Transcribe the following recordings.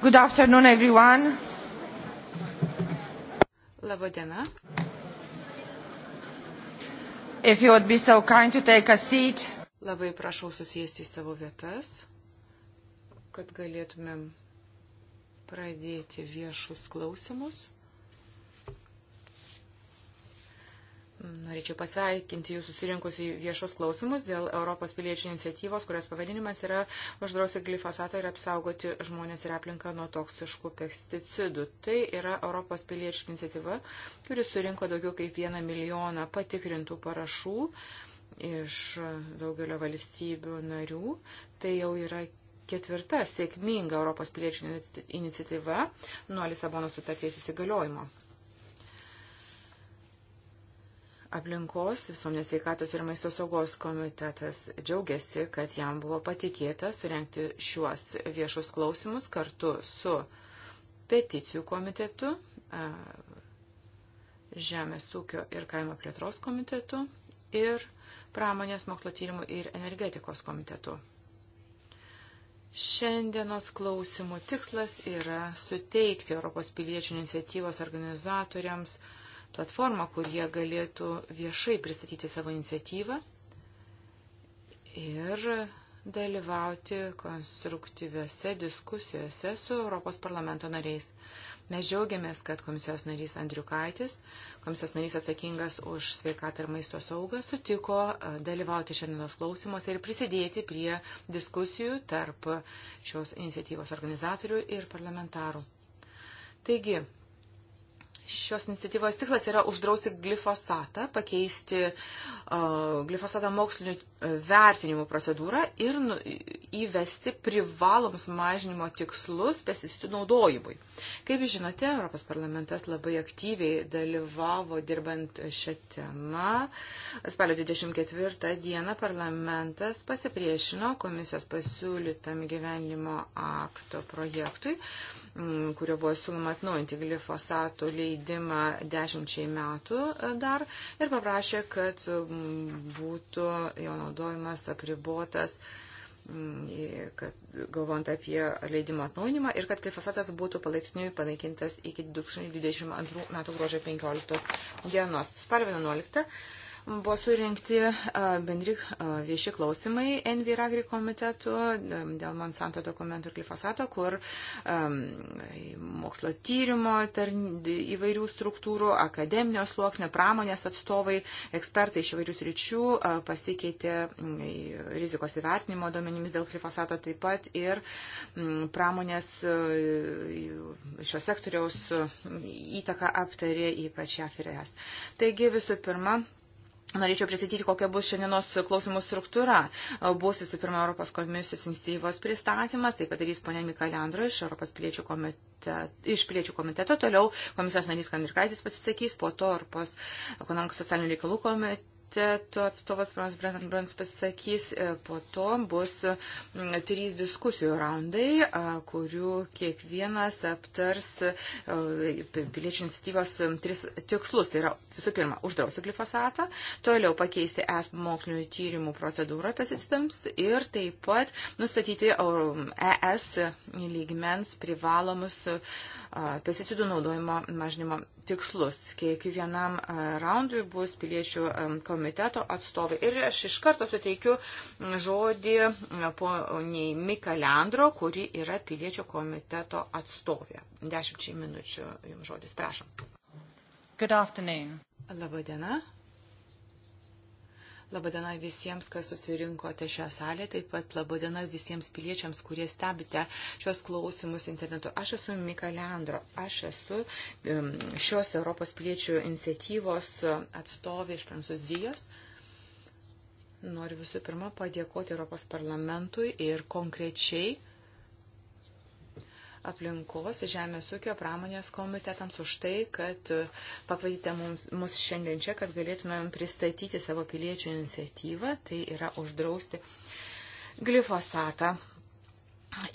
Good afternoon, everyone. Labą dieną. If you would be so kind to take a seat. Labai prašau susijęsti į savo vietas, kad galėtumėm pradėti viešus klausimus. Norėčiau pasveikinti jūs susirinkus į viešus klausimus dėl Europos piliečių iniciatyvos, kurios pavadinimas yra uždrausti glifosatą ir apsaugoti žmonės ir aplinką nuo toksiškų pesticidų. Tai yra Europos piliečių iniciatyva, kuri surinko daugiau kaip vieną milijoną patikrintų parašų iš daugelio valstybių narių. Tai jau yra ketvirta sėkminga Europos piliečių iniciatyva nuo Lisabono sutarties įsigaliojimo. Aplinkos visuomenės sveikatos ir maisto saugos komitetas džiaugiasi, kad jam buvo patikėta surenkti šiuos viešus klausimus kartu su peticijų komitetu, Žemės ūkio ir kaimo plėtros komitetu ir pramonės mokslo tyrimų ir energetikos komitetu. Šiandienos klausimų tikslas yra suteikti Europos piliečių iniciatyvos organizatoriams, platformą, kur jie galėtų viešai pristatyti savo iniciatyvą ir dalyvauti konstruktyviuose diskusijose su Europos parlamento nariais. Mes džiaugiamės, kad komisijos narys Andriukaitis, komisijos narys atsakingas už sveikatą ir maisto saugą, sutiko dalyvauti šiandienos klausimuose ir prisidėti prie diskusijų tarp šios iniciatyvos organizatorių ir parlamentarų. Taigi, Šios iniciatyvos tikslas yra uždrausti glifosatą, pakeisti uh, glifosatą mokslinių e, vertinimų procedūrą ir nu, įvesti privalomus mažinimo tikslus pesticidų naudojimui. Kaip žinote, Europos parlamentas labai aktyviai dalyvavo dirbant šią temą. Spalio 24 dieną parlamentas pasipriešino komisijos pasiūlytam gyvenimo akto projektui. Uh, kurio buvo siūloma atnaujinti glifosatų leidimą dešimčiai metų e, dar ir paprašė, kad būtų jo naudojimas apribotas kad galvojant apie leidimo atnaujinimą ir kad glifosatas būtų palaipsniui panaikintas iki 2022 metų gruodžio 15 dienos. Spalio 11 Buvo surinkti bendri vieši klausimai Envi ir Agri komitetu dėl Monsanto dokumentų ir glifosato, kur mokslo tyrimo įvairių struktūrų, akademinio sluoksnio, pramonės atstovai, ekspertai iš įvairių sričių pasikeitė rizikos įvertinimo duomenimis dėl glifosato taip pat ir pramonės šio sektoriaus įtaką aptarė ypač ją firės. Taigi visų pirma, Norėčiau pristatyti, kokia bus šiandienos klausimų struktūra. Bus visų pirma Europos komisijos iniciatyvos pristatymas, tai padarys ponė Mikalandro iš Europos piliečių komiteto, iš piliečių komiteto, toliau komisijos narys Kandirkaitis pasisakys, po to Europos ekonomikos socialinių reikalų komiteto komiteto atstovas Frans Brennan pasisakys, e, po to bus trys diskusijų raundai, kurių kiekvienas aptars e, piliečių iniciatyvos tris tikslus. Tai yra visų pirma, uždrausti glifosatą, toliau pakeisti es mokslinio tyrimų procedūrą pesistams ir taip pat nustatyti ES lygmens privalomus pesticidų naudojimo mažinimo tikslus. Kiekvienam e, raundui bus piliečių e, komiteto atstovai. Ir aš iš karto suteikiu žodį poniai Mikalendro, kuri yra piliečių komiteto atstovė. Dešimčiai minučių jums žodis, prašom. Good afternoon. Labadiena. Labadiena visiems, kas susirinkote šią salę, taip pat labadiena visiems piliečiams, kurie stebite šios klausimus internetu. Aš esu Mika Leandro, aš esu šios Europos piliečių iniciatyvos atstovė iš Prancūzijos. Noriu visų pirma padėkoti Europos parlamentui ir konkrečiai aplinkos Žemės ūkio pramonės komitetams už tai, kad e, pakvietėte mus šiandien čia, kad galėtumėm pristatyti savo piliečių iniciatyvą, tai yra uždrausti glifosatą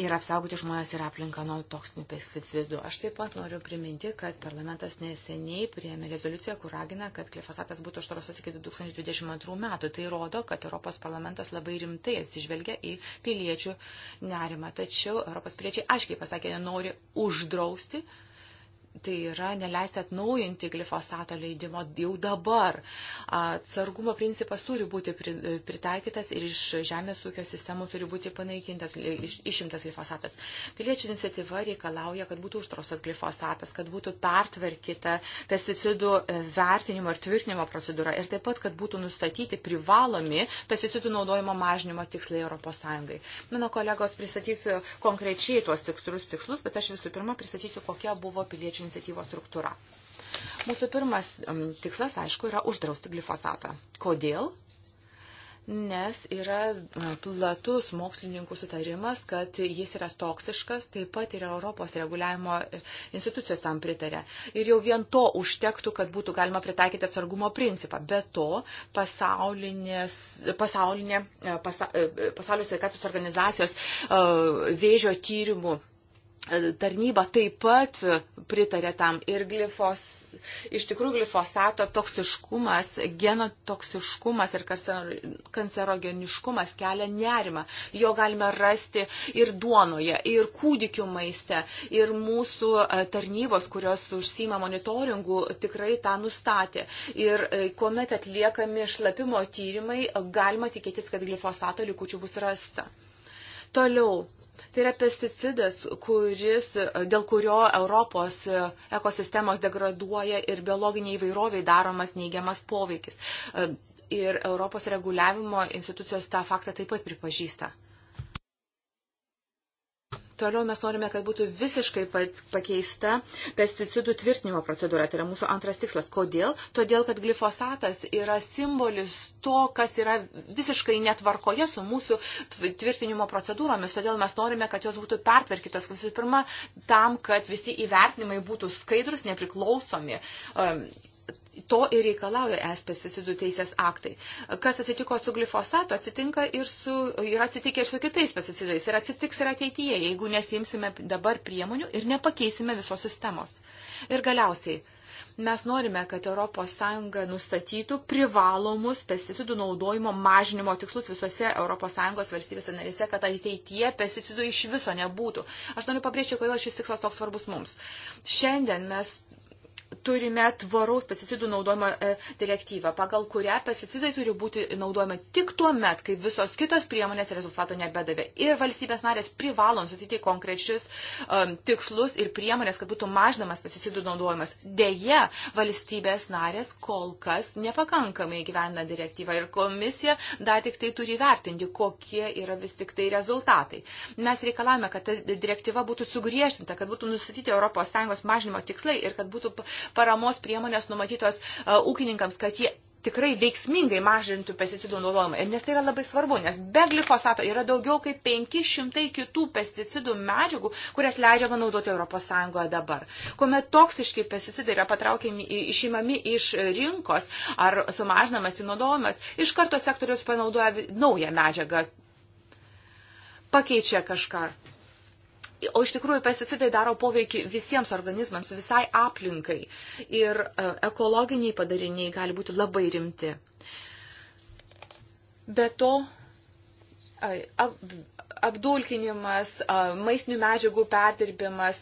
ir apsaugoti žmonės ir aplinką nuo toksinių pesticidų. Aš taip pat noriu priminti, kad parlamentas neseniai priėmė rezoliuciją, kur ragina, kad glifosatas būtų uždraustas iki 2022 metų. Tai rodo, kad Europos parlamentas labai rimtai atsižvelgia į piliečių nerimą. Tačiau Europos piliečiai aiškiai pasakė, nori uždrausti uh, Tai yra neleisti atnaujinti glifosato leidimo jau dabar. Atsargumo principas turi būti pritaikytas ir iš žemės ūkio sistemų turi būti panaikintas, iš, išimtas glifosatas. Piliečių iniciatyva reikalauja, kad būtų užtrosas glifosatas, kad būtų pertvarkyta pesticidų e, vertinimo ir tvirtinimo procedūra ir taip pat, kad būtų nustatyti privalomi pesticidų naudojimo mažinimo tikslai ES. Mano kolegos pristatys konkrečiai tuos tikslus, tikslus, bet aš visų pirma pristatysiu, kokia buvo piliečių ši iniciatyvos struktūra. Mūsų pirmas tikslas, aišku, yra uždrausti glifosatą. Kodėl? Nes yra platus mokslininkų sutarimas, kad jis yra toksiškas, taip pat ir Europos reguliavimo e, institucijos tam pritarė. Ir jau vien to užtektų, kad būtų galima pritaikyti atsargumo principą. Be to, pasaulinė, e, pasa, e, pasaulio sveikatos organizacijos vėžio tyrimų tarnyba taip pat pritarė tam. Ir glifos, iš tikrųjų glifosato toksiškumas, genotoksiškumas ir kancerogeniškumas kelia nerimą. Jo galime rasti ir duonoje, ir kūdikių maiste, ir mūsų e, tarnybos, kurios užsima monitoringu, tikrai tą nustatė. Ir e, kuomet atliekami šlapimo tyrimai, galima tikėtis, kad glifosato likučių bus rasta. Toliau Tai yra pesticidas, kuris, dėl kurio Europos ekosistemos degraduoja ir biologiniai įvairoviai daromas neigiamas poveikis. Ir Europos reguliavimo institucijos tą faktą taip pat pripažįsta. Toliau mes norime, kad būtų visiškai pakeista pesticidų tvirtinimo procedūra. Tai yra mūsų antras tikslas. Kodėl? Todėl, kad glifosatas yra simbolis to, kas yra visiškai netvarkoje su mūsų tvirtinimo procedūromis. Todėl mes norime, kad jos būtų pertvarkytos. Visų pirma, tam, kad visi įvertinimai būtų skaidrus, nepriklausomi. Um, to ir reikalauja es pesticidų teisės aktai. Kas atsitiko su glifosatu, atsitinka ir su, yra atsitikę ir su kitais pesticidais ir atsitiks ir ateityje, jeigu nesimsime dabar priemonių ir nepakeisime visos sistemos. Ir galiausiai. Mes norime, kad ES nustatytų privalomus pesticidų naudojimo mažinimo tikslus visose ES valstybėse narėse, kad ateityje pesticidų iš viso nebūtų. Aš noriu pabrėžti, kodėl šis tikslas toks svarbus mums. Šiandien mes turime tvaraus pesticidų naudojimo e, direktyvą, pagal kurią pesticidai turi būti naudojami tik tuo met, kai visos kitos priemonės rezultato nebedavė. Ir valstybės narės privalo nustatyti konkrečius um, tikslus ir priemonės, kad būtų mažinamas pesticidų naudojimas. Deja, valstybės narės kol kas nepakankamai gyvena direktyvą ir komisija dar tik tai turi vertinti, kokie yra vis tik tai rezultatai. Mes reikalavome, kad ta direktyva būtų sugriežtinta, kad būtų nustatyti ES mažinimo tikslai ir kad būtų paramos priemonės numatytos e, ūkininkams, kad jie tikrai veiksmingai mažintų pesticidų naudojimą. Ir nes tai yra labai svarbu, nes be glifosato yra daugiau kaip 500 kitų pesticidų medžiagų, kurias leidžiama naudoti ES dabar. Kuomet toksiški pesticidai yra patraukiami, išimami iš rinkos ar sumažinamas jų naudojimas, iš karto sektorius panaudoja naują medžiagą, pakeičia kažką O iš tikrųjų pesticidai daro poveikį visiems organizmams, visai aplinkai. Ir e, ekologiniai padariniai gali būti labai rimti. Be to, apdulkinimas, maistinių medžiagų perdirbimas,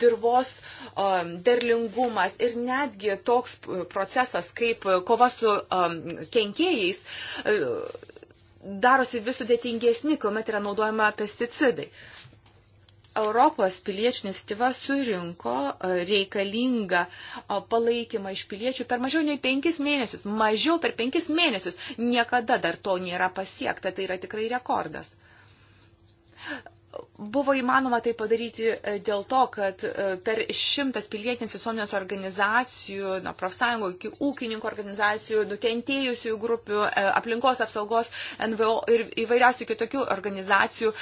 dirvos derlingumas ir netgi toks procesas kaip kova su kenkėjais darosi vis sudėtingesni, kuomet yra naudojama pesticidai. Europos piliečių iniciatyva surinko e, reikalingą e, palaikymą iš piliečių per mažiau nei penkis mėnesius. Mažiau per penkis mėnesius. Niekada dar to nėra pasiekta. Tai yra tikrai rekordas. Buvo įmanoma tai padaryti e, dėl to, kad e, per šimtas pilietinės visuomenės organizacijų, nuo profsąjungų iki ūkininkų organizacijų, nukentėjusių grupių, e, aplinkos apsaugos, NVO ir įvairiausių kitokių organizacijų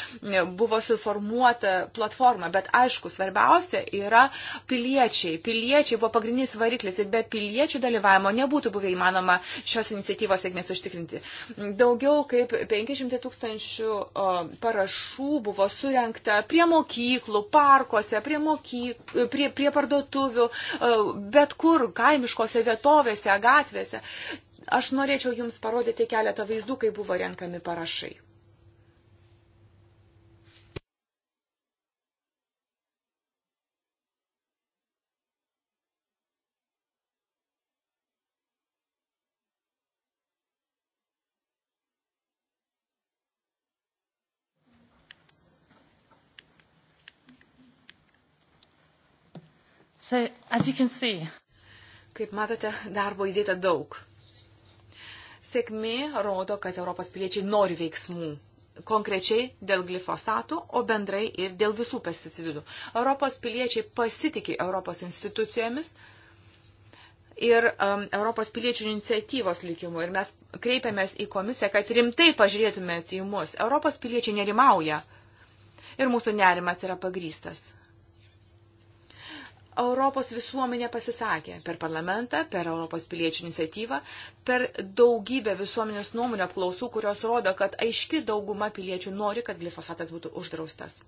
buvo suformuota platforma. Bet aišku, svarbiausia yra piliečiai. Piliečiai buvo pagrindinis variklis ir be piliečių dalyvavimo nebūtų buvę įmanoma šios iniciatyvos sėkmės užtikrinti. Daugiau kaip 500 tūkstančių parašų buvo surinkta įrengta prie mokyklų, parkuose, prie, mokyk, prie, prie parduotuvių, e, bet kur, kaimiškose vietovėse, gatvėse. Aš norėčiau Jums parodyti keletą vaizdų, kai buvo renkami parašai. So, as you can see. Kaip matote, darbo įdėta daug. Sėkmė rodo, kad Europos piliečiai nori veiksmų konkrečiai dėl glifosatų, o bendrai ir dėl visų pesticidų. Europos piliečiai pasitikė Europos institucijomis ir um, Europos piliečių iniciatyvos likimu. Ir mes kreipiamės į komisiją, kad rimtai pažiūrėtumėte į mus. Europos piliečiai nerimauja. Ir mūsų nerimas yra pagrystas. Europos visuomenė pasisakė per parlamentą, per Europos piliečių iniciatyvą, per daugybę visuomenės nuomonio apklausų, kurios rodo, kad aiški dauguma piliečių nori, kad glifosatas būtų uždraustas.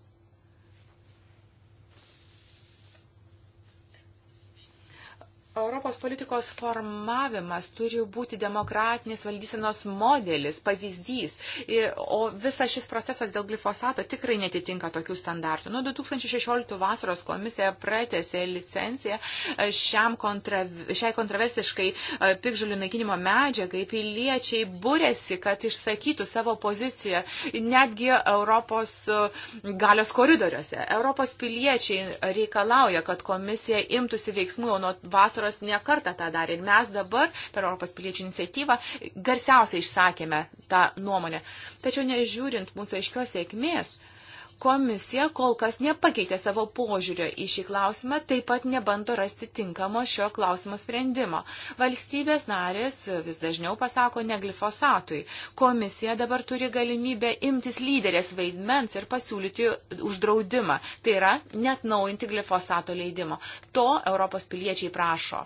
Europos politikos formavimas turi būti demokratinis valdysenos modelis, pavyzdys, o visas šis procesas dėl glifosato tikrai netitinka tokių standartų. Nuo 2016 vasaros komisija pratėsė licenciją e, kontra, šiai kontroversiškai e, pikžulių naikinimo medžiagai. Piliečiai būrėsi, kad išsakytų savo poziciją netgi Europos e, galios koridoriuose. Europos piliečiai reikalauja, kad komisija imtųsi veiksmų jau nuo vasaros agentūros nekartą tą darė. Ir mes dabar per Europos piliečių iniciatyvą garsiausiai išsakėme tą nuomonę. Tačiau nežiūrint mūsų aiškios sėkmės, Komisija kol kas nepakeitė savo požiūrio į šį klausimą, taip pat nebando rasti tinkamo šio klausimo sprendimo. Valstybės narės vis dažniau pasako neglifosatui. Komisija dabar turi galimybę imtis lyderės vaidmens ir pasiūlyti uždraudimą, tai yra net naujinti glifosato leidimo. To Europos piliečiai prašo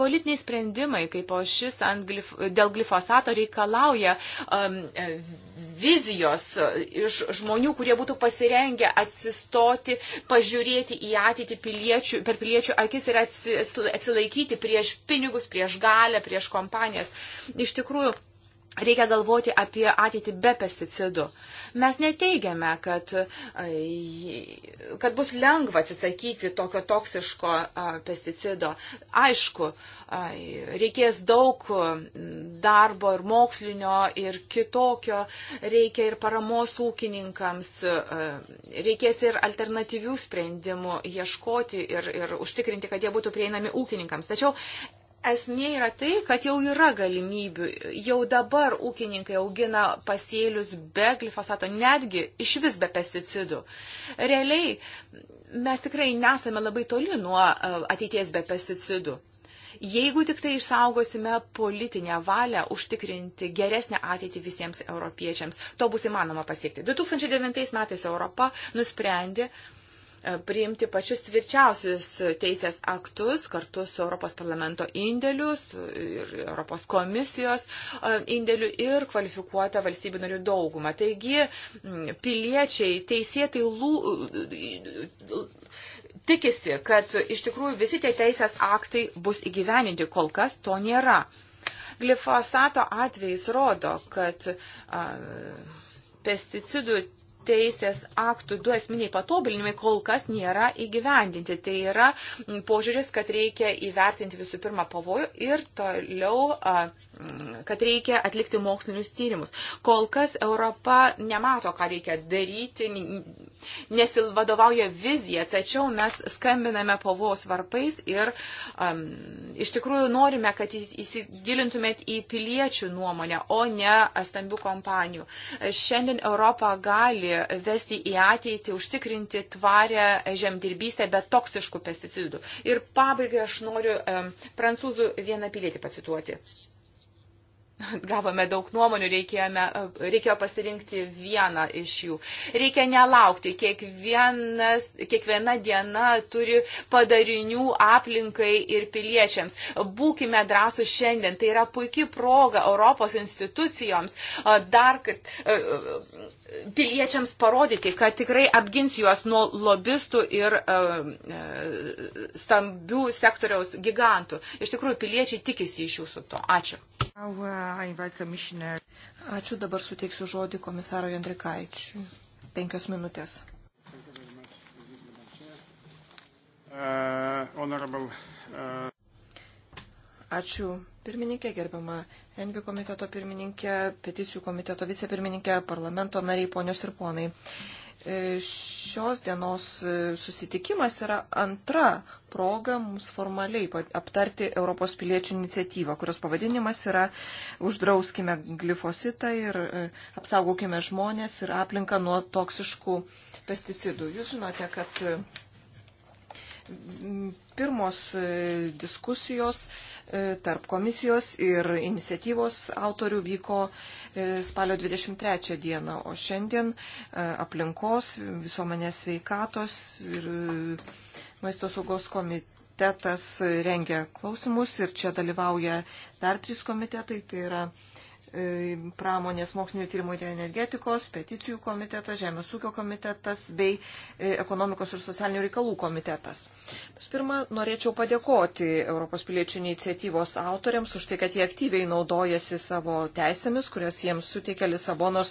politiniai sprendimai, kaip o šis glif, dėl glifosato reikalauja um, vizijos e, iš žmonių, kurie būtų pasirengę atsistoti, pažiūrėti į ateitį piliečių, per piliečių akis ir atsilaikyti prieš pinigus, prieš galę, prieš kompanijas. Iš tikrųjų, Reikia galvoti apie ateitį be pesticidų. Mes neteigiame, kad, kad bus lengva atsisakyti tokio toksiško pesticido. Aišku, reikės daug darbo ir mokslinio ir kitokio, reikia ir paramos ūkininkams, reikės ir alternatyvių sprendimų ieškoti ir, ir užtikrinti, kad jie būtų prieinami ūkininkams. Tačiau esmė yra tai, kad jau yra galimybių. Jau dabar ūkininkai augina pasėlius be glifosato, netgi iš vis be pesticidų. Realiai mes tikrai nesame labai toli nuo e, ateities be pesticidų. Jeigu tik tai išsaugosime politinę valią užtikrinti geresnę ateitį visiems europiečiams, to bus įmanoma pasiekti. 2009 metais Europa nusprendė priimti pačius tvirčiausius teisės aktus kartu su Europos parlamento indėliu ir Europos komisijos e, indėliu ir kvalifikuota valstybių narių dauguma. Taigi piliečiai teisėtai lū tikisi, kad iš tikrųjų visi tie teisės aktai bus įgyveninti, kol kas to nėra. Glifosato atvejais rodo, kad a, pesticidų teisės aktų du esminiai patobulinimai kol kas nėra įgyvendinti. Tai yra požiūris, kad reikia įvertinti visų pirma pavojų ir toliau. Uh, kad reikia atlikti mokslinius tyrimus. Kol kas Europa nemato, ką reikia daryti, nesivadovauja vizija, tačiau mes skambiname pavos varpais ir um, iš tikrųjų norime, kad įsigilintumėt į piliečių nuomonę, o ne stambių kompanijų. Šiandien Europa gali vesti į ateitį, užtikrinti tvarę žemdirbystę be toksiškų pesticidų. Ir pabaigai aš noriu um, prancūzų vieną pilietį pacituoti. gavome daug nuomonių, reikėjome, e, reikėjo pasirinkti vieną iš jų. Reikia nelaukti, Kiekvienas, kiekviena diena turi padarinių aplinkai ir piliečiams. Būkime drąsų šiandien, tai yra puikia proga Europos institucijoms e, dar kartą e, piliečiams parodyti, kad tikrai apgins juos nuo lobistų ir uh, stambių sektoriaus gigantų. Iš tikrųjų, piliečiai tikisi iš jūsų to. Ačiū. Uh, Ačiū, dabar suteiksiu žodį komisaro Jandrikaičiui. Penkios minutės. Uh, honorable, uh... Ačiū, Pirmininkė gerbiama, Envi komiteto pirmininkė, peticijų komiteto vicepirmininkė, parlamento nariai, ponios ir ponai. E, šios dienos e, susitikimas yra antra proga mums formaliai aptarti Europos piliečių iniciatyvą, kurios pavadinimas yra Uždrauskime glifositą ir e, apsaugokime žmonės ir aplinką nuo toksiškų pesticidų. Jūs žinote, kad pirmos e, diskusijos e, tarp komisijos ir iniciatyvos autorių vyko e, spalio 23 dieną, o šiandien aplinkos, visuomenės veikatos ir maisto saugos komitetas rengia klausimus ir čia dalyvauja dar trys komitetai, tai yra E, pramonės mokslinio tyrimų ir energetikos, peticijų komitetas, žemės ūkio komitetas bei e, ekonomikos ir socialinių reikalų komitetas. Pas pirma, norėčiau padėkoti Europos piliečių iniciatyvos autoriams už tai, kad jie aktyviai naudojasi savo teisėmis, kurias jiems suteikia Lisabonos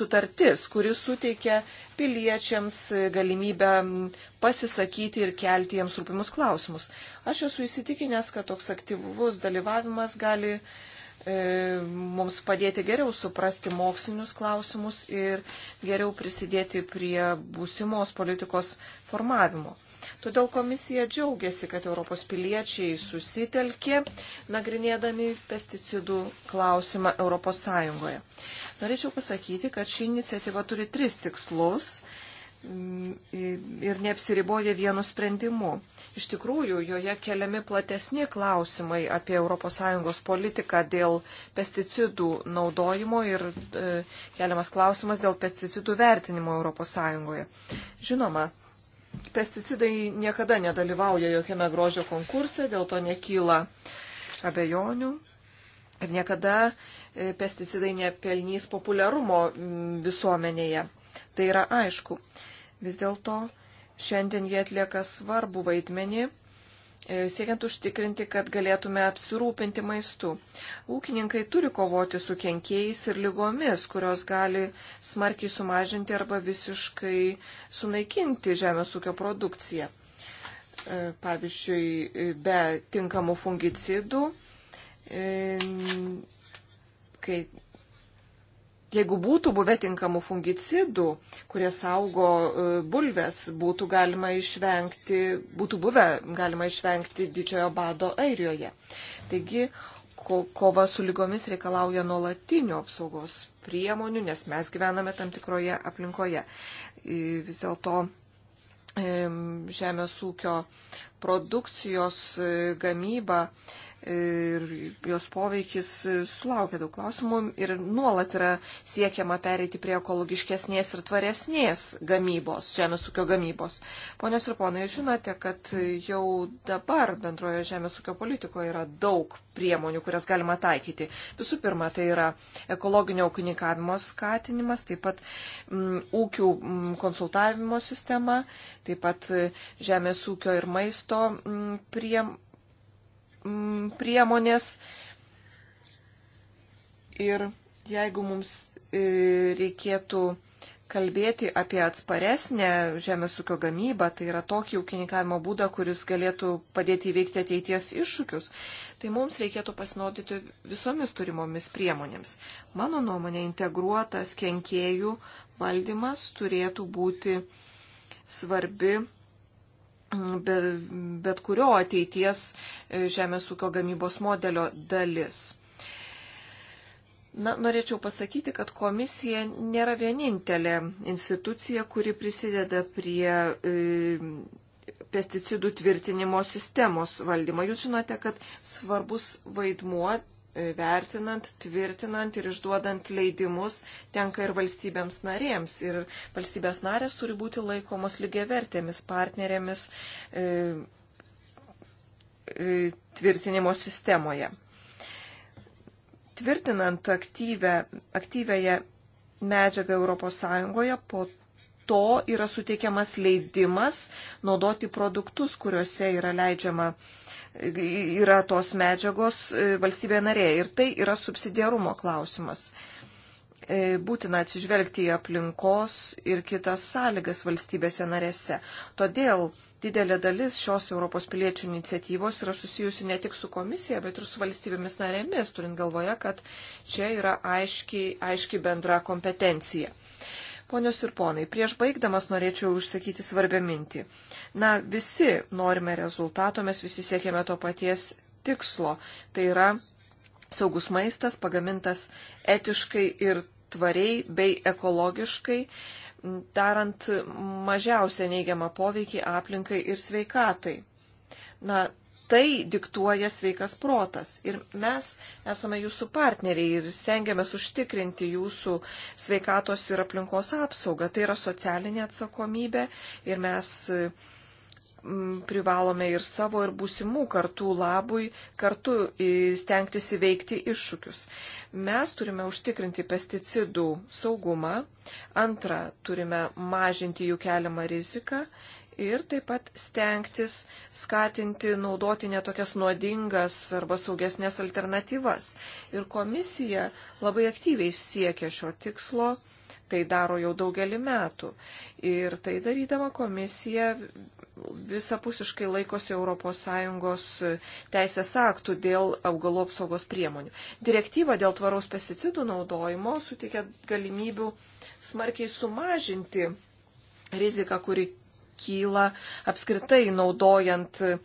sutartis, kuris suteikia piliečiams galimybę pasisakyti ir kelti jiems rūpimus klausimus. Aš esu įsitikinęs, kad toks aktyvus dalyvavimas gali E, mums padėti geriau suprasti mokslinius klausimus ir geriau prisidėti prie būsimos politikos formavimo. Todėl komisija džiaugiasi, kad Europos piliečiai susitelkė, nagrinėdami pesticidų klausimą ES. Norėčiau pasakyti, kad ši iniciatyva turi tris tikslus Mm, ir neapsiriboja vienu sprendimu. Iš tikrųjų, joje keliami platesni klausimai apie ES politiką dėl pesticidų naudojimo ir e, keliamas klausimas dėl pesticidų vertinimo ES. Žinoma, pesticidai niekada nedalyvauja jokiame grožio konkurse, dėl to nekyla abejonių ir niekada e, pesticidai nepelnys populiarumo visuomenėje. Tai yra aišku. Vis dėlto šiandien jie atlieka svarbų vaidmenį e, siekiant užtikrinti, kad galėtume apsirūpinti maistu. Ūkininkai turi kovoti su kenkėjais ir lygomis, kurios gali smarkiai sumažinti arba visiškai sunaikinti žemės ūkio produkciją. E, pavyzdžiui, be tinkamų fungicidų, e, kai jeigu būtų buvę tinkamų fungicidų, kurie saugo e, bulves, būtų galima išvengti, būtų buvę galima išvengti didžiojo bado Airijoje. Taigi, ko, kova su lygomis reikalauja nuolatinių apsaugos priemonių, nes mes gyvename tam tikroje aplinkoje. Vis dėlto žemės ūkio produkcijos e, gamyba e, ir jos poveikis e, sulaukia daug klausimų ir nuolat yra siekiama pereiti prie ekologiškesnės ir tvaresnės gamybos, žemės ūkio gamybos. Ponios ir ponai, žinote, kad jau dabar bendrojo žemės ūkio politikoje yra daug priemonių, kurias galima taikyti. Visų pirma, tai yra ekologinio ūkininkavimo skatinimas, taip pat m, mm, ūkių m, mm, konsultavimo sistema, taip pat žemės ūkio ir maisto maisto mm, prie, mm, priemonės. Ir jeigu mums e, reikėtų kalbėti apie atsparesnę žemės ūkio gamybą, tai yra tokį ūkininkavimo būdą, kuris galėtų padėti įveikti ateities iššūkius, tai mums reikėtų pasinaudoti visomis turimomis priemonėms. Mano nuomonė, integruotas kenkėjų valdymas turėtų būti svarbi bet, bet kurio ateities e, žemės ūkio gamybos modelio dalis. Na, norėčiau pasakyti, kad komisija nėra vienintelė institucija, kuri prisideda prie e, pesticidų tvirtinimo sistemos valdymo. Jūs žinote, kad svarbus vaidmuo vertinant, tvirtinant ir išduodant leidimus tenka ir valstybėms narėms. Ir valstybės narės turi būti laikomos lygiavertėmis partnerėmis e, e, tvirtinimo sistemoje. Tvirtinant aktyvę, aktyvėje medžiagą ES po to yra suteikiamas leidimas naudoti produktus, kuriuose yra leidžiama, yra tos medžiagos e, valstybė narė. Ir tai yra subsidiarumo klausimas. E, būtina atsižvelgti į aplinkos ir kitas sąlygas valstybėse narėse. Todėl didelė dalis šios Europos piliečių iniciatyvos yra susijusi ne tik su komisija, bet ir su valstybėmis narėmis, turint galvoje, kad čia yra aiški, aiški bendra kompetencija. Ponios ir ponai, prieš baigdamas norėčiau užsakyti svarbę mintį. Na, visi norime rezultato, mes visi siekiame to paties tikslo. Tai yra saugus maistas, pagamintas etiškai ir tvariai bei ekologiškai, darant mažiausią neigiamą poveikį aplinkai ir sveikatai. Na, tai diktuoja sveikas protas. Ir mes esame jūsų partneriai ir stengiamės užtikrinti jūsų sveikatos ir aplinkos apsaugą. Tai yra socialinė atsakomybė ir mes mm, privalome ir savo, ir būsimų kartų labui kartu stengtis įveikti iššūkius. Mes turime užtikrinti pesticidų saugumą, antra, turime mažinti jų keliamą riziką ir taip pat stengtis skatinti naudoti netokias nuodingas arba saugesnės alternatyvas. Ir komisija labai aktyviai siekia šio tikslo, tai daro jau daugelį metų. Ir tai darydama komisija visapusiškai laikosi ES teisės aktų dėl augalų apsaugos priemonių. Direktyva dėl tvaraus pesticidų naudojimo suteikia galimybių smarkiai sumažinti riziką, kuri kyla apskritai naudojant e,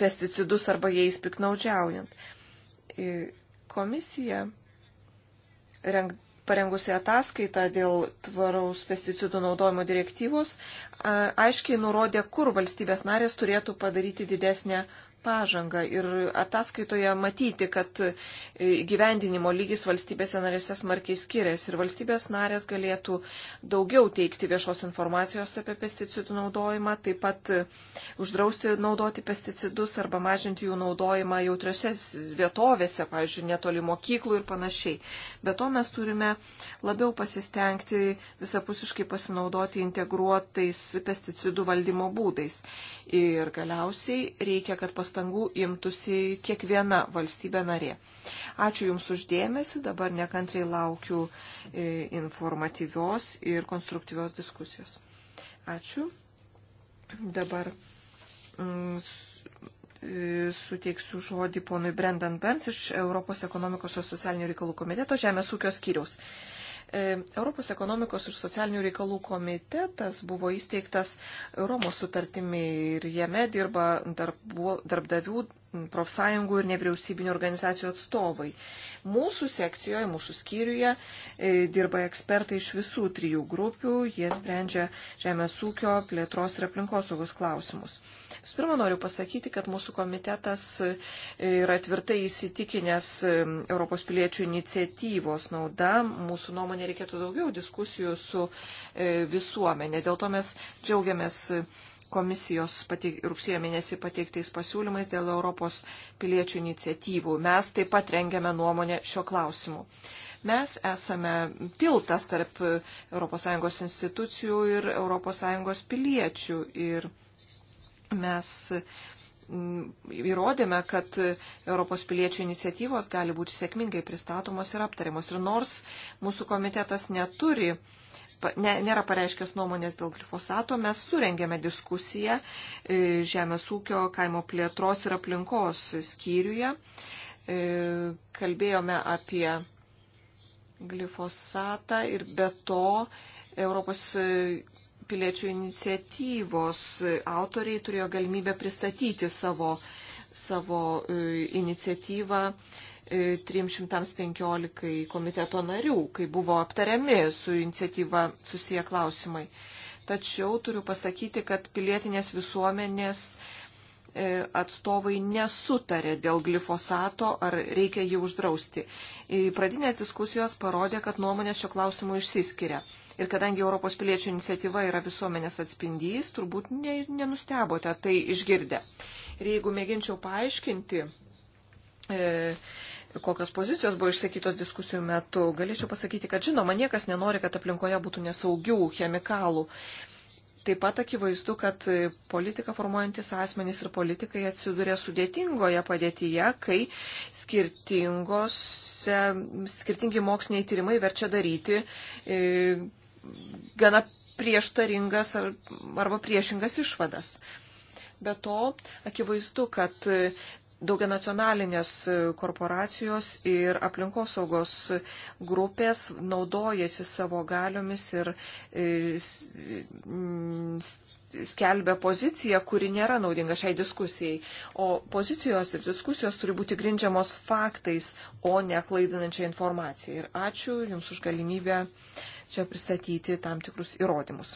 pesticidus arba jais piknaudžiaujant. E, komisija renk, parengusi ataskaitą dėl tvaraus pesticidų naudojimo direktyvos aiškiai nurodė, kur valstybės narės turėtų padaryti didesnę pažangą ir ataskaitoje matyti, kad gyvendinimo lygis valstybėse narėse smarkiai skiriasi ir valstybės narės galėtų daugiau teikti viešos informacijos apie pesticidų naudojimą, taip pat uždrausti naudoti pesticidus arba mažinti jų naudojimą jautriose vietovėse, pavyzdžiui, netoli mokyklų ir panašiai. Be to mes turime labiau pasistengti visapusiškai pasinaudoti integruotais pesticidų valdymo būdais. Ir galiausiai reikia, kad pastatytume pastangų imtųsi kiekviena valstybė narė. Ačiū Jums uždėmesi, dabar nekantrai laukiu e, informatyvios ir konstruktyvios diskusijos. Ačiū. Dabar mm, e, suteiksiu žodį ponui Brendan Burns iš Europos ekonomikos ir socialinių reikalų komiteto Žemės ūkio skyriaus. E, Europos ekonomikos ir socialinių reikalų komitetas buvo įsteigtas Romos sutartimi ir jame dirba darbu, darbdavių, profsąjungų ir nevyriausybinio organizacijų atstovai. Mūsų sekcijoje, mūsų skyriuje e, dirba ekspertai iš visų trijų grupių, jie sprendžia žemės ūkio, plėtros ir aplinkosaugos klausimus. Visų pirma, noriu pasakyti, kad mūsų komitetas e, yra tvirtai įsitikinęs e, Europos piliečių iniciatyvos nauda. Mūsų nuomonė reikėtų daugiau diskusijų su visuomenė. Dėl to mes džiaugiamės komisijos pateik, rugsėjo mėnesį pateiktais pasiūlymais dėl Europos piliečių iniciatyvų. Mes taip pat rengiame nuomonę šio klausimu. Mes esame tiltas tarp ES institucijų ir ES piliečių. Ir mes mm, įrodėme, kad Europos piliečių iniciatyvos gali būti sėkmingai pristatomos ir aptariamos. Ir nors mūsų komitetas neturi ne, nėra pareiškęs nuomonės dėl glifosato, mes surengėme diskusiją e, Žemės ūkio, kaimo plėtros ir aplinkos skyriuje. E, kalbėjome apie glifosatą ir be to Europos e, piliečių iniciatyvos autoriai turėjo galimybę pristatyti savo, savo iniciatyvą 315 e, komiteto narių, kai buvo aptariami su iniciatyva susiję klausimai. Tačiau turiu pasakyti, kad pilietinės visuomenės e, atstovai nesutarė dėl glifosato, ar reikia jį uždrausti. Pradinės diskusijos parodė, kad nuomonės šio klausimu išsiskiria. Ir kadangi Europos piliečių iniciatyva yra visuomenės atspindys, turbūt ne, nenustebote tai išgirdę. Ir jeigu mėginčiau paaiškinti, e, kokios pozicijos buvo išsakytos diskusijų metu, galėčiau pasakyti, kad žinoma, niekas nenori, kad aplinkoje būtų nesaugių chemikalų. Taip pat akivaizdu, kad politika formuojantis asmenys ir politikai atsiduria sudėtingoje padėtyje, kai skirtingi moksliniai tyrimai verčia daryti e, gana prieštaringas ar, arba priešingas išvadas. Be to, akivaizdu, kad daugia nacionalinės korporacijos ir aplinkosaugos grupės naudojasi savo galiomis ir e, skelbia poziciją, kuri nėra naudinga šiai diskusijai. O pozicijos ir diskusijos turi būti grindžiamos faktais, o ne klaidinančia informacija. Ir ačiū Jums už galimybę čia pristatyti tam tikrus įrodymus.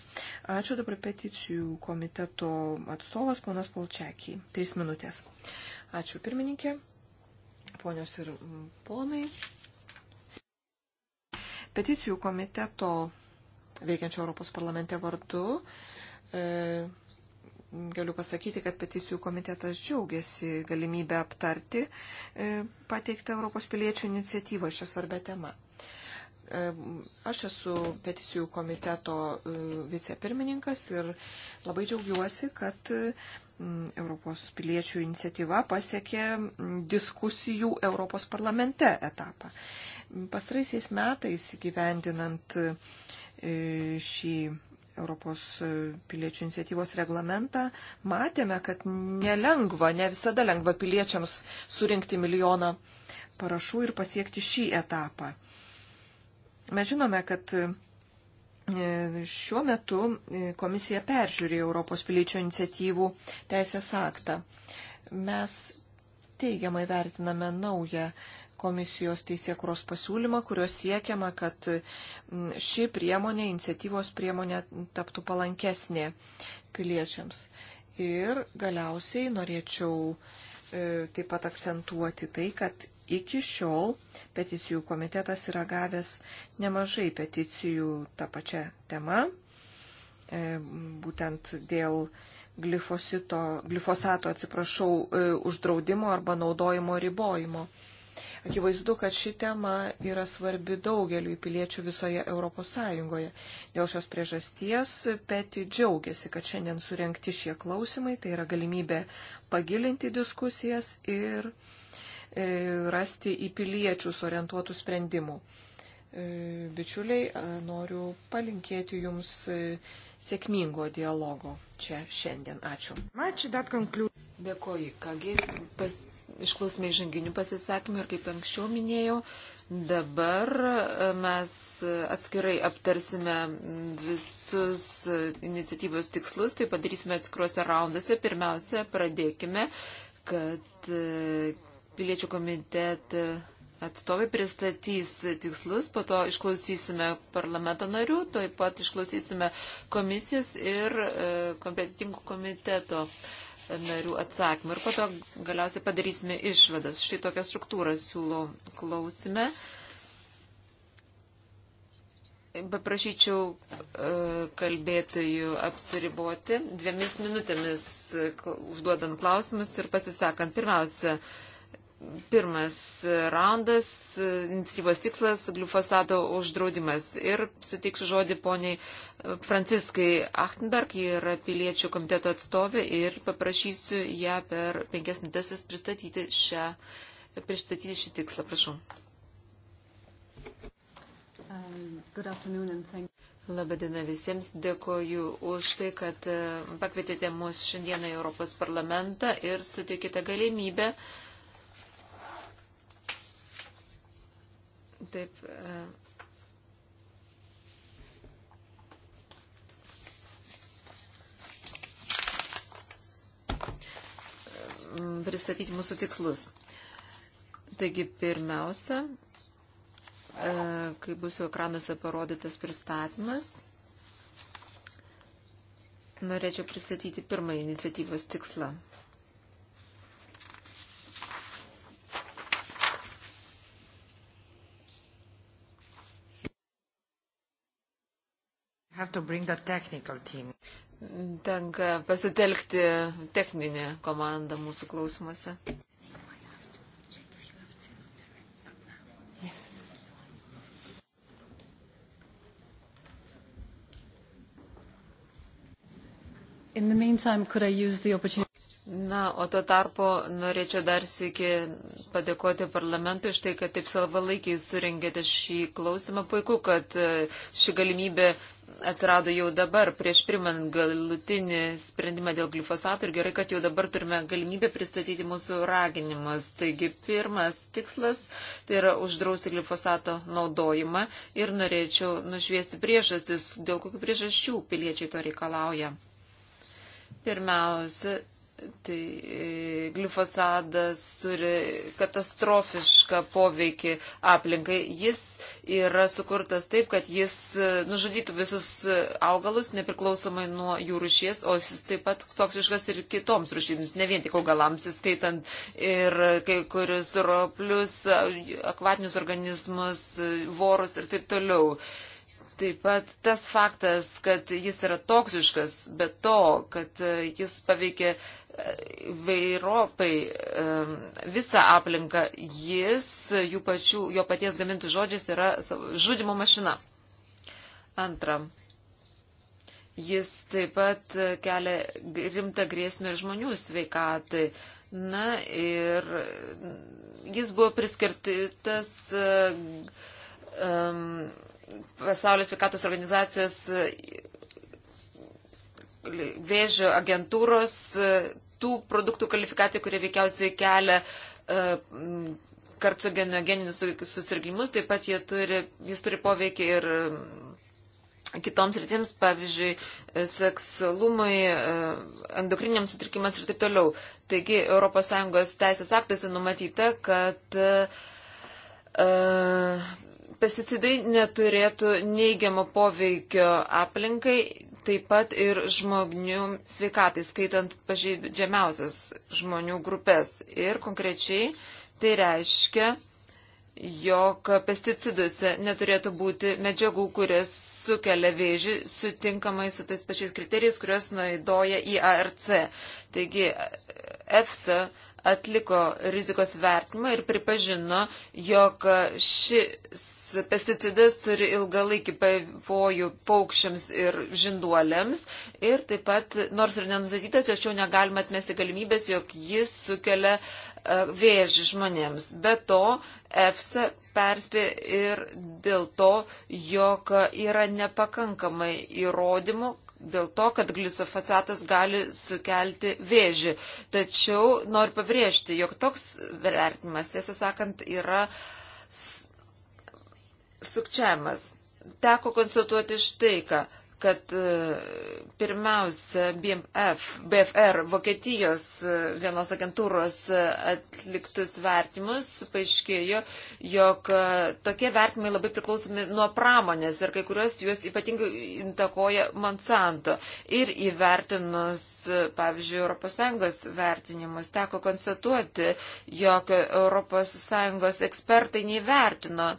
Ačiū dabar peticijų komiteto atstovas, ponas Polčiakiai. Tris minutės. Ačiū pirmininkė, ponios ir ponai. Peticijų komiteto veikiančio Europos parlamente vardu e, galiu pasakyti, kad peticijų komitetas džiaugiasi galimybę aptarti e, pateiktą Europos piliečių iniciatyvą šią svarbę temą. E, aš esu peticijų komiteto e, vicepirmininkas ir labai džiaugiuosi, kad Mm, Europos piliečių iniciatyva pasiekė mm, diskusijų Europos parlamente etapą. Pastraisiais metais gyvendinant e, šį Europos piliečių iniciatyvos reglamentą, matėme, kad nelengva, ne visada lengva piliečiams surinkti milijoną parašų ir pasiekti šį etapą. Mes žinome, kad E, šiuo metu e, komisija peržiūri Europos piliečio iniciatyvų teisės aktą. Mes teigiamai vertiname naują komisijos teisėkuros pasiūlymą, kuriuo siekiama, kad ši priemonė, iniciatyvos priemonė taptų palankesnė piliečiams. Ir galiausiai norėčiau e, taip pat akcentuoti tai, kad Iki šiol peticijų komitetas yra gavęs nemažai peticijų tą pačią temą, e, būtent dėl glifosito, glifosato, atsiprašau, e, uždraudimo arba naudojimo ribojimo. Akivaizdu, kad ši tema yra svarbi daugeliu piliečių visoje Europos Sąjungoje. Dėl šios priežasties Peti džiaugiasi, kad šiandien surenkti šie klausimai, tai yra galimybė pagilinti diskusijas ir E, rasti į piliečius orientuotų sprendimų. E, bičiuliai, e, noriu palinkėti Jums sėkmingo dialogo čia šiandien. Ačiū. Dėkoju. Kągi, pas, išklausime žanginių pasisakymų ir kaip anksčiau minėjau, Dabar mes atskirai aptarsime visus iniciatyvos tikslus, tai padarysime atskiruose raunduose. Pirmiausia, pradėkime, kad piliečių komitetą atstovai pristatys tikslus, po to išklausysime parlamento narių, taip pat išklausysime komisijos ir e, kompetitingų komiteto narių atsakymų. Ir po to galiausiai padarysime išvadas. Štai tokią struktūrą siūlau klausime. Paprašyčiau e, kalbėtojų apsiriboti dviemis minutėmis užduodant klausimus ir pasisakant. Pirmiausia, Pirmas raundas, iniciatyvos tikslas - glifosato uždraudimas. Ir suteiksiu žodį poniai Franciskai Achtenberg, ji yra piliečių komiteto atstovė ir paprašysiu ją per penkias minutės pristatyti, šią, pristatyti šį tikslą. Prašau. Um, Labadiena visiems, dėkoju už tai, kad e, pakvietėte mus šiandieną į Europos parlamentą ir suteikite galimybę uh, Taip. E, pristatyti mūsų tikslus. Taigi, pirmiausia, e, kai bus jau ekranuose parodytas pristatymas, norėčiau pristatyti pirmąjį iniciatyvos tikslą. Tenka pasitelkti techninę komandą mūsų klausimuose. Yes. Meantime, Na, o tuo tarpu norėčiau dar sėki padėkoti parlamentui iš tai, kad taip salvalaikiai suringėte šį klausimą. Puiku, kad e, ši galimybė atsirado jau dabar, prieš primant galutinį sprendimą dėl glifosato ir gerai, kad jau dabar turime galimybę pristatyti mūsų raginimus. Taigi pirmas tikslas tai yra uždrausti glifosato naudojimą ir norėčiau nušviesti priežastis, dėl kokių priežasčių piliečiai to reikalauja. Pirmiausia, Tai e, glifosadas turi katastrofišką poveikį aplinkai. Jis yra sukurtas taip, kad jis e, nužudytų visus augalus nepriklausomai nuo jų rušies, o jis taip pat toksiškas ir kitoms rušims, ne vien tik augalams, įskaitant ir kai kurius roplius, akvatinius organizmus, e, vorus ir taip toliau. Taip pat tas faktas, kad jis yra toksiškas, bet to, kad jis paveikia vairopai visą aplinką. Jis, jų pačių, jo paties gamintų žodžiais, yra žudimo mašina. Antra. Jis taip pat kelia rimtą grėsmę ir žmonių sveikatai. Na ir jis buvo priskirtytas um, Pasaulio sveikatos organizacijos vėžio agentūros tų produktų kvalifikacija, kurie veikiausiai kelia e, karcinogeninius susirgymus, taip pat turi, jis turi poveikį ir e, kitoms rytims, pavyzdžiui, e, seksualumui, endokriniams sutrikimams ir taip toliau. Taigi ES teisės aktuose numatyta, kad pesticidai neturėtų neigiamo poveikio aplinkai taip pat ir žmonių sveikatai, skaitant pažeidžiamiausias žmonių grupės. Ir konkrečiai tai reiškia, jog pesticiduose neturėtų būti medžiagų, kurias sukelia vėžį, sutinkamai su tais pačiais kriterijais, kuriuos naidoja IARC. Taigi, EFSA e, atliko rizikos vertimą ir pripažino, jog šis pesticidas turi ilgalaikį pavojų paukščiams ir žinduoliams. Ir taip pat, nors ir nenusatytas, tačiau negalima atmesti galimybės, jog jis sukelia e, vėžį žmonėms. Be to, EFSA perspėja ir dėl to, jog yra nepakankamai įrodymų, dėl to, kad glisofacatas gali sukelti vėžį. Tačiau noriu pabrėžti, jog toks vertinimas, tiesą sakant, yra sukčiavimas. Teko konstatuoti štai ką kad e, pirmiausia BMF, BFR Vokietijos e, vienos agentūros e, atliktus vertimus paaiškėjo, jog tokie vertimai labai priklausomi nuo pramonės ir kai kurios juos ypatingai intakoja Monsanto. Ir įvertinus, pavyzdžiui, ES vertinimus teko konstatuoti, jog ES ekspertai neįvertino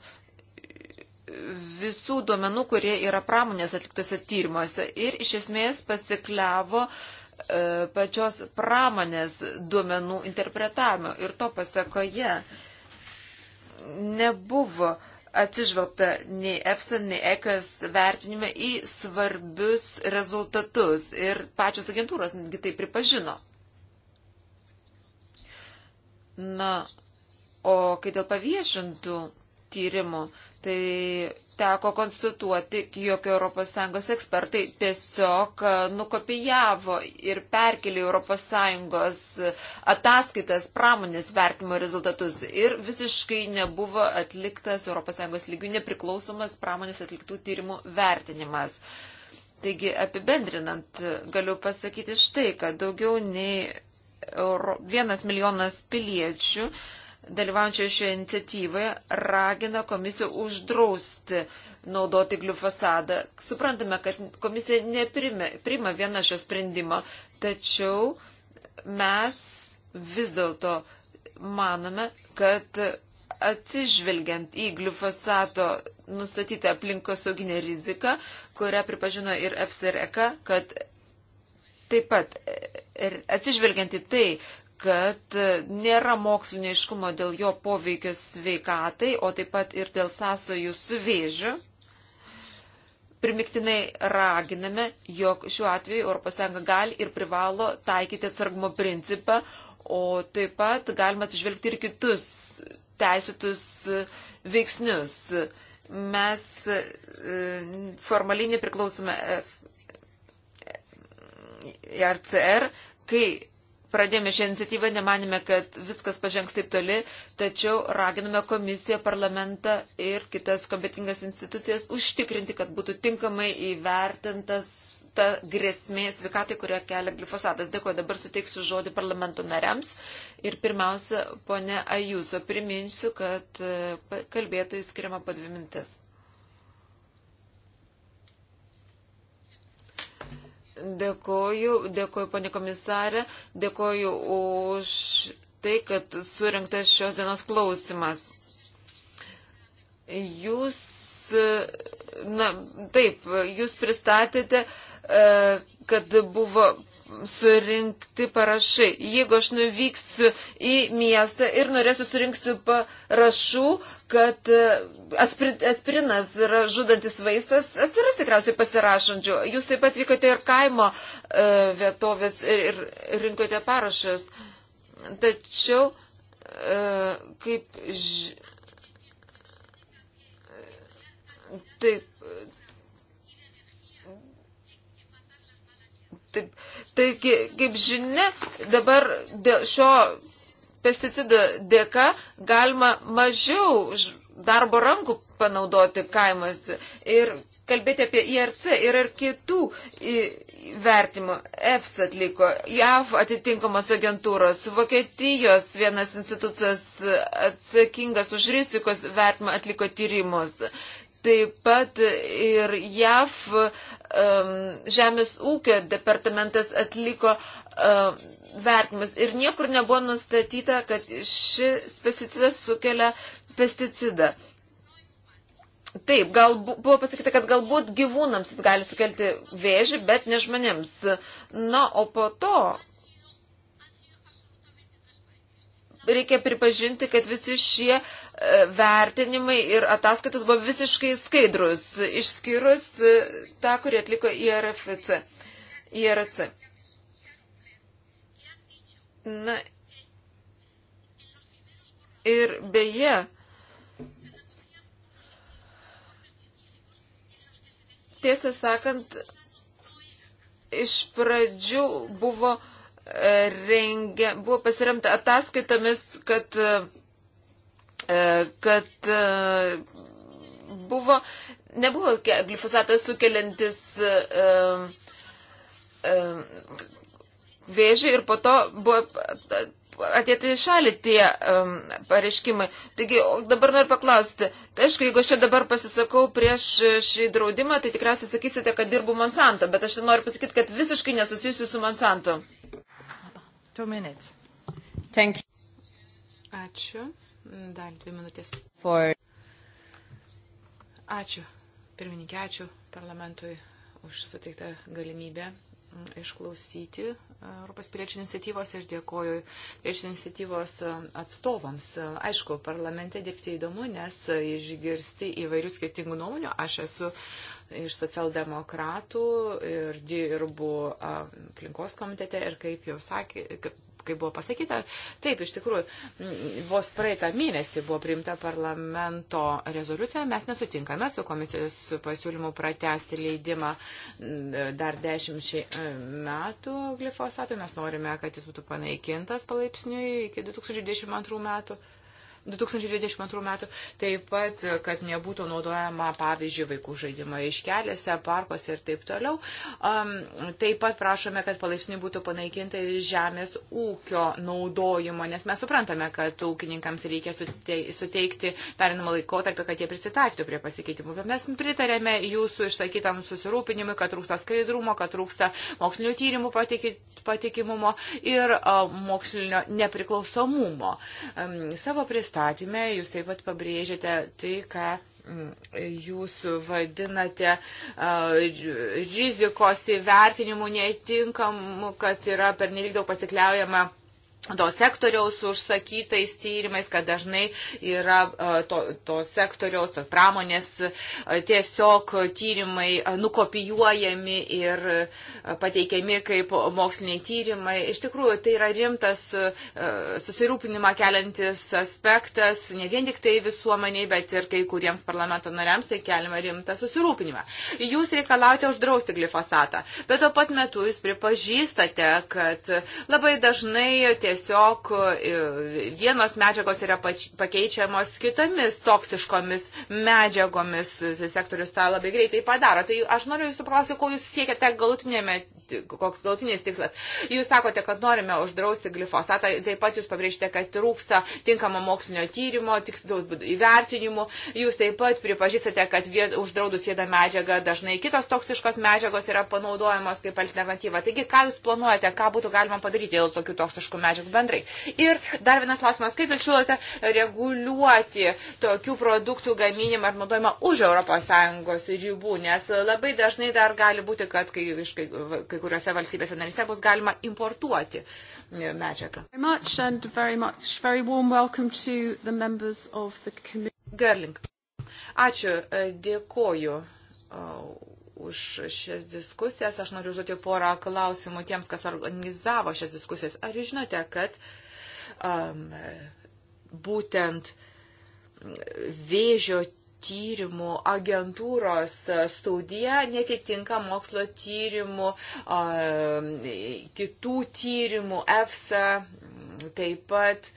visų duomenų, kurie yra pramonės atliktose tyrimuose ir iš esmės pasikliavo e, pačios pramonės duomenų interpretavimo ir to pasakoje nebuvo atsižvelgta nei EFSA, nei ECAS vertinime į svarbius rezultatus ir pačios agentūros netgi tai pripažino. Na, o kai dėl paviešintų tyrimų. Tai teko konstatuoti, jog ES ekspertai tiesiog e, nukopijavo ir perkelė ES ataskaitas pramonės vertimo rezultatus ir visiškai nebuvo atliktas ES lygių nepriklausomas pramonės atliktų tyrimų vertinimas. Taigi apibendrinant, galiu pasakyti štai, kad daugiau nei euro, vienas milijonas piliečių dalyvaujančio šioje iniciatyvoje ragina komisiją uždrausti naudoti gliufosadą. Suprantame, kad komisija neprima vieną šio sprendimą, tačiau mes vis dėlto manome, kad atsižvelgiant į glifosato nustatytą aplinkosauginę riziką, kurią pripažino ir FSRK, e kad taip pat atsižvelgiant į tai, kad nėra mokslinio iškumo dėl jo poveikio sveikatai, o taip pat ir dėl sąsojų su vėžiu. Primiktinai raginame, jog šiuo atveju ES gali ir privalo taikyti atsargumo principą, o taip pat galima atsižvelgti ir kitus teisėtus veiksnius. Mes e, formaliai nepriklausome RCR, e kai pradėjome šią iniciatyvą, nemanėme, kad viskas pažengs taip toli, tačiau raginame komisiją, parlamentą ir kitas kompetingas institucijas užtikrinti, kad būtų tinkamai įvertintas ta grėsmė sveikatai, kurią kelia glifosatas. Dėkuoju, dabar suteiksiu žodį parlamento nariams. Ir pirmiausia, ponė Ajuso, priminsiu, kad e, kalbėtojai skiriama po dvi mintis. Dėkoju, dėkoju, ponė komisarė, dėkoju už tai, kad surinktas šios dienos klausimas. Jūs, na, taip, jūs pristatėte, e, kad buvo surinkti parašai. Jeigu aš nuvyksiu į miestą ir norėsiu surinksiu parašų, kad e, aspirinas yra žudantis vaistas, atsiras tikriausiai pasirašančių. Jūs taip pat vykote ir kaimo e, vietovės ir, ir rinkote parašas. Tačiau, e, kaip. Ž... Taip, taip, tai kaip žinia, dabar dėl šio pesticidų dėka galima mažiau darbo rankų panaudoti kaimuose. Ir kalbėti apie IRC ir ar kitų vertimo EFS atliko, JAV atitinkamos agentūros, Vokietijos vienas institucijas atsakingas už rizikos vertimą atliko tyrimus. Taip pat ir JAV um, Žemės ūkio departamentas atliko uh, e, vertimas ir niekur nebuvo nustatyta, kad šis pesticidas sukelia pesticidą. Taip, gal, buvo pasakyta, kad galbūt gyvūnams jis gali sukelti vėžį, bet ne žmonėms. Na, o po to reikia pripažinti, kad visi šie e, vertinimai ir ataskaitos buvo visiškai skaidrus, išskyrus e, tą, kurį atliko IRFC. IRC. Na ir beje, tiesą sakant, iš pradžių buvo, e, rengia, buvo pasiremta ataskaitomis, kad, e, kad e, buvo, nebuvo glifosatas sukeliantis vėžį ir po to buvo atėti į šalį tie um, pareiškimai. Taigi dabar noriu paklausti, tai aišku, jeigu aš čia dabar pasisakau prieš e, šį draudimą, tai tikriausiai sakysite, kad dirbu Monsanto, bet aš noriu pasakyti, kad visiškai nesusijusiu su Monsanto. Ačiū. Dar dvi minutės. For... Ačiū. Pirmininkė, ačiū parlamentui už suteiktą galimybę išklausyti Europos piliečių iniciatyvos ir dėkoju piliečių iniciatyvos atstovams. Aišku, parlamente dirbti įdomu, nes išgirsti įvairių skirtingų nuomonių. Aš esu iš socialdemokratų ir dirbu aplinkos komitete ir kaip jau sakė, kaip kaip buvo pasakyta, taip, iš tikrųjų, vos praeitą mėnesį buvo priimta parlamento rezoliucija, mes nesutinkame su komisijos pasiūlymu pratesti leidimą dar dešimčiai e, metų glifosatui, mes norime, kad jis būtų panaikintas palaipsniui iki 2022 metų. 2022 metų, taip pat, kad nebūtų naudojama, pavyzdžiui, vaikų žaidimai iškelėse, parkuose ir taip toliau. Um, taip pat prašome, kad palaipsniui būtų panaikinta ir žemės ūkio naudojimo, nes mes suprantame, kad ūkininkams reikia suteikti perinamą laikotarpį, kad jie prisitaikytų prie pasikeitimų. Bet mes pritarėme jūsų išsakytam susirūpinimui, kad trūksta skaidrumo, kad trūksta mokslinio tyrimų patikimumo ir uh, mokslinio nepriklausomumo. Um, savo pristatymą pristatymę jūs taip pat pabrėžėte tai, ką mm, jūs vadinate rizikos įvertinimu netinkamu, kad yra per nelik daug pasikliaujama to sektoriaus užsakytais tyrimais, kad dažnai yra e, to, to sektoriaus, to pramonės e, tiesiog tyrimai e, nukopijuojami ir pateikiami kaip moksliniai tyrimai. Iš tikrųjų, tai yra rimtas susirūpinimą keliantis aspektas, ne vien tik tai visuomeniai, bet ir kai kuriems parlamento nariams tai keliama rimtą susirūpinimą. Jūs reikalaujate uždrausti glifosatą, bet tuo pat metu jūs pripažįstate, kad labai dažnai tie tiesiog e, vienos medžiagos yra pakeičiamos kitomis toksiškomis medžiagomis. Sektorius tą labai greitai padaro. Tai aš noriu jūsų paklausyti, ko jūs siekiate galutinėme, koks galutinis tikslas. Jūs sakote, kad norime uždrausti glifosatą, taip pat jūs pabrėžite, kad trūksta tinkamo mokslinio tyrimo, tikslaus įvertinimų. Jūs taip pat pripažįstate, kad vied, uždraudus vieną medžiagą dažnai kitos toksiškos medžiagos yra panaudojamos kaip alternatyva. Taigi, ką jūs planuojate, ką būtų galima padaryti dėl tokių toksiškų medžiagų? medžiagų bendrai. Ir dar vienas klausimas, kaip jūs siūlote reguliuoti tokių produktų gaminimą ar naudojimą už ES ribų, nes labai dažnai dar gali būti, kad kai, iš kai, kai kuriuose valstybėse narise bus galima importuoti medžiagą. Gerling. Ačiū, dėkoju už šias diskusijas. Aš noriu užduoti porą klausimų tiems, kas organizavo šias diskusijas. Ar jūs žinote, kad um, būtent vėžio tyrimų agentūros studija netitinka mokslo tyrimų, um, kitų tyrimų, EFSA, taip pat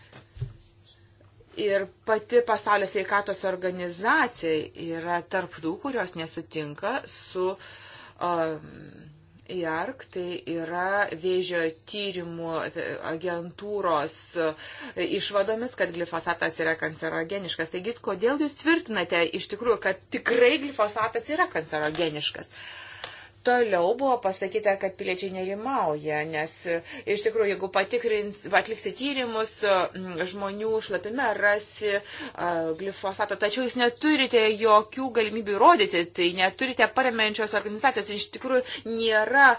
Ir pati pasaulio sveikatos organizacija yra tarptų, kurios nesutinka su um, IARC, tai yra vėžio tyrimų agentūros e, išvadomis, kad glifosatas yra kancerogeniškas. Taigi, kodėl jūs tvirtinate iš tikrųjų, kad tikrai glifosatas yra kancerogeniškas? Uh, Toliau buvo pasakyta, kad piliečiai nerimauja, nes e, iš tikrųjų, jeigu patikrins, atliksi tyrimus, e, žmonių šlapime rasi e, glifosato, tačiau jūs neturite jokių galimybių įrodyti, tai neturite paremenčios organizacijos, iš tikrųjų nėra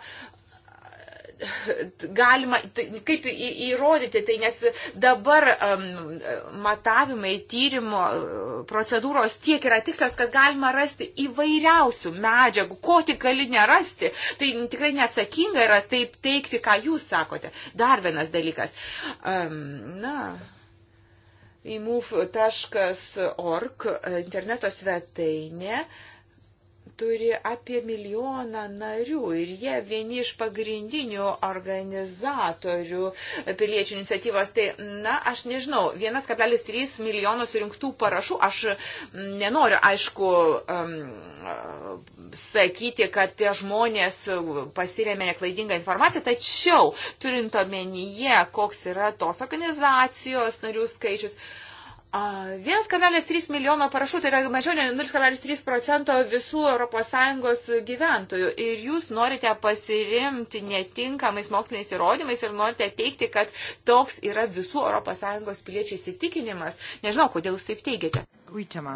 galima, tai kaip įrodyti tai, nes dabar um, matavimai, tyrimo procedūros tiek yra tikslios, kad galima rasti įvairiausių medžiagų, ko tik gali nerasti. Tai tikrai neatsakinga yra taip teikti, ką jūs sakote. Dar vienas dalykas. Um, na imuf.org interneto svetainė. Ne turi apie milijoną narių ir jie vieni iš pagrindinių organizatorių piliečių iniciatyvos. Tai, na, aš nežinau, 1,3 milijono surinktų parašų, aš nenoriu, aišku, um, sakyti, kad tie žmonės pasiremė neklaidingą informaciją, tačiau turint omenyje, koks yra tos organizacijos narių skaičius, uh, 1,3 milijono parašų, tai yra mažiau nei 0,3 procento visų ES gyventojų. Ir jūs norite pasirimti netinkamais moksliniais įrodymais ir norite teikti, kad toks yra visų ES piliečių įsitikinimas. Nežinau, kodėl jūs taip teigiate. Uitama.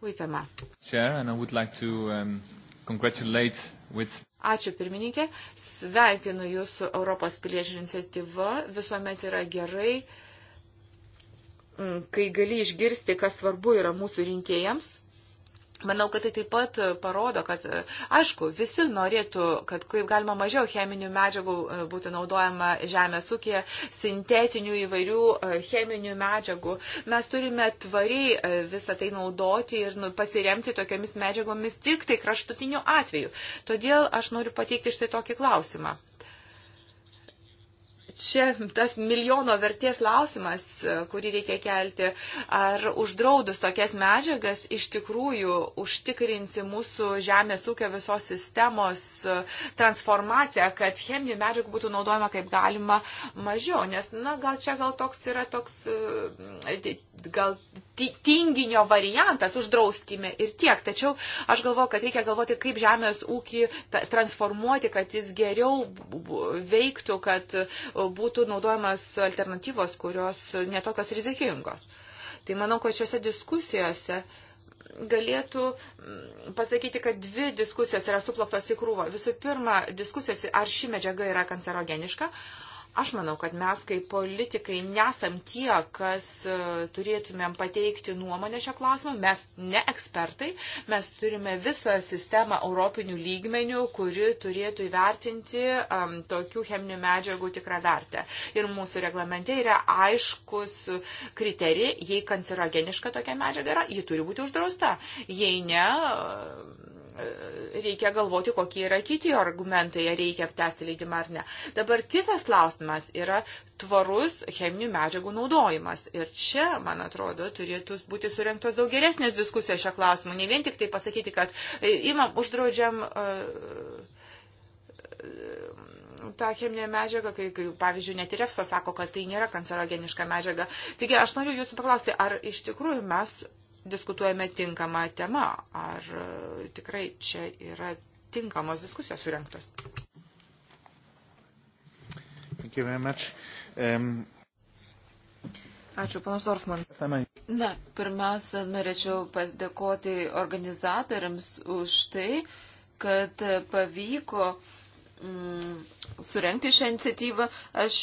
Uitama. Um, Ačiū pirmininkė. Sveikinu jūsų Europos piliečių iniciatyva. Visuomet yra gerai Mm, kai gali išgirsti, kas svarbu yra mūsų rinkėjams. Manau, kad tai taip pat e, parodo, kad, e, aišku, visi norėtų, kad kaip galima mažiau cheminių medžiagų e, būtų naudojama žemės ūkėje, sintetinių įvairių cheminių medžiagų. Mes turime tvariai visą tai naudoti ir nu, pasiremti tokiamis medžiagomis tik tai kraštutiniu atveju. Todėl aš noriu pateikti štai tokį klausimą čia tas milijono vertės klausimas, e, kurį reikia kelti, ar uždraudus tokias medžiagas iš tikrųjų užtikrinsi mūsų žemės ūkio visos sistemos e, transformaciją, kad cheminių medžiagų būtų naudojama kaip galima mažiau. Nes, na, gal čia gal toks yra toks, e, gal tinginio variantas, uždrauskime ir tiek. Tačiau aš galvoju, kad reikia galvoti, kaip žemės ūkį transformuoti, kad jis geriau veiktų, kad būtų naudojamas alternatyvos, kurios netokios rizikingos. Tai manau, kad šiuose diskusijose galėtų mm, pasakyti, kad dvi diskusijos yra suplaktos į krūvą. Visų pirma, diskusijos, ar ši medžiaga yra kancerogeniška, Aš manau, kad mes kaip politikai nesam tie, kas e, turėtumėm pateikti nuomonę šio klausimo. Mes ne ekspertai, mes turime visą sistemą europinių lygmenių, kuri turėtų įvertinti um, tokių cheminių medžiagų tikrą vertę. Ir mūsų reglamente yra aiškus kriterijai, jei kancerogeniška tokia medžiaga yra, ji turi būti uždrausta. Jei ne. Um, reikia galvoti, kokie yra kiti argumentai, ar reikia aptęsti leidimą ar ne. Dabar kitas klausimas yra tvarus cheminių medžiagų naudojimas. Ir čia, man atrodo, turėtų būti surinktos daug geresnės diskusijos šią klausimą. Ne vien tik tai pasakyti, kad e, imam, uždraudžiam. Uh, tą cheminę medžiagą, kai, kai pavyzdžiui, net ir EFSA sako, kad tai nėra kancerogeniška medžiaga. Taigi aš noriu jūsų paklausti, ar iš tikrųjų mes diskutuojame tinkamą temą. Ar e, tikrai čia yra tinkamos diskusijos surinktos? Um... Ačiū, panas Dorfman. Na, pirmiausia, norėčiau pasidėkoti organizatoriams už tai, kad pavyko uh, mm, surenkti šią iniciatyvą, aš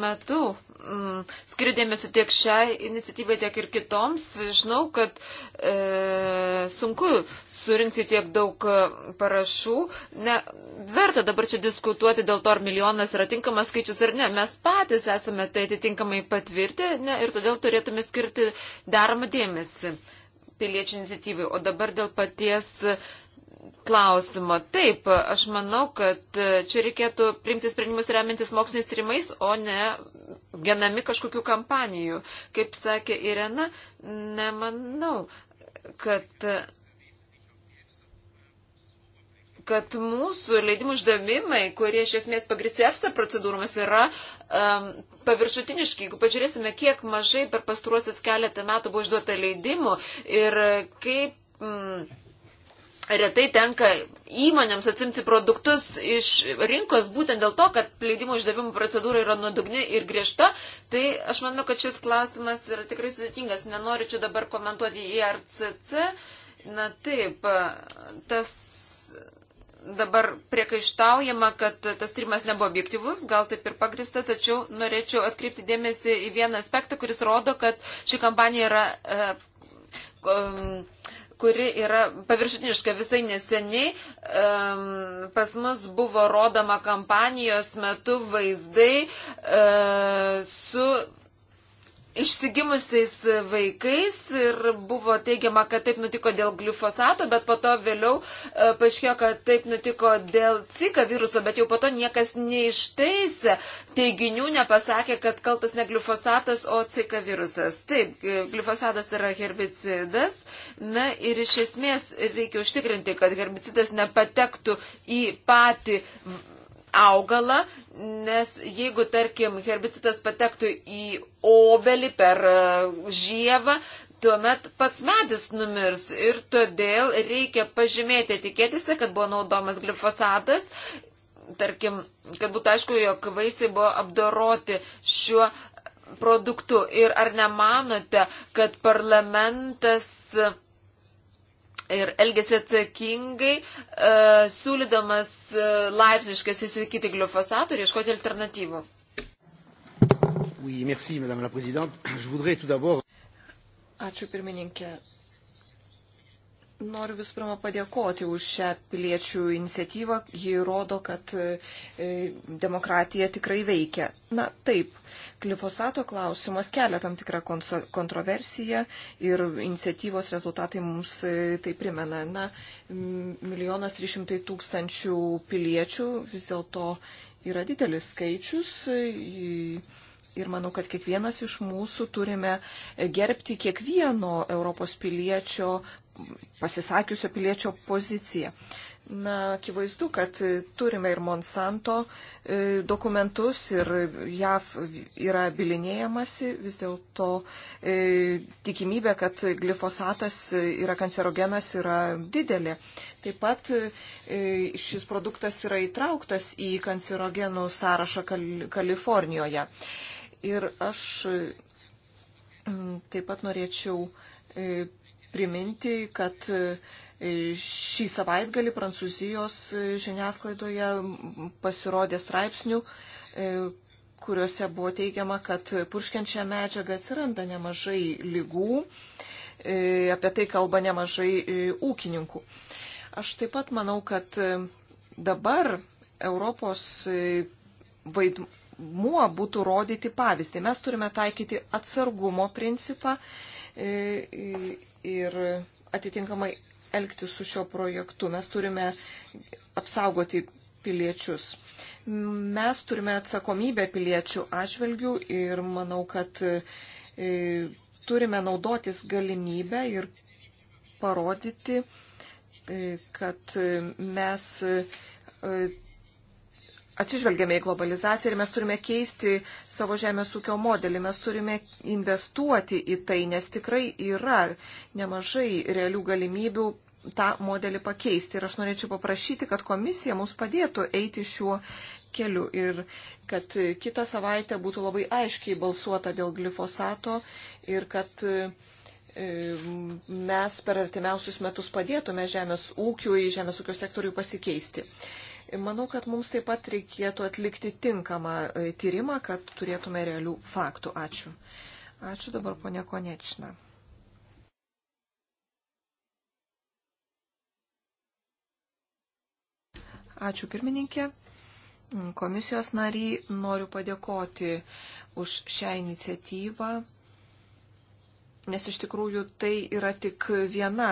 matau, mm, skiriu dėmesio tiek šiai iniciatyvai, tiek ir kitoms. Žinau, kad e, sunku surinkti tiek daug e, parašų. Ne, verta dabar čia diskutuoti dėl to, ar milijonas yra tinkamas skaičius ar ne. Mes patys esame tai atitinkamai patvirtinę ir todėl turėtume skirti deramą dėmesį piliečių iniciatyvai. O dabar dėl paties klausimo. Taip, aš manau, kad čia reikėtų priimti sprendimus remintis moksliniais tyrimais, o ne genami kažkokių kampanijų. Kaip sakė Irena, nemanau, kad kad mūsų leidimų išdavimai, kurie iš esmės pagristi EFSA procedūromis, yra um, paviršutiniški. Jeigu pažiūrėsime, kiek mažai per pastaruosius keletą metų buvo išduota leidimų ir kaip. Mm, retai tenka įmonėms atsimti produktus iš rinkos būtent dėl to, kad leidimų išdavimo procedūra yra nuodugni ir griežta, tai aš manau, kad šis klausimas yra tikrai sudėtingas. Nenoriu čia dabar komentuoti IRCC. Na taip, tas dabar priekaištaujama, kad tas tyrimas nebuvo objektivus, gal taip ir pagrista, tačiau norėčiau atkreipti dėmesį į vieną aspektą, kuris rodo, kad ši kampanija yra. Uh, um, kuri yra paviršutiniška visai neseniai. Um, pas mus buvo rodoma kampanijos metu vaizdai uh, su išsigimusiais vaikais ir buvo teigiama, kad taip nutiko dėl glifosato, bet po to vėliau e, paaiškėjo, kad taip nutiko dėl cika viruso, bet jau po to niekas neišteisė teiginių, nepasakė, kad kaltas ne glifosatas, o cika virusas. Taip, glifosatas yra herbicidas. Na ir iš esmės reikia užtikrinti, kad herbicidas nepatektų į patį augalą, nes jeigu, tarkim, herbicidas patektų į obelį per e, žievą, tuomet pats medis numirs ir todėl reikia pažymėti etiketėse, kad buvo naudomas glifosatas. Tarkim, kad būtų aišku, jog vaisiai buvo apdoroti šiuo produktu. Ir ar nemanote, kad parlamentas ir elgesi atsakingai, uh, siūlydamas uh, laipsniškai atsisakyti glifosato ir ieškoti alternatyvų. Oui, merci, Ačiū pirmininkė. Noriu visų pirma padėkoti už šią piliečių iniciatyvą. Ji rodo, kad e, demokratija tikrai veikia. Na taip, glifosato klausimas kelia tam tikrą kontroversiją ir iniciatyvos rezultatai mums e, tai primena. Na, milijonas trys šimtai tūkstančių piliečių vis dėlto yra didelis skaičius. E, ir manau, kad kiekvienas iš mūsų turime gerbti kiekvieno Europos piliečio pasisakiusio piliečio poziciją. Na, akivaizdu, kad turime ir Monsanto e, dokumentus ir JAV yra bilinėjamasi, vis dėlto e, tikimybė, kad glifosatas yra kancerogenas, yra didelė. Taip pat e, šis produktas yra įtrauktas į kancerogenų sąrašą Kal Kalifornijoje. Ir aš taip pat norėčiau e, priminti, kad e, šį savaitgalį Prancūzijos e, žiniasklaidoje pasirodė straipsnių, e, kuriuose buvo teigiama, kad purškiančią medžiagą atsiranda nemažai lygų, apie tai kalba nemažai ūkininkų. Aš taip pat manau, kad dabar Europos vaidmuo būtų rodyti pavyzdį. Mes turime taikyti atsargumo principą ir atitinkamai elgti su šio projektu. Mes turime apsaugoti piliečius. Mes turime atsakomybę piliečių atžvilgių ir manau, kad e, turime naudotis galimybę ir parodyti, e, kad mes e, atsižvelgiame į globalizaciją ir mes turime keisti savo žemės ūkio modelį, mes turime investuoti į tai, nes tikrai yra nemažai realių galimybių tą modelį pakeisti. Ir aš norėčiau paprašyti, kad komisija mums padėtų eiti šiuo keliu ir kad kitą savaitę būtų labai aiškiai balsuota dėl glifosato ir kad e, mes per artimiausius metus padėtume žemės ūkiui, žemės ūkio sektoriui pasikeisti. Manau, kad mums taip pat reikėtų atlikti tinkamą e, tyrimą, kad turėtume realių faktų. Ačiū. Ačiū dabar ponia Konečna. Ačiū pirmininkė. Komisijos nariai noriu padėkoti už šią iniciatyvą Nes iš tikrųjų tai yra tik viena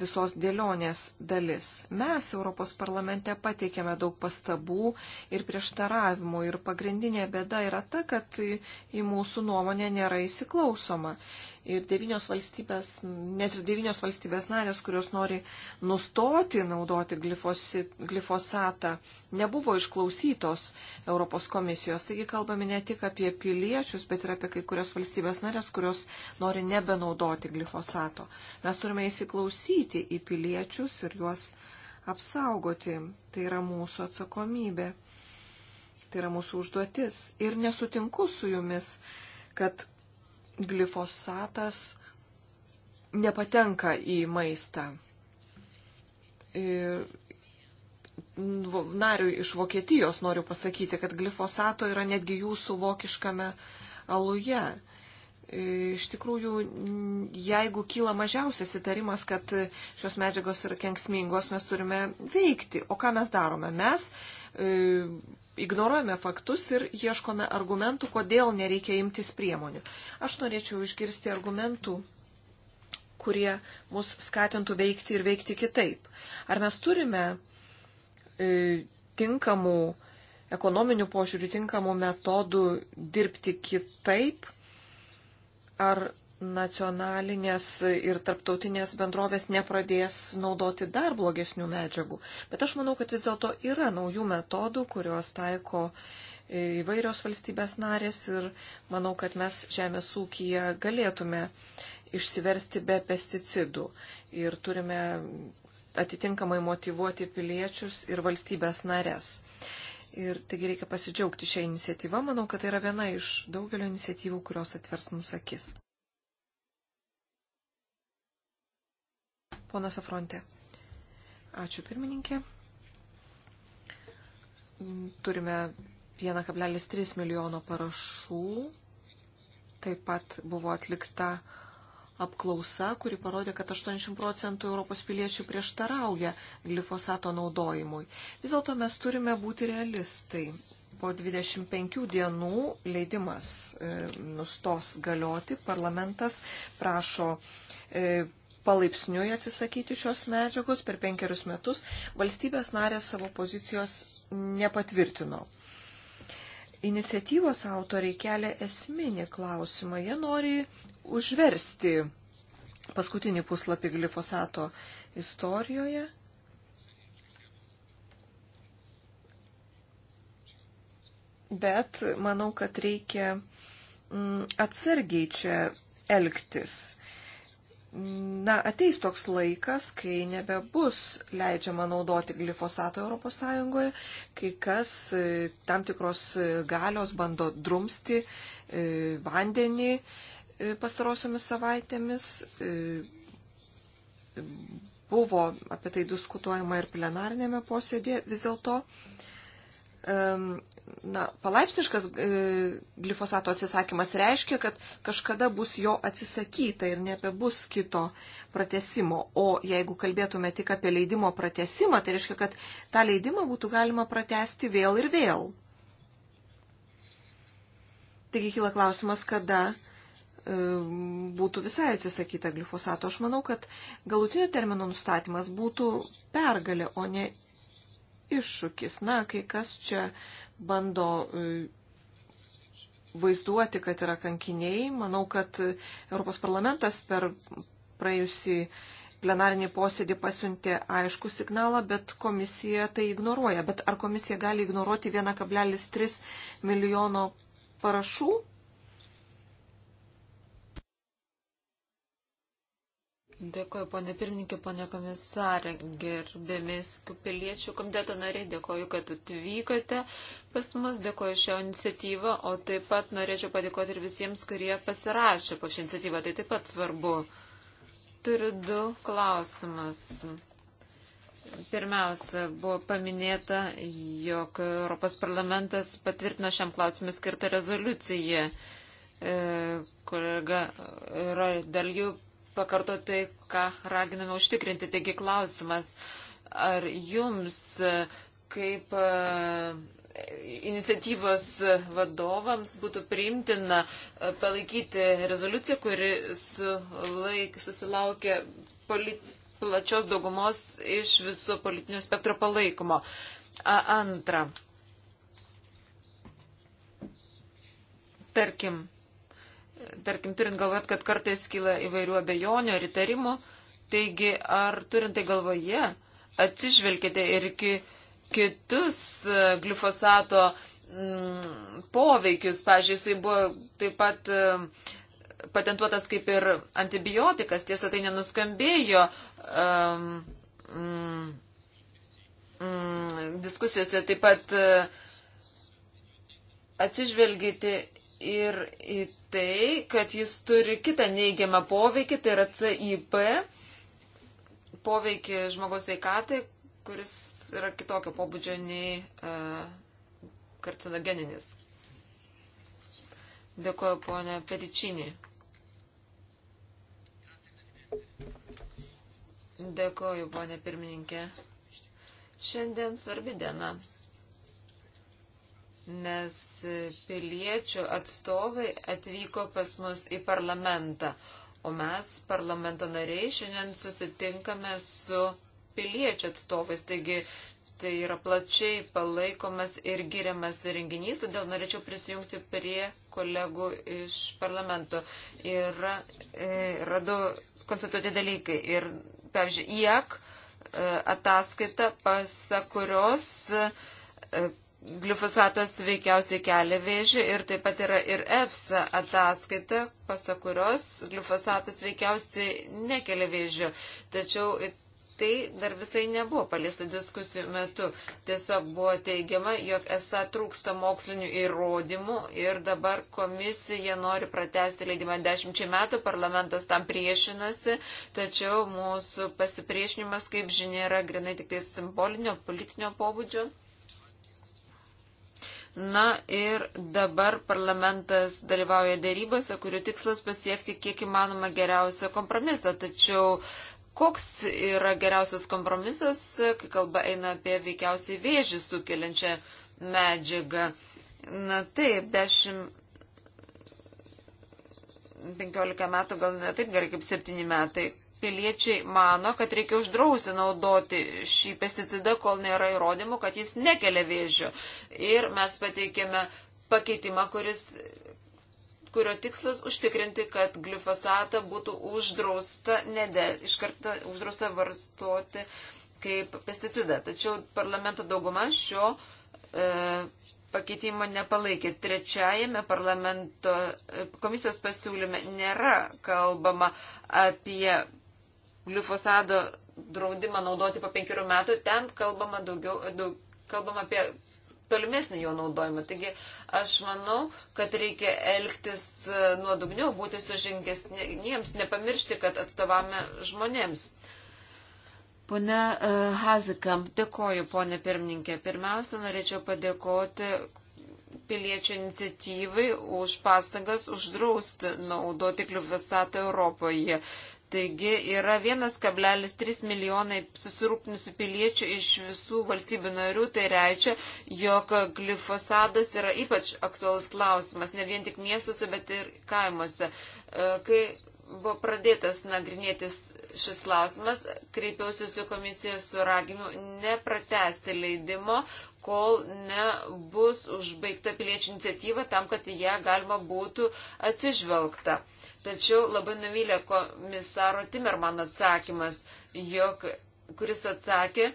visos dėlionės dalis. Mes Europos parlamente pateikėme daug pastabų ir prieštaravimų ir pagrindinė bėda yra ta, kad į mūsų nuomonę nėra įsiklausoma ir devynios valstybės, net ir devynios valstybės narės, kurios nori nustoti naudoti glifosit, glifosatą, nebuvo išklausytos Europos komisijos. Taigi kalbame ne tik apie piliečius, bet ir apie kai kurias valstybės narės, kurios nori nebenaudoti glifosato. Mes turime įsiklausyti į piliečius ir juos apsaugoti. Tai yra mūsų atsakomybė. Tai yra mūsų užduotis. Ir nesutinku su jumis, kad glifosatas nepatenka į maistą. Ir nariui iš Vokietijos noriu pasakyti, kad glifosato yra netgi jūsų vokiškame aluje. E, iš tikrųjų, jeigu kyla mažiausias įtarimas, kad šios medžiagos yra kenksmingos, mes turime veikti. O ką mes darome? Mes e, ignoruojame faktus ir ieškome argumentų, kodėl nereikia imtis priemonių. Aš norėčiau išgirsti argumentų, kurie mus skatintų veikti ir veikti kitaip. Ar mes turime e, tinkamų ekonominių požiūrių, tinkamų metodų dirbti kitaip? Ar nacionalinės ir tarptautinės bendrovės nepradės naudoti dar blogesnių medžiagų. Bet aš manau, kad vis dėlto yra naujų metodų, kuriuos taiko įvairios valstybės narės ir manau, kad mes žemės ūkiją galėtume išsiversti be pesticidų ir turime atitinkamai motivuoti piliečius ir valstybės narės. Ir taigi reikia pasidžiaugti šią iniciatyvą. Manau, kad tai yra viena iš daugelio iniciatyvų, kurios atvers mums akis. Ponas Afronte. Ačiū pirmininkė. Turime 1,3 milijono parašų. Taip pat buvo atlikta apklausa, kuri parodė, kad 80 procentų Europos piliečių prieštarauja glifosato naudojimui. Vis dėlto mes turime būti realistai. Po 25 dienų leidimas e, nustos galioti. Parlamentas prašo e, palaipsniui atsisakyti šios medžiagos per penkerius metus, valstybės narės savo pozicijos nepatvirtino. Iniciatyvos autoriai kelia esminį klausimą. Jie nori užversti paskutinį puslapį glifosato istorijoje. Bet manau, kad reikia mm, atsargiai čia elgtis na, ateis toks laikas, kai nebebus leidžiama naudoti glifosato ES, kai kas e, tam tikros e, galios bando drumsti e, vandenį pastarosiomis savaitėmis. Buvo apie tai diskutuojama ir plenarinėme posėdėje. Vis dėlto na, palaipsniškas e, glifosato atsisakymas reiškia, kad kažkada bus jo atsisakyta ir nebebus kito pratesimo. O jeigu kalbėtume tik apie leidimo pratesimą, tai reiškia, kad tą leidimą būtų galima pratesti vėl ir vėl. Taigi kyla klausimas, kada e, būtų visai atsisakyta glifosato. Aš manau, kad galutinio termino nustatymas būtų pergalė, o ne iššūkis. Na, kai kas čia bando e, vaizduoti, kad yra kankiniai, manau, kad Europos parlamentas per praėjusį plenarinį posėdį pasiuntė aišku signalą, bet komisija tai ignoruoja. Bet ar komisija gali ignoruoti 1,3 milijono parašų Dėkuoju, ponė pirmininkė, ponė komisarė, gerbėmis piliečių komiteto nariai, dėkuoju, kad atvykote pas mus, dėkuoju šią iniciatyvą, o taip pat norėčiau padėkoti ir visiems, kurie pasirašė po šią iniciatyvą, tai taip pat svarbu. Turiu du klausimus. Pirmiausia, buvo paminėta, jog Europos parlamentas patvirtino šiam klausimui skirtą rezoliuciją. E, kolega Daljų pakarto tai, ką raginame užtikrinti. Taigi klausimas, ar jums e, kaip e, iniciatyvos vadovams būtų priimtina e, palaikyti rezoliuciją, kuri sulaik, susilaukė polit, plačios daugumos iš viso politinio spektro palaikymo. Antra. Tarkim, tarkim, turint galvot, kad kartais kyla įvairių abejonių ar įtarimų, taigi ar turint tai galvoje, atsižvelgėte ir ki, kitus e, glifosato m, mm, poveikius, pažiūrėjau, jisai buvo taip pat m, e, patentuotas kaip ir antibiotikas, tiesa tai nenuskambėjo um, mm, mm, diskusijose, taip pat e, atsižvelgėte ir į tai, kad jis turi kitą neigiamą poveikį, tai yra CIP, poveikį žmogaus veikatai, kuris yra kitokio pobūdžio nei uh, karcinogeninis. Dėkuoju, ponia Peričinė. Dėkuoju, ponia pirmininkė. Šiandien svarbi diena nes piliečių atstovai atvyko pas mus į parlamentą, o mes, parlamento nariai, šiandien susitinkame su piliečių atstovais, taigi tai yra plačiai palaikomas ir giriamas renginys, todėl norėčiau prisijungti prie kolegų iš parlamento. Ir e, radau konstatuoti dalykai. Ir, pavyzdžiui, IAK e, ataskaita, pasak kurios e, glifosatas veikiausiai kelia vėžį ir taip pat yra ir EFSA ataskaita, pasak kurios glifosatas veikiausiai nekelia vėžio. Tačiau tai dar visai nebuvo paliesta diskusijų metu. Tiesiog buvo teigiama, jog esą trūksta mokslinių įrodymų ir dabar komisija nori pratesti leidimą dešimčiai metų, parlamentas tam priešinasi, tačiau mūsų pasipriešinimas, kaip žinia, yra grinai tik tai simbolinio, politinio pobūdžio. Na ir dabar parlamentas dalyvauja dėrybose, kurių tikslas pasiekti kiek įmanoma geriausią kompromisą. Tačiau koks yra geriausias kompromisas, kai kalba eina apie veikiausiai vėžį sukeliančią medžiagą. Na taip, 10, 15 metų gal ne taip gerai kaip 7 metai piliečiai mano, kad reikia uždrausti naudoti šį pesticidą, kol nėra įrodymų, kad jis nekelia vėžio. Ir mes pateikėme pakeitimą, kuris kurio tikslas užtikrinti, kad glifosatą būtų uždrausta, nedė, iš karto uždrausta varstoti kaip pesticidą. Tačiau parlamento dauguma šio e, pakeitimo nepalaikė. Trečiajame parlamento e, komisijos pasiūlyme nėra kalbama apie glifosado draudimą naudoti po penkerių metų, ten kalbama, daugiau, daug, kalbama apie tolimesnį jo naudojimą. Taigi aš manau, kad reikia elgtis e, nuodugniau, būti sužingesniems, nepamiršti, kad atstovame žmonėms. Pone uh, e, Hazikam, dėkoju, ponė pirmininkė. Pirmiausia, norėčiau padėkoti piliečių iniciatyvai už pastangas uždrausti naudoti glifosatą Europoje. Taigi yra 1,3 milijonai susirūpinusių piliečių iš visų valstybių narių, tai reiškia, jog glifosadas yra ypač aktualus klausimas, ne vien tik miestuose, bet ir kaimuose. E, kai buvo pradėtas nagrinėtis šis klausimas, kreipiausi su komisijos suraginimu nepratesti leidimo, kol nebus užbaigta piliečių iniciatyva tam, kad į ją galima būtų atsižvelgta. Tačiau labai nuvylė komisaro Timerman atsakymas, jog, kuris atsakė,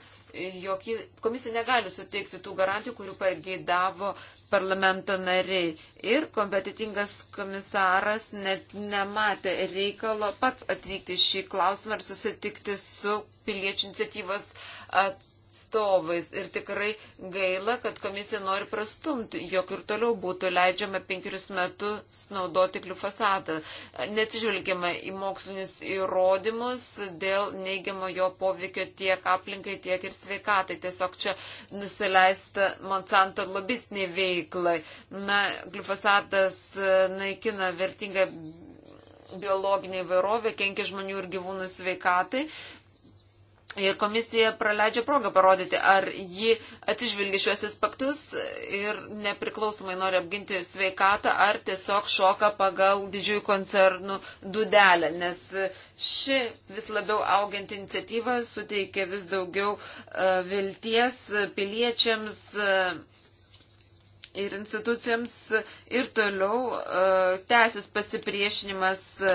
jog komisija negali suteikti tų garantijų, kurių pageidavo parlamento nariai. Ir kompetitingas komisaras net nematė reikalo pats atvykti šį klausimą ir susitikti su piliečių iniciatyvos atsakymą atstovais. Ir tikrai gaila, kad komisija nori prastumti, jog ir toliau būtų leidžiama penkerius metus naudoti glifosatą. Neatsižvelgiama į mokslinius įrodymus dėl neigiamo jo poveikio tiek aplinkai, tiek ir sveikatai. Tiesiog čia nusileista Monsanto lobistiniai veiklai. Na, glifosatas e, naikina vertingą biologinė įvairovė, kenkia žmonių ir gyvūnų sveikatai, Ir komisija praleidžia progą parodyti, ar ji atsižvelgia šiuos aspektus ir nepriklausomai nori apginti sveikatą, ar tiesiog šoka pagal didžiųjų koncernų dudelę, nes ši vis labiau augianti iniciatyva suteikia vis daugiau e, vilties piliečiams e, ir institucijoms ir toliau uh, tęsis pasipriešinimas uh,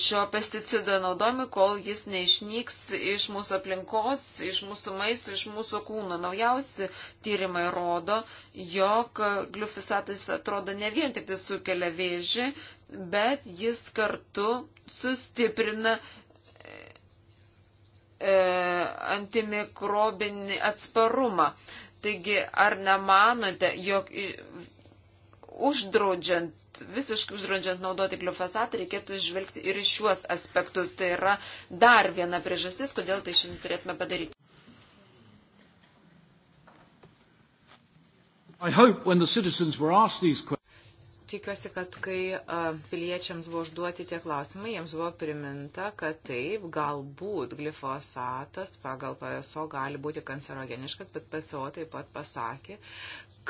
šio pesticido naudojimui, kol jis neišnyks iš mūsų aplinkos, iš mūsų maisto, iš mūsų kūno. Naujausi tyrimai rodo, jog gliufisatas atrodo ne vien tik tai sukelia vėžį, bet jis kartu sustiprina e, antimikrobinį atsparumą. E, Taigi, ar nemanote, jog uždraudžiant, visiškai uždraudžiant naudoti glifosatą, reikėtų žvelgti ir šiuos aspektus. Tai yra dar viena priežastis, kodėl tai šiandien turėtume padaryti. I hope when the citizens were asked these questions tikiuosi, kad kai piliečiams buvo užduoti tie klausimai, jiems buvo priminta, kad taip, galbūt glifosatas pagal PSO gali būti kancerogeniškas, bet PSO taip pat pasakė,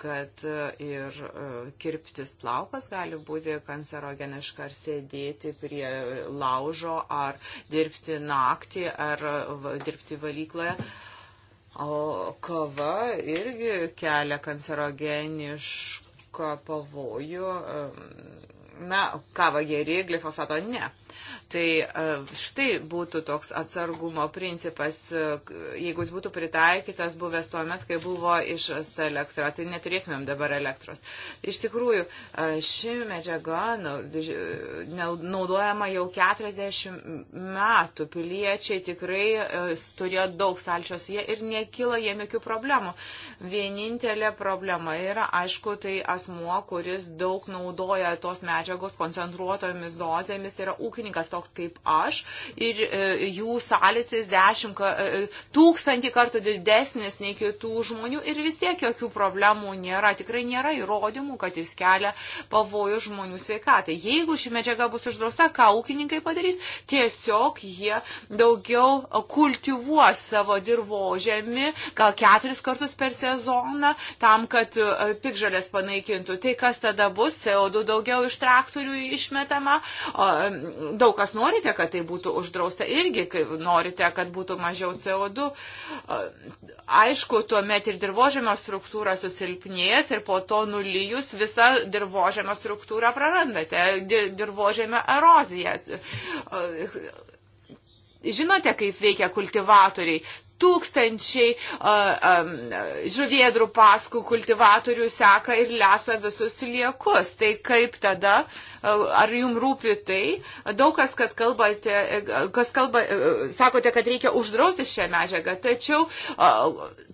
kad e, ir e, kirptis plaukas gali būti kancerogeniška, ar sėdėti prie laužo, ar dirbti naktį, ar e, dirbti valykloje. O kava irgi kelia kancerogenišką pavojų na, kava geri, glifosato ne. Tai e, štai būtų toks atsargumo principas, e, jeigu jis būtų pritaikytas buvęs tuo met, kai buvo išrasta elektra, tai neturėtumėm dabar elektros. Iš tikrųjų, e, ši medžiaga nu, naudojama jau 40 metų. Piliečiai tikrai turėjo daug salčio su jie ir nekyla jiem jokių problemų. Vienintelė problema yra, aišku, tai asmuo, kuris daug naudoja tos medžiagos medžiagos koncentruotomis dozėmis, tai yra ūkininkas toks kaip aš ir e, jų salicis dešimt e, tūkstantį kartų didesnis nei kitų žmonių ir vis tiek jokių problemų nėra. Tikrai nėra įrodymų, kad jis kelia pavojų žmonių sveikatai. Jeigu ši medžiaga bus uždrausta, ką ūkininkai padarys? Tiesiog jie daugiau kultivuos savo dirbožėmi, gal keturis kartus per sezoną, tam, kad e, pikžalės panaikintų. Tai kas tada bus? CO2 daugiau ištraukti traktorių išmetama. Daug kas norite, kad tai būtų uždrausta irgi, kai norite, kad būtų mažiau CO2. Aišku, tuomet ir dirbožėmio struktūra susilpnės ir po to nulyjus visą dirbožėmio struktūrą prarandate. Dirbožėmio erozija žinote, kaip veikia kultivatoriai tūkstančiai uh, um, žuvėdrų paskų kultivatorių seka ir lesa visus liekus. Tai kaip tada, uh, ar jums rūpi tai? Daug kas, kad kalbate, kas kalba, uh, sakote, kad reikia uždrausti šią medžiagą, tačiau uh,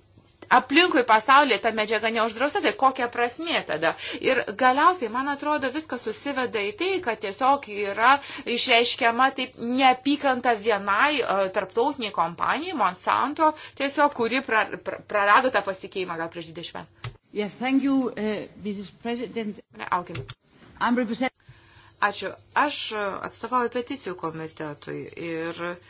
aplinkui pasaulyje ta medžiaga neuždrausta, tai kokia prasmė tada? Ir galiausiai, man atrodo, viskas susiveda į tai, kad tiesiog yra išreiškiama taip neapykanta vienai e, tarptautiniai kompanijai, Monsanto, tiesiog, kuri pra, pra, prarado tą pasikeimą gal prieš 20 metų. Yes, thank you, uh, Mrs. President. Aukin. I'm represent... Ačiū. Aš e, atstovauju peticijų komitetui ir uh,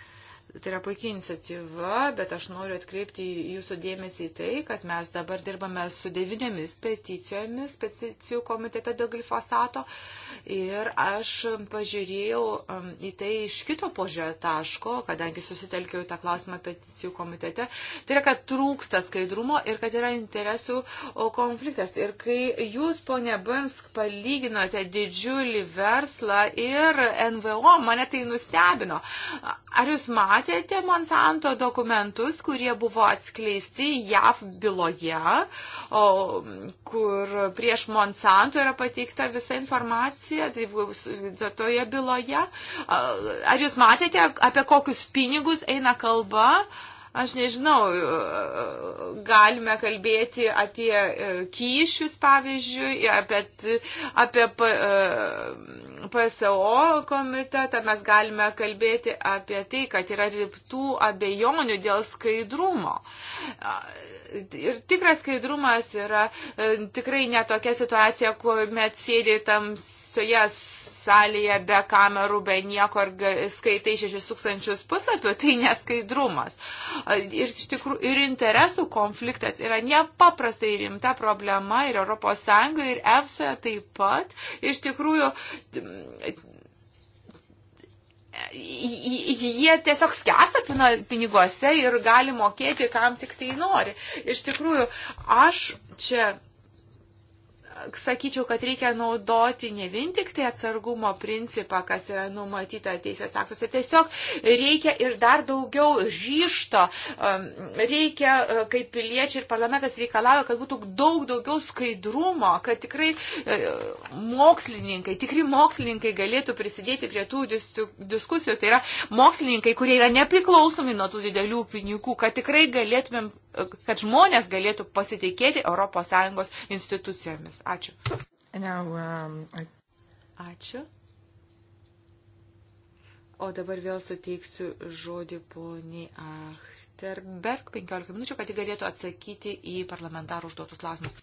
Tai yra puikia iniciatyva, bet aš noriu atkreipti jūsų dėmesį į tai, kad mes dabar dirbame su devynėmis peticijomis, peticijų komitete dėl glifosato. Ir aš pažiūrėjau um, į tai iš kito požiūrio taško, kadangi susitelkiau tą klausimą peticijų komitete. Tai yra, kad trūksta skaidrumo ir kad yra interesų konfliktas. Ir kai jūs, ponė Bimsk, palyginote didžiulį verslą ir NVO, mane tai nustebino. Ar jūs matėte? matėte Monsanto dokumentus, kurie buvo atskleisti JAV byloje, o, kur prieš Monsanto yra pateikta visa informacija tai, toje byloje. Ar jūs matėte, apie kokius pinigus eina kalba? Aš nežinau, e, e, galime kalbėti apie e, kyšius, pavyzdžiui, apie, apie PSO komitetą, mes galime kalbėti apie tai, kad yra riptų abejonių dėl skaidrumo. Ir tikras skaidrumas yra tikrai netokia situacija, kuomet sėdė tamsioje salėje be kamerų, be nieko ir skaitai 6000 puslapių, tai neskaidrumas. Ir, tikrų, ir interesų konfliktas yra nepaprastai rimta problema ir ES ir EFSA taip pat. Iš tikrųjų, jie tiesiog skęsta piniguose ir gali mokėti, kam tik tai nori. Iš tikrųjų, aš čia sakyčiau, kad reikia naudoti ne vien tik tai atsargumo principą, kas yra numatyta teisės aktuose. Tiesiog reikia ir dar daugiau ryšto. Um, reikia, e, kaip piliečiai ir parlamentas reikalavo, kad būtų daug daugiau skaidrumo, kad tikrai e, mokslininkai, tikri mokslininkai galėtų prisidėti prie tų diskusijų. Tai yra mokslininkai, kurie yra nepriklausomi nuo tų didelių pinigų, kad tikrai galėtumėm kad žmonės galėtų pasitikėti ES institucijomis. Ačiū. Now, um, I... Ačiū. O dabar vėl suteiksiu žodį poniai Achterberg 15 minučių, kad ji galėtų atsakyti į parlamentarų užduotus klausimus.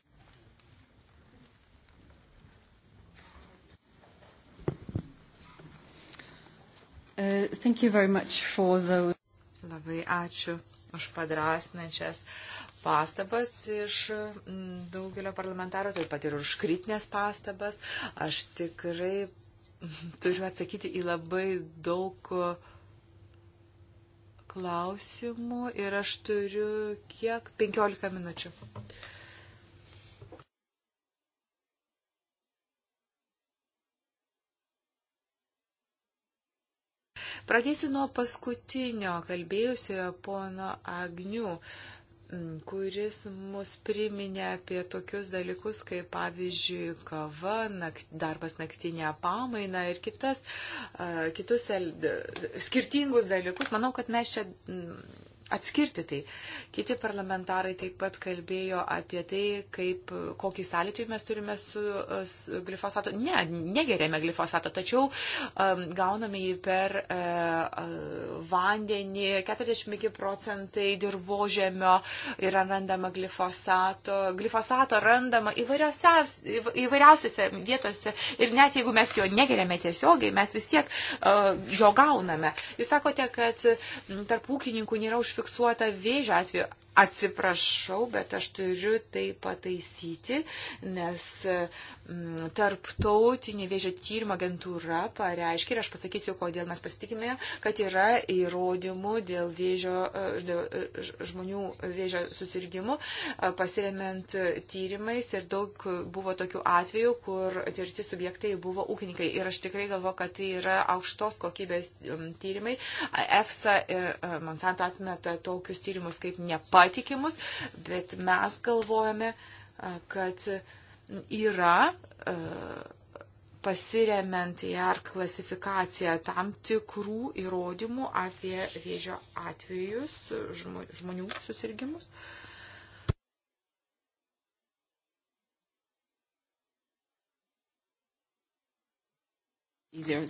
Uh, thank you very much for those. Labai ačiū už padrasnančias pastabas iš mm, daugelio parlamentarų, taip pat ir už kritinės pastabas. Aš tikrai turiu atsakyti į labai daug klausimų ir aš turiu kiek? 15 minučių. Pradėsiu nuo paskutinio kalbėjusiojo pono Agnių kuris mus priminė apie tokius dalykus, kaip pavyzdžiui kava, nakt, darbas naktinė pamaina ir kitas, kitus skirtingus dalykus. Manau, kad mes čia atskirti tai. Kiti parlamentarai taip pat kalbėjo apie tai, kaip, kokį sąlytį mes turime su, e, su glifosato. Ne, negerėme glifosato, tačiau um, gauname jį per uh, vandenį, 45 procentai dirbožėmio yra randama glifosato. Glifosato randama įvairiausiose vietose ir net jeigu mes jo negerėme tiesiogiai, mes vis tiek uh, jo gauname. Jūs sakote, kad tarp ūkininkų nėra už užfiksuota vėžio atveju. Atsiprašau, bet aš turiu tai pataisyti, nes mm, tarptautinė vėžio tyrimo agentūra pareiškia, ir aš pasakysiu, kodėl mes pasitikime, kad yra įrodymų dėl, vėžio, e, dėl e, žmonių vėžio susirgymų, e, pasiremiant tyrimais ir daug buvo tokių atvejų, kur tirti subjektai buvo ūkininkai. Ir aš tikrai galvoju, kad tai yra aukštos kokybės tyrimai. EFSA ir Monsanto atmeta tokius tyrimus kaip nepatikimai patikimus, bet mes galvojame, kad yra pasiremiant į AR klasifikaciją tam tikrų įrodymų apie vėžio atvejus, žmonių susirgymus.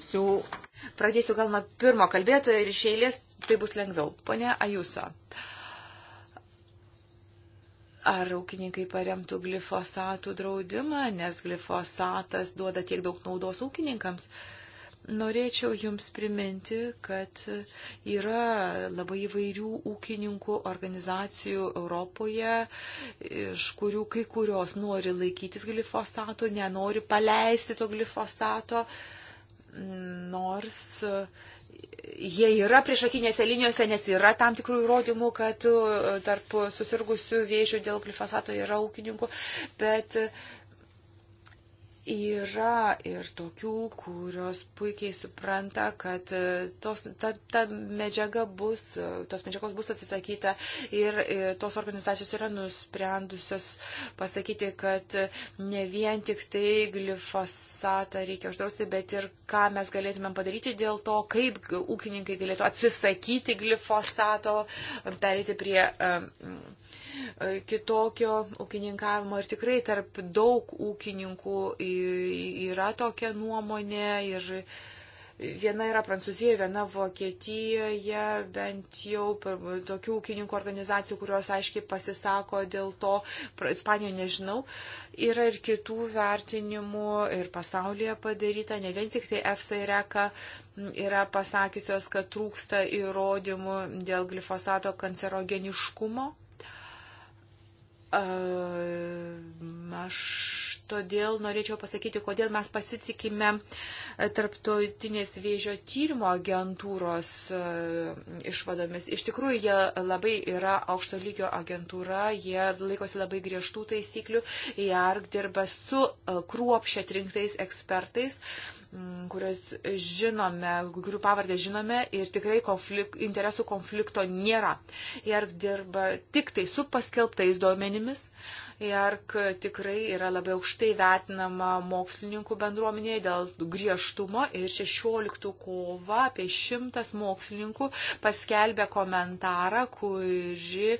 So... Pradėsiu gal nuo pirmo kalbėtojo ir iš eilės tai bus lengviau. Pone Ajusa. Uh, ar ūkininkai paremtų glifosatų draudimą, nes glifosatas duoda tiek daug naudos ūkininkams. Norėčiau Jums priminti, kad yra labai įvairių ūkininkų organizacijų Europoje, iš kurių kai kurios nori laikytis glifosato, nenori paleisti to glifosato, nors uh, jie yra priešakinėse linijose, nes yra tam tikrų įrodymų, kad e, tarp susirgusių vėžių dėl glifosato yra ūkininkų, bet uh, Yra ir tokių, kurios puikiai supranta, kad e, tos, ta, ta medžiaga bus, e, tos medžiagos bus atsisakyta ir e, tos organizacijos yra nusprendusios pasakyti, kad ne vien tik tai glifosatą reikia uždrausti, bet ir ką mes galėtumėm padaryti dėl to, kaip ūkininkai galėtų atsisakyti glifosato, perėti prie. Um, E, kitokio ūkininkavimo ir tikrai tarp daug ūkininkų yra tokia nuomonė ir viena yra Prancūzijoje, viena Vokietijoje, bent jau tokių ūkininkų organizacijų, kurios aiškiai pasisako dėl to, Ispanijoje nežinau, yra ir kitų vertinimų ir pasaulyje padaryta, ne vien tik tai EFSA ir ECA yra pasakiusios, kad trūksta įrodymų dėl glifosato kancerogeniškumo. Aš todėl norėčiau pasakyti, kodėl mes pasitikime tarptautinės vėžio tyrimo agentūros išvadomis. Iš tikrųjų, jie labai yra aukšto lygio agentūra, jie laikosi labai griežtų taisyklių, jie dirba su kruopšia trinktais ekspertais. Uh, Mm, kurios žinome, kurių pavardę žinome ir tikrai konflik, interesų konflikto nėra. Ir dirba tik tai su paskelbtais duomenimis. Uh, IARC tikrai yra labai aukštai vertinama mokslininkų bendruomenėje dėl griežtumo ir 16 kovo apie 100 mokslininkų paskelbė komentarą, kuri,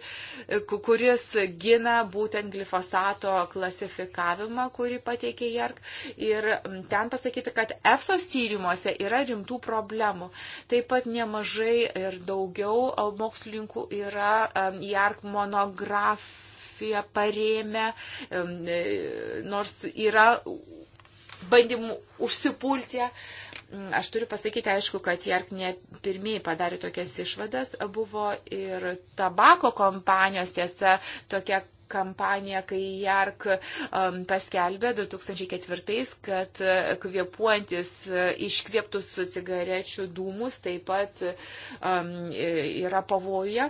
kuris gina būtent glifosato klasifikavimą, kurį pateikė IARC. Ir ten pasakyti, kad EFSOS tyrimuose yra rimtų problemų. Taip pat nemažai ir daugiau mokslininkų yra IARC monografų mafiją parėmę, e, nors yra bandymų užsipulti. Aš turiu pasakyti, aišku, kad Jark ne pirmieji padarė tokias išvadas, buvo ir tabako kompanijos tiesa tokia kampanija, kai Jark um, paskelbė 2004, kad e, kvėpuojantis e, iškvėptus cigarečių dūmus taip pat um, yra pavoja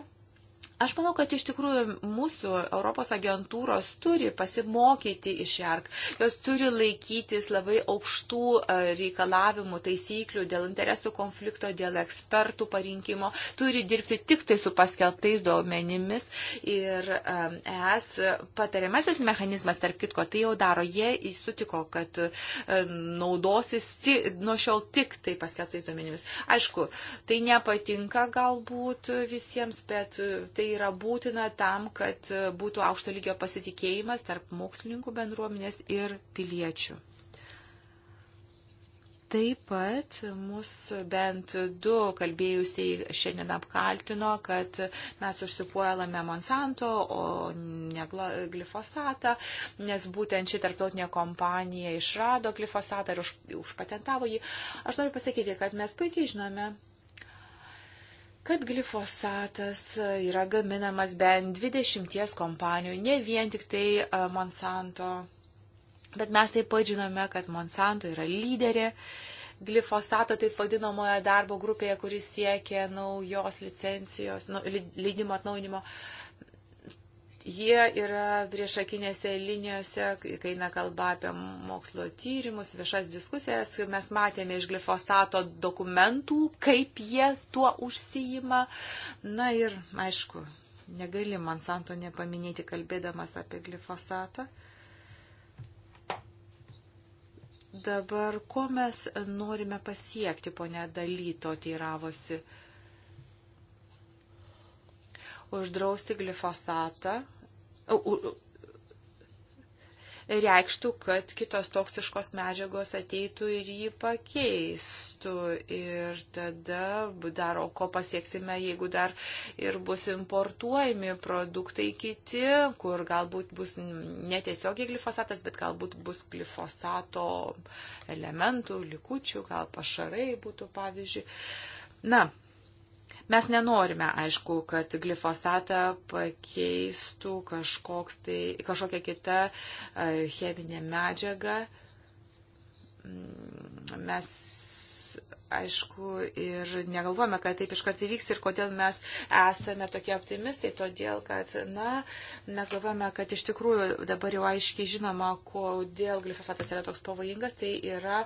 Aš manau, kad iš tikrųjų mūsų Europos agentūros turi pasimokyti iš JARC. Jos turi laikytis labai aukštų e, reikalavimų, taisyklių dėl interesų konflikto, dėl ekspertų parinkimo, turi dirbti tik tai su paskelbtais duomenimis. Ir e, ES patariamasis mechanizmas, tarp kitko, tai jau daro. Jie įsutiko, kad e, naudosis ti, nuo šiol tik tai paskelbtais duomenimis. Aišku, tai nepatinka galbūt visiems, bet tai yra būtina tam, kad būtų aukšto lygio pasitikėjimas tarp mokslininkų bendruomenės ir piliečių. Taip pat mus bent du kalbėjusiai šiandien apkaltino, kad mes užsipuolame Monsanto, o ne glifosatą, nes būtent ši tarptautinė kompanija išrado glifosatą ir už, užpatentavo jį. Aš noriu pasakyti, kad mes puikiai žinome, kad glifosatas yra gaminamas bent 20 kompanijų, ne vien tik tai e, Monsanto, bet mes taip pat žinome, kad Monsanto yra lyderė glifosato taip vadinamoje darbo grupėje, kuris siekia naujos licencijos, nu, leidimo atnaujinimo. Uh, Jie yra priešakinėse linijose, kai eina kalba apie mokslo tyrimus, viešas diskusijas. Mes matėme iš glifosato dokumentų, kaip jie tuo užsijima. Na ir, aišku, negali Monsanto nepaminėti, kalbėdamas apie glifosatą. Dabar, ko mes norime pasiekti, ponė Dalyto teiravosi? Uždrausti glifosatą reikštų, kad kitos toksiškos medžiagos ateitų ir jį pakeistų. Ir tada dar, o ko pasieksime, jeigu dar ir bus importuojami produktai kiti, kur galbūt bus netiesiogiai glifosatas, bet galbūt bus glifosato elementų, likučių, gal pašarai būtų pavyzdžiui. Na, Mes nenorime, aišku, kad glifosatą pakeistų tai, kažkokia kita e, cheminė medžiaga. Mm, mes aišku, ir negalvojame, kad taip iš karto vyks ir kodėl mes esame tokie optimistai, todėl, kad, na, mes galvojame, kad iš tikrųjų dabar jau aiškiai žinoma, kodėl glifosatas yra toks pavojingas, tai yra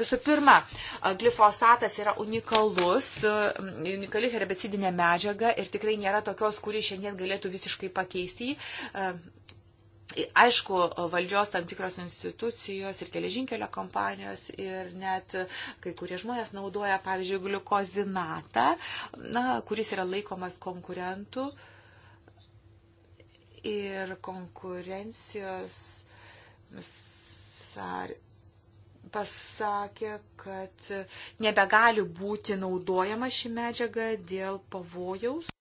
visų pirma, glifosatas yra unikalus, unikali herbicidinė medžiaga ir tikrai nėra tokios, kuri šiandien galėtų visiškai pakeisti. Aišku, valdžios tam tikros institucijos ir geležinkelio kompanijos ir net kai kurie žmonės naudoja, pavyzdžiui, gliukozinatą, na, kuris yra laikomas konkurentų ir konkurencijos sar pasakė, kad nebegali būti naudojama ši medžiaga dėl pavojaus.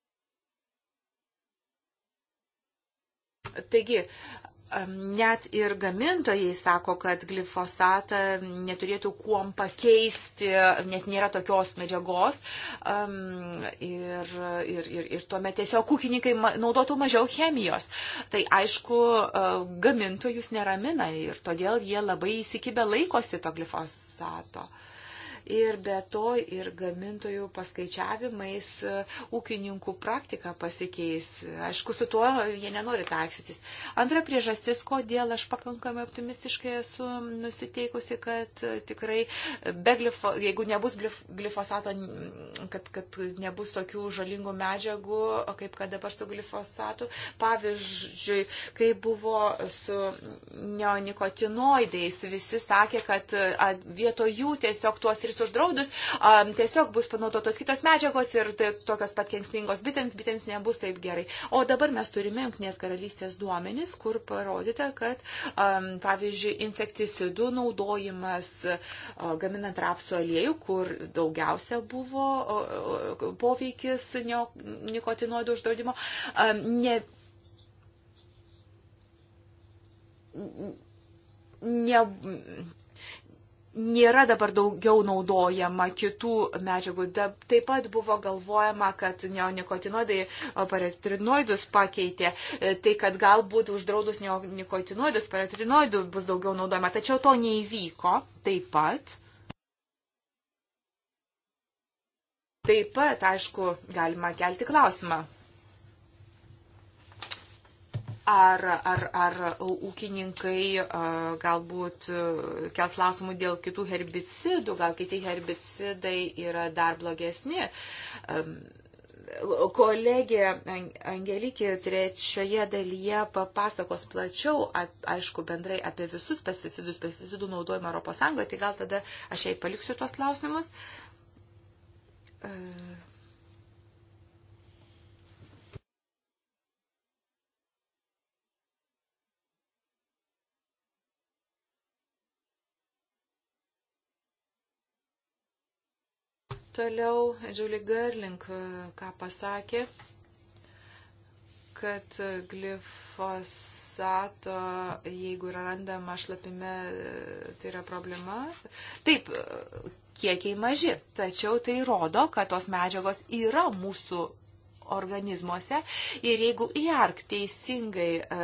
Taigi, net ir gamintojai sako, kad glifosatą neturėtų kuom pakeisti, nes nėra tokios medžiagos. Ir, ir, ir, ir tuomet tiesiog ūkininkai naudotų mažiau chemijos. Tai aišku, e, gamintojus neramina ir todėl jie labai įsikibę laikosi to glifosato ir be to ir gamintojų paskaičiavimais e, ūkininkų praktika pasikeis. Aišku, su tuo jie nenori taiksytis. Antra priežastis, kodėl aš pakankamai optimistiškai esu nusiteikusi, kad e, tikrai glifo, jeigu nebus glifosato, kad, kad nebus tokių žalingų medžiagų, kaip kad dabar su glifosatu. Pavyzdžiui, kai buvo su neonikotinoidais, visi sakė, kad vietoj jų tiesiog tuos ir rūšis uždraudus, um, tiesiog bus panaudotos kitos medžiagos ir tai, tokios pat kenksmingos bitėms, bitėms nebus taip gerai. O dabar mes turime Junktinės karalystės duomenis, kur parodyta, kad um, pavyzdžiui insekticidų naudojimas uh, gaminant rapsų aliejų, kur daugiausia buvo uh, poveikis nikotinoidų uždraudimo, um, ne, ne, nėra dabar daugiau naudojama kitų medžiagų. Taip pat buvo galvojama, kad neonikotinoidai paratinoidus pakeitė, e, tai kad galbūt uždraudus neonikotinoidus paratinoidų bus daugiau naudojama. Tačiau to neįvyko taip pat. Taip pat, aišku, galima kelti klausimą, ar, ar, ar ūkininkai galbūt kels klausimų dėl kitų herbicidų, gal kiti herbicidai yra dar blogesni. Kolegė Angelikė trečioje dalyje papasakos plačiau, aišku, bendrai apie visus pesticidus, pesticidų naudojimą ES, tai gal tada aš jai paliksiu tuos klausimus. Uh Toliau Julie Gerling, e, ką pasakė, kad glifosato, jeigu yra randama šlapime, e, tai yra problema. Taip, e, kiekiai maži, tačiau tai rodo, kad tos medžiagos yra mūsų organizmuose. Ir jeigu IARC teisingai, e,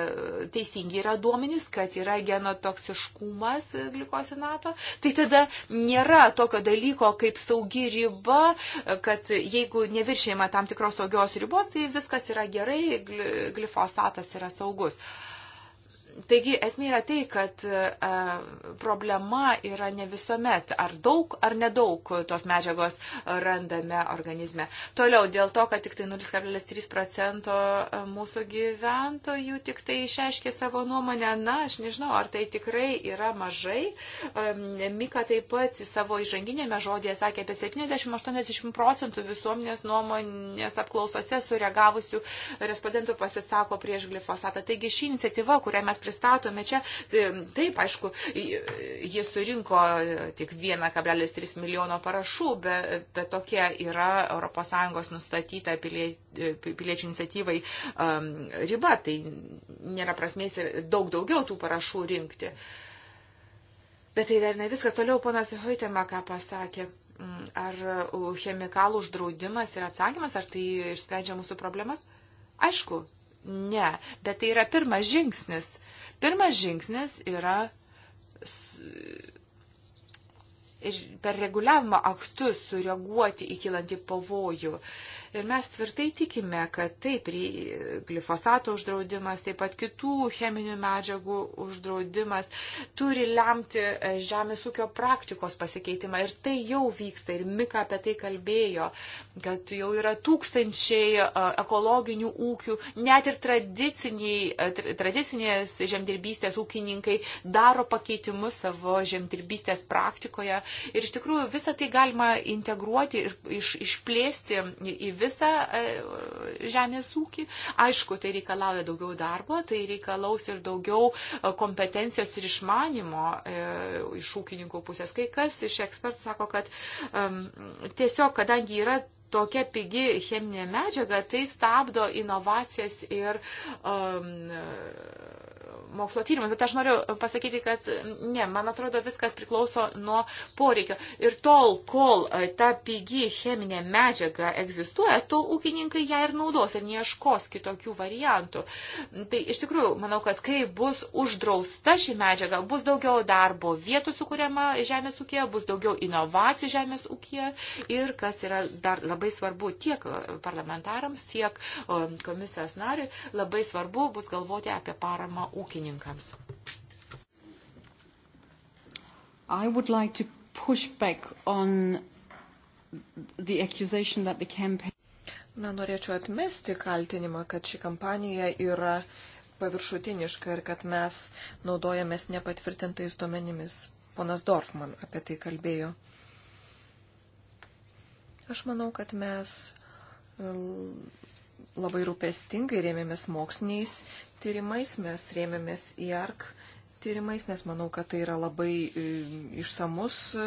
teisingi yra duomenys, kad yra genotoksiškumas glikosinato, tai tada nėra tokio dalyko kaip saugi riba, e, kad jeigu neviršėjama tam tikros saugios ribos, tai viskas yra gerai, glifosatas yra saugus. Uh, Taigi esmė yra tai, kad a, e, problema yra ne visuomet, ar daug ar nedaug tos medžiagos randame organizme. Toliau, dėl to, kad tik tai 0,3 procento e, mūsų gyventojų tik tai išreiškė savo nuomonę, na, aš nežinau, ar tai tikrai yra mažai. E, Mika taip pat savo įžanginėme žodėje sakė apie 70-80 procentų visuomenės nuomonės apklausose sureagavusių respondentų pasisako prieš glifosatą. Taigi ši iniciatyva, kurią mes pristatome čia, taip, aišku, jis surinko e, tik 1,3 milijono parašų, bet, bet tokia yra ES nustatyta pilie, e, piliečių iniciatyvai um, riba, tai nėra prasmės ir daug daugiau tų parašų rinkti. Bet tai dar ne viskas. Toliau ponas Hoitema ką pasakė ar chemikalų uždraudimas yra atsakymas, ar tai išsprendžia mūsų problemas? Aišku, ne, bet tai yra pirmas žingsnis. Uh, Pirmas žingsnis yra per reguliavimo aktus sureaguoti į kilantį pavojų. Ir mes tvirtai tikime, kad taip, glifosato uždraudimas, taip pat kitų cheminių medžiagų uždraudimas turi lemti e, žemės ūkio praktikos pasikeitimą. Ir tai jau vyksta. Ir Mika apie tai kalbėjo, kad jau yra tūkstančiai e, ekologinių ūkių, net ir e, tradicinės žemdirbystės ūkininkai daro pakeitimus savo žemdirbystės praktikoje. Ir iš tikrųjų visą tai galima integruoti ir iš, išplėsti į visą visą e, žemės ūkį. Aišku, tai reikalauja daugiau darbo, tai reikalaus ir daugiau e, kompetencijos ir išmanimo e, iš ūkininkų pusės. Kai kas iš ekspertų sako, kad um, tiesiog, kadangi yra tokia pigi cheminė medžiaga, tai stabdo inovacijas ir um, mokslo tyrimai, bet aš noriu pasakyti, kad ne, man atrodo, viskas priklauso nuo poreikio. Ir tol, kol e, ta pigi cheminė medžiaga egzistuoja, tol ūkininkai ją ir naudos ir neieškos kitokių variantų. Tai iš tikrųjų, manau, kad kai bus uždrausta ši medžiaga, bus daugiau darbo vietų sukūriama žemės ūkėje, bus daugiau inovacijų žemės ūkėje ir, kas yra dar labai svarbu tiek parlamentarams, tiek komisijos nariui, labai svarbu bus galvoti apie paramą ūkininkams ūkininkams. Like campaign... Na, norėčiau atmesti kaltinimą, kad ši kampanija yra paviršutiniška ir kad mes naudojamės nepatvirtintais duomenimis. Ponas Dorfman apie tai kalbėjo. Aš manau, kad mes labai rūpestingai rėmėmės moksliniais tyrimais, mes rėmėmės IARC tyrimais, nes manau, kad tai yra labai e, išsamus e,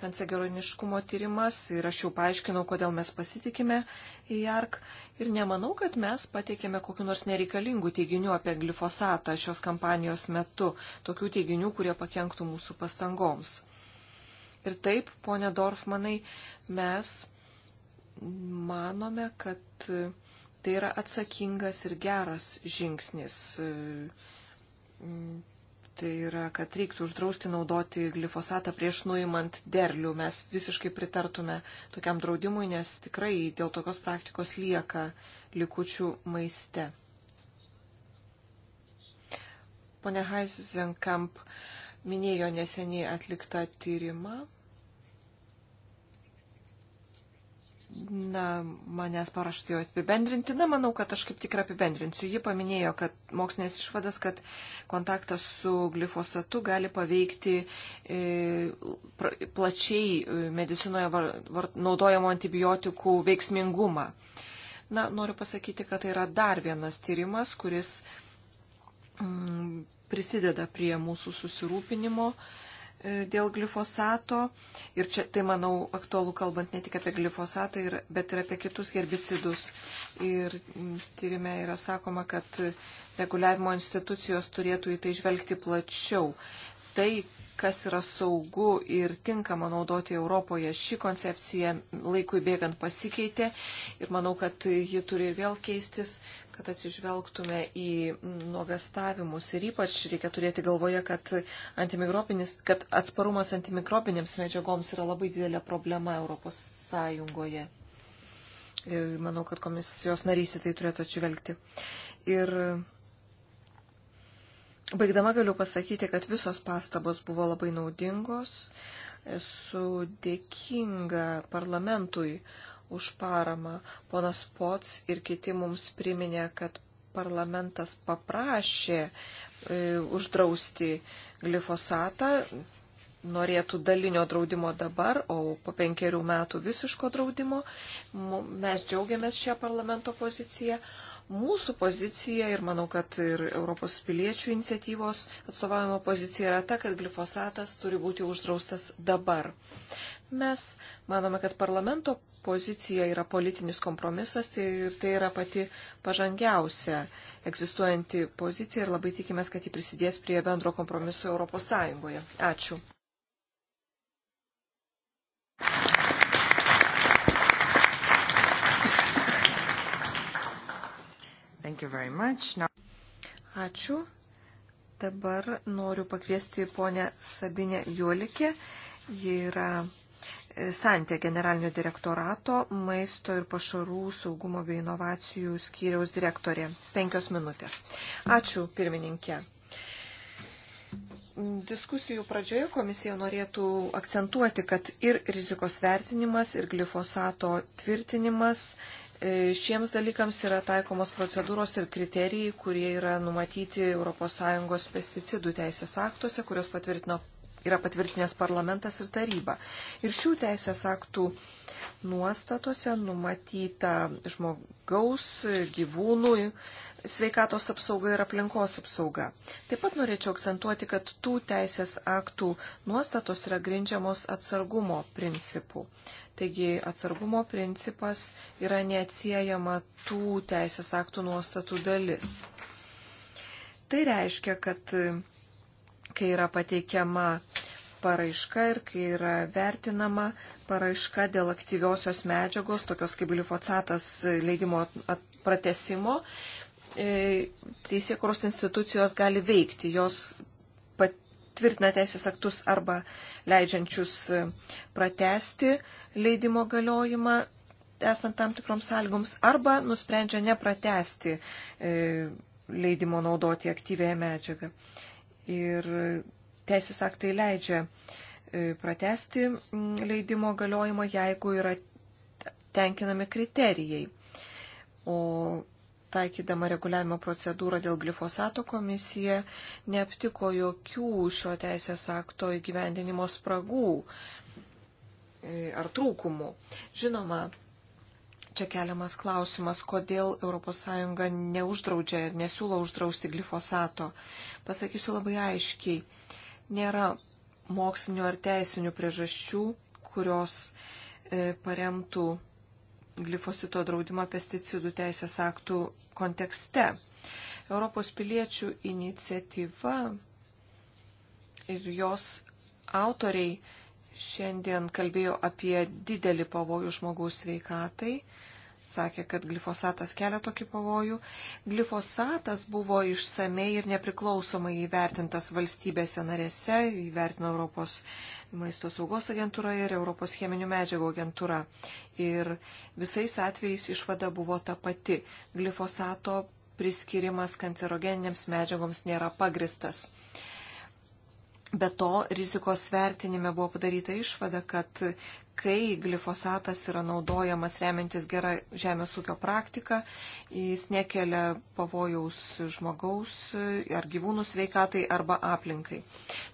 kancegeroniškumo tyrimas ir aš jau paaiškinau, kodėl mes pasitikime IARC ir nemanau, kad mes pateikėme kokiu nors nereikalingų teiginių apie glifosatą šios kampanijos metu, tokių teiginių, kurie pakenktų mūsų pastangoms. Ir taip, ponė Dorfmanai, mes manome, kad e, Tai yra atsakingas ir geras žingsnis. Tai yra, kad reiktų uždrausti naudoti glifosatą prieš nuimant derlių. Mes visiškai pritartume tokiam draudimui, nes tikrai dėl tokios praktikos lieka likučių maiste. Pone Heisenkamp minėjo neseniai atliktą tyrimą na, manęs paraštėjo apibendrinti. Na, manau, kad aš kaip tik ir apibendrinsiu. Ji paminėjo, kad mokslinės išvadas, kad kontaktas su glifosatu gali paveikti e, plačiai e, medicinoje var, var, naudojamo antibiotikų veiksmingumą. Na, noriu pasakyti, kad tai yra dar vienas tyrimas, kuris mm, prisideda prie mūsų susirūpinimo. E, E, dėl glifosato. Ir čia tai, manau, aktualu kalbant ne tik apie glifosatą, ir, bet ir apie kitus herbicidus. Ir tyrime yra sakoma, kad reguliavimo institucijos turėtų į tai žvelgti plačiau. Tai, kas yra saugu ir tinkama naudoti Europoje. Ši koncepcija laikui bėgant pasikeitė ir manau, kad ji turi ir vėl keistis, kad atsižvelgtume į nuogastavimus. Ir ypač reikia turėti galvoje, kad, kad atsparumas antimikrobinėms medžiagoms yra labai didelė problema Europos Sąjungoje. Ir manau, kad komisijos narys į tai turėtų atsižvelgti. Ir baigdama galiu pasakyti, kad visos pastabos buvo labai naudingos. Esu dėkinga parlamentui už paramą. Ponas Pots ir kiti mums priminė, kad parlamentas paprašė e, uždrausti glifosatą, norėtų dalinio draudimo dabar, o po penkerių metų visiško draudimo. Mes džiaugiamės šią parlamento poziciją. Mūsų pozicija ir manau, kad ir Europos piliečių iniciatyvos atstovavimo pozicija yra ta, kad glifosatas turi būti uždraustas dabar. Mes manome, kad parlamento pozicija yra politinis kompromisas tai, ir tai yra pati pažangiausia egzistuojanti pozicija ir labai tikimės, kad ji prisidės prie bendro kompromiso Europos Sąjungoje. Ačiū. Now... Ačiū. Dabar noriu pakviesti ponę Sabinę Juolikė. Ji yra Santė generalinio direktorato maisto ir pašarų saugumo bei inovacijų skyriaus direktorė. Penkios minutės. Ačiū, pirmininkė. Diskusijų pradžioje komisija norėtų akcentuoti, kad ir rizikos vertinimas, ir glifosato tvirtinimas e, šiems dalykams yra taikomos procedūros ir kriterijai, kurie yra numatyti ES pesticidų teisės aktuose, kurios patvirtino yra patvirtinęs parlamentas ir taryba. Ir šių teisės aktų nuostatose numatyta žmogaus, gyvūnų, sveikatos apsauga ir aplinkos apsauga. Taip pat norėčiau akcentuoti, kad tų teisės aktų nuostatos yra grindžiamos atsargumo principu. Taigi atsargumo principas yra neatsiejama tų teisės aktų nuostatų dalis. Tai reiškia, kad kai yra pateikiama paraiška ir kai yra vertinama paraiška dėl aktyviosios medžiagos, tokios kaip glifosatas leidimo pratesimo, e, teisėkuros institucijos gali veikti, jos tvirtina teisės aktus arba leidžiančius pratesti leidimo galiojimą esant tam tikroms sąlygoms, arba nusprendžia nepratesti e, leidimo naudoti aktyvėje medžiagą. Ir teisės aktai leidžia e, pratesti leidimo galiojimą, jeigu yra tenkinami kriterijai. O taikydama reguliavimo procedūrą dėl glifosato komisija neaptiko jokių šio teisės akto įgyvendinimo spragų e, ar trūkumų. Žinoma, čia keliamas klausimas, kodėl ES neuždraudžia ir nesiūlo uždrausti glifosato. Pasakysiu labai aiškiai, nėra mokslinio ar teisinių priežasčių, kurios e, paremtų glifosito draudimą pesticidų teisės aktų kontekste. Europos piliečių iniciatyva ir jos autoriai šiandien kalbėjo apie didelį pavojų žmogaus sveikatai sakė, kad glifosatas kelia tokį pavojų. Glifosatas buvo išsamei ir nepriklausomai įvertintas valstybėse narėse, įvertino Europos maisto saugos agentūra ir Europos cheminių medžiagų agentūra. Ir visais atvejais išvada buvo ta pati. Glifosato priskirimas kancerogeniniams medžiagoms nėra pagristas. Be to, rizikos vertinime buvo padaryta išvada, kad kai glifosatas yra naudojamas remiantis gerą žemės ūkio praktiką, jis nekelia pavojaus žmogaus ar gyvūnų sveikatai arba aplinkai.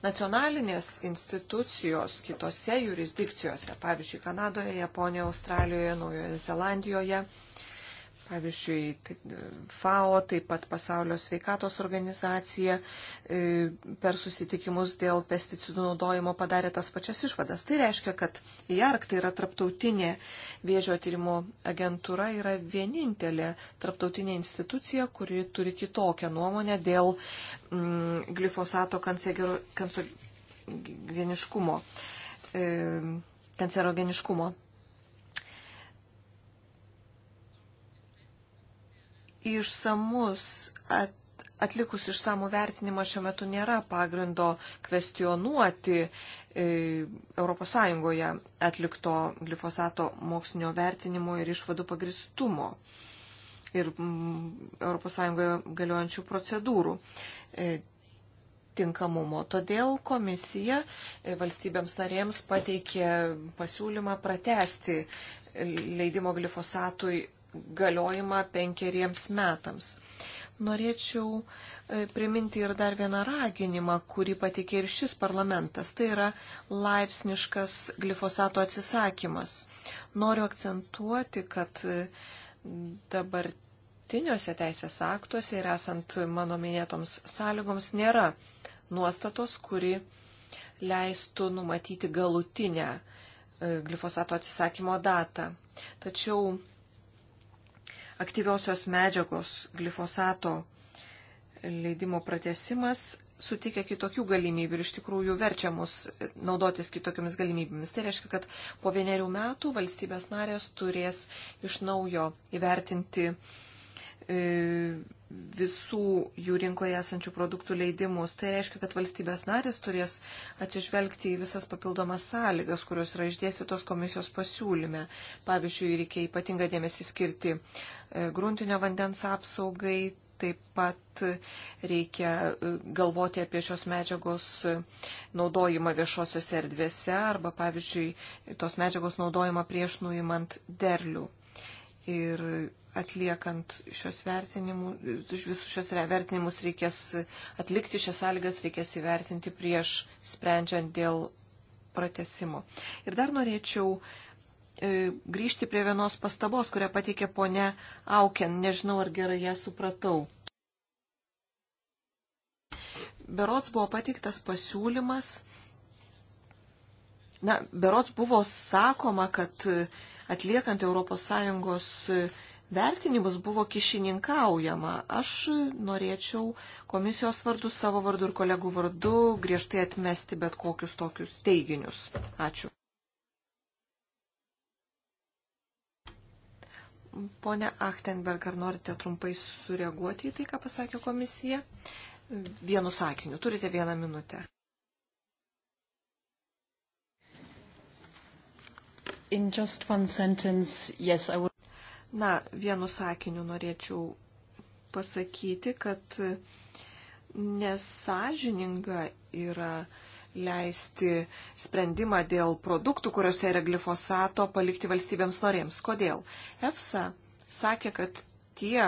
Nacionalinės institucijos kitose jurisdikcijose, pavyzdžiui, Kanadoje, Japonijoje, Australijoje, Naujoje Zelandijoje, Pavyzdžiui, tai, e, FAO, taip pat Pasaulio sveikatos organizacija e, per susitikimus dėl pesticidų naudojimo padarė tas pačias išvadas. Tai reiškia, kad JARC, tai yra tarptautinė vėžio tyrimo agentūra, yra vienintelė tarptautinė institucija, kuri turi kitokią nuomonę dėl mm, glifosato e, kancerogeniškumo. Kancer, kancer, kancer, kancer, kancer, kancer, kancer, kancer, išsamus, at, atlikus išsamų vertinimą šiuo metu nėra pagrindo kvestionuoti e, ES atlikto glifosato mokslinio vertinimo ir išvadų pagristumo ir ES galiojančių procedūrų. E, tinkamumo. Todėl komisija e, valstybėms narėms pateikė pasiūlymą pratesti leidimo glifosatui galiojimą penkeriems metams. Norėčiau e, priminti ir dar vieną raginimą, kurį patikė ir šis parlamentas. Tai yra laipsniškas glifosato atsisakymas. Noriu akcentuoti, kad e, dabartiniuose teisės aktuose ir esant mano minėtoms sąlygoms nėra nuostatos, kuri leistų numatyti galutinę e, glifosato atsisakymo datą. Tačiau aktyviosios medžiagos glifosato leidimo pratesimas suteikia kitokių galimybių ir iš tikrųjų verčia mus naudotis kitokiamis galimybėmis. Tai reiškia, kad po vienerių metų valstybės narės turės iš naujo įvertinti e, visų jų rinkoje esančių produktų leidimus. Tai reiškia, kad valstybės narės turės atsižvelgti į visas papildomas sąlygas, kurios yra išdėstytos komisijos pasiūlyme. Pavyzdžiui, reikia ypatingą dėmesį skirti e, gruntinio vandens apsaugai, taip pat reikia e, galvoti apie šios medžiagos e, naudojimą viešosiose erdvėse arba, pavyzdžiui, tos medžiagos naudojimą prieš nuimant derlių ir atliekant šios vertinimus, visus šios vertinimus reikės atlikti, šias sąlygas reikės įvertinti prieš sprendžiant dėl pratesimo. Ir dar norėčiau e, grįžti prie vienos pastabos, kurią pateikė ponia Auken. Nežinau, ar gerai ją supratau. Berots buvo pateiktas pasiūlymas. Na, berots buvo sakoma, kad e, atliekant ES vertinimus buvo kišininkaujama. Aš norėčiau komisijos vardu, savo vardu ir kolegų vardu griežtai atmesti bet kokius tokius teiginius. Ačiū. Pone Achtenberg, ar norite trumpai sureaguoti į tai, ką pasakė komisija? Vienu sakiniu, turite vieną minutę. in just one sentence, yes, I would. Na, vienu sakiniu norėčiau pasakyti, kad nesažininga yra leisti sprendimą dėl produktų, kuriuose yra glifosato, palikti valstybėms norėms. Kodėl? EFSA sakė, kad tie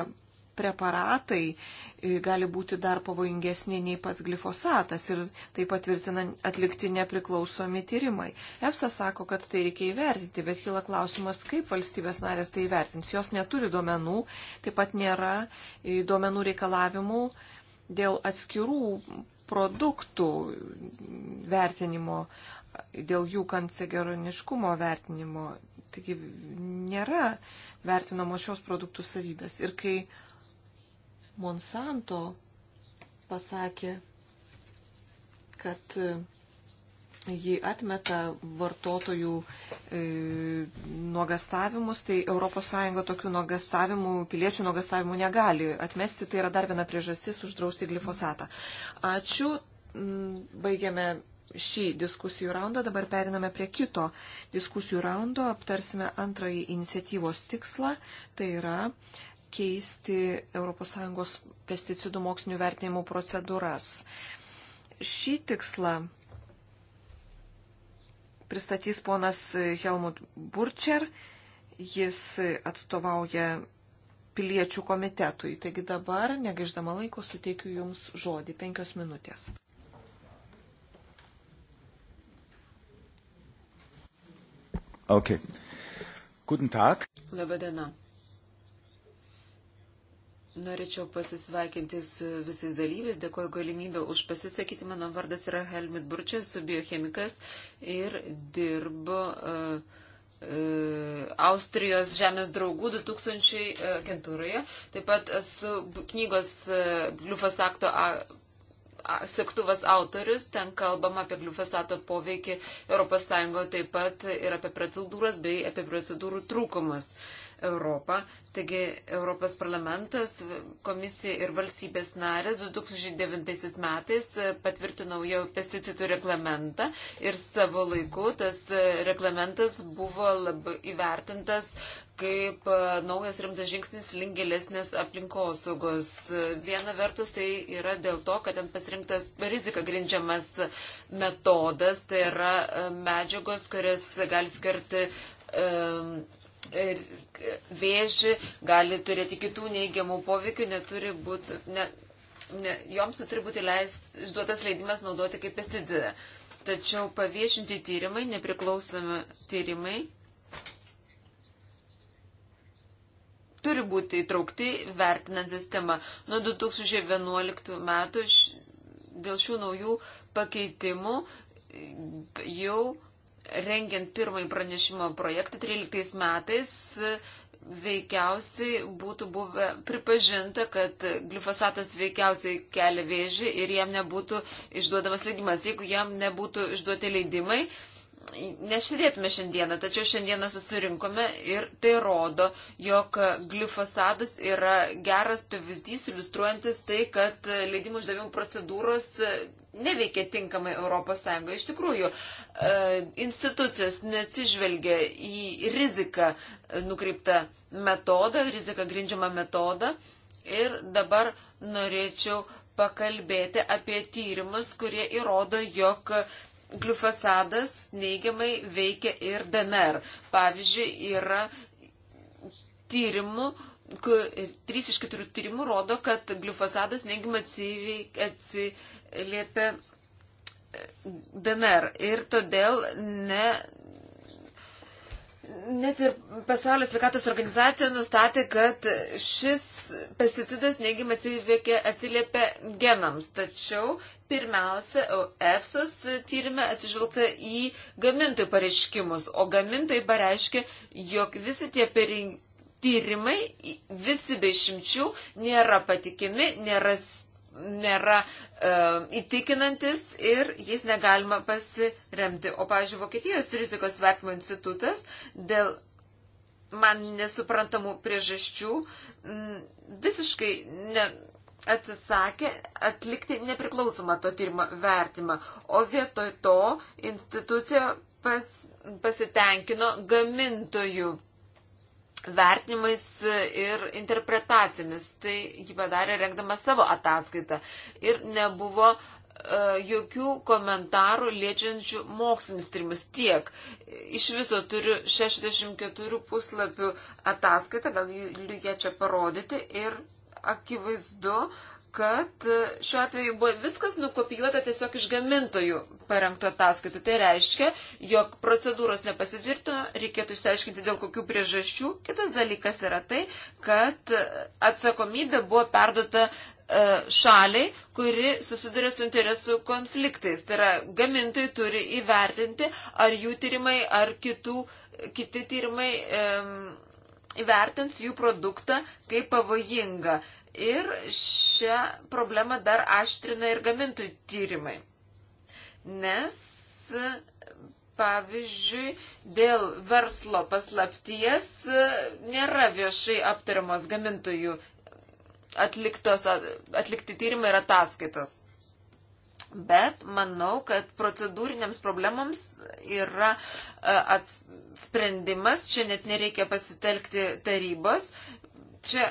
preparatai e, gali būti dar pavojingesni nei pats glifosatas ir tai patvirtina atlikti nepriklausomi tyrimai. EFSA sako, kad tai reikia įvertinti, bet kila klausimas, kaip valstybės narės tai įvertins. Jos neturi duomenų, taip pat nėra e, duomenų reikalavimų dėl atskirų produktų vertinimo, dėl jų kancegeroniškumo vertinimo. Taigi nėra vertinamos šios produktų savybės. Ir kai Monsanto pasakė, kad e, jį atmeta vartotojų e, nuogastavimus, tai ES tokių nuogastavimų, piliečių nuogastavimų negali atmesti. Tai yra dar viena priežastis uždrausti glifosatą. Ačiū. Mm, baigiame šį diskusijų raundą. Dabar periname prie kito diskusijų raundo. Aptarsime antrąjį iniciatyvos tikslą. Tai yra keisti ES pesticidų mokslinių vertinimų procedūras. Šį tikslą pristatys ponas Helmut Burčer, jis atstovauja piliečių komitetui. Taigi dabar, negaiždama laiko, suteikiu Jums žodį penkios minutės. Okay. Guten Tag. Labadiena. Norėčiau pasisveikinti su visais dalyviais, dėkoju galimybę už pasisakyti. Mano vardas yra Helmut Burčia, esu biochemikas ir dirbu uh, uh, Austrijos žemės draugų 2000 e, agentūroje. Taip pat esu knygos uh, Liufasakto sektuvas autorius, ten kalbama apie glifosato poveikį ES taip pat ir apie procedūras bei apie procedūrų trūkumus. Uh, Europą. Taigi Europos parlamentas, komisija ir valstybės narės 2009 metais patvirtino jau pesticidų reglamentą ir savo laiku tas reglamentas buvo labai įvertintas kaip naujas rimtas žingsnis link gilesnės aplinkosaugos. Viena vertus tai yra dėl to, kad ten pasirinktas rizika grindžiamas metodas, tai yra medžiagos, kurias gali skirti um, vėžį, gali turėti kitų neigiamų poveikių, neturi būti, ne, ne, joms neturi būti leist, išduotas leidimas naudoti kaip pesticidą. Tačiau paviešinti tyrimai, nepriklausomi tyrimai, turi būti įtraukti vertinant sistemą. Nuo 2011 metų dėl šių naujų pakeitimų jau rengiant pirmąjį pranešimo projektą 13 metais veikiausiai būtų buvę pripažinta, kad glifosatas veikiausiai kelia vėžį ir jam nebūtų išduodamas leidimas. Jeigu jam nebūtų išduoti leidimai, nešėdėtume šiandieną, tačiau šiandieną susirinkome ir tai rodo, jog glifosadas yra geras pavyzdys, iliustruojantis tai, kad leidimų išdavimų procedūros neveikia tinkamai ES. Iš tikrųjų, e, institucijos nesižvelgia į riziką nukreiptą metodą, riziką grindžiamą metodą. Ir dabar norėčiau pakalbėti apie tyrimus, kurie įrodo, jog glifosadas neigiamai veikia ir DNR. Pavyzdžiui, yra tyrimų, 3 iš 4 tyrimų rodo, kad glifosadas neigiamai atsiliepia e, DNR. Ir todėl ne, net ir pasaulio sveikatos organizacija nustatė, kad šis pesticidas neigiamai atsiliepia genams. Tačiau Pirmiausia, EFSAS tyrimė atsižvelgta į gamintojų pareiškimus, o gamintojai pareiškia, jog visi tie tyrimai, visi be šimčių, nėra patikimi, nėra, nėra e, įtikinantis ir jais negalima pasiremti. O, pavyzdžiui, Vokietijos rizikos vertimo institutas dėl man nesuprantamų priežasčių visiškai ne, atsisakė atlikti nepriklausomą to tyrimo vertimą, o vietoj to institucija pas, pasitenkino gamintojų vertinimais ir interpretacijomis. Tai jį padarė rengdama savo ataskaitą ir nebuvo uh, jokių komentarų liečiančių mokslinis tyrimus tiek. Iš viso turiu 64 puslapių ataskaitą, gal jų reikia čia parodyti ir akivaizdu, kad e, šiuo atveju buvo viskas nukopijuota tiesiog iš gamintojų parengto ataskaitų. Tai reiškia, jog procedūros nepasitvirtino, reikėtų išsiaiškinti dėl kokių priežasčių. Kitas dalykas yra tai, kad atsakomybė buvo perduota e, šaliai, kuri susiduria su interesų konfliktais. Tai yra, gamintojai turi įvertinti, ar jų tyrimai, ar kitų, kiti tyrimai um, įvertins jų produktą kaip pavojingą. Ir šią problemą dar aštrina ir gamintojų tyrimai. Nes, pavyzdžiui, dėl verslo paslapties nėra viešai aptariamos gamintojų atliktos, atlikti tyrimai ir ataskaitos. Bet manau, kad procedūriniams problemams yra e, sprendimas, čia net nereikia pasitelkti tarybos. Čia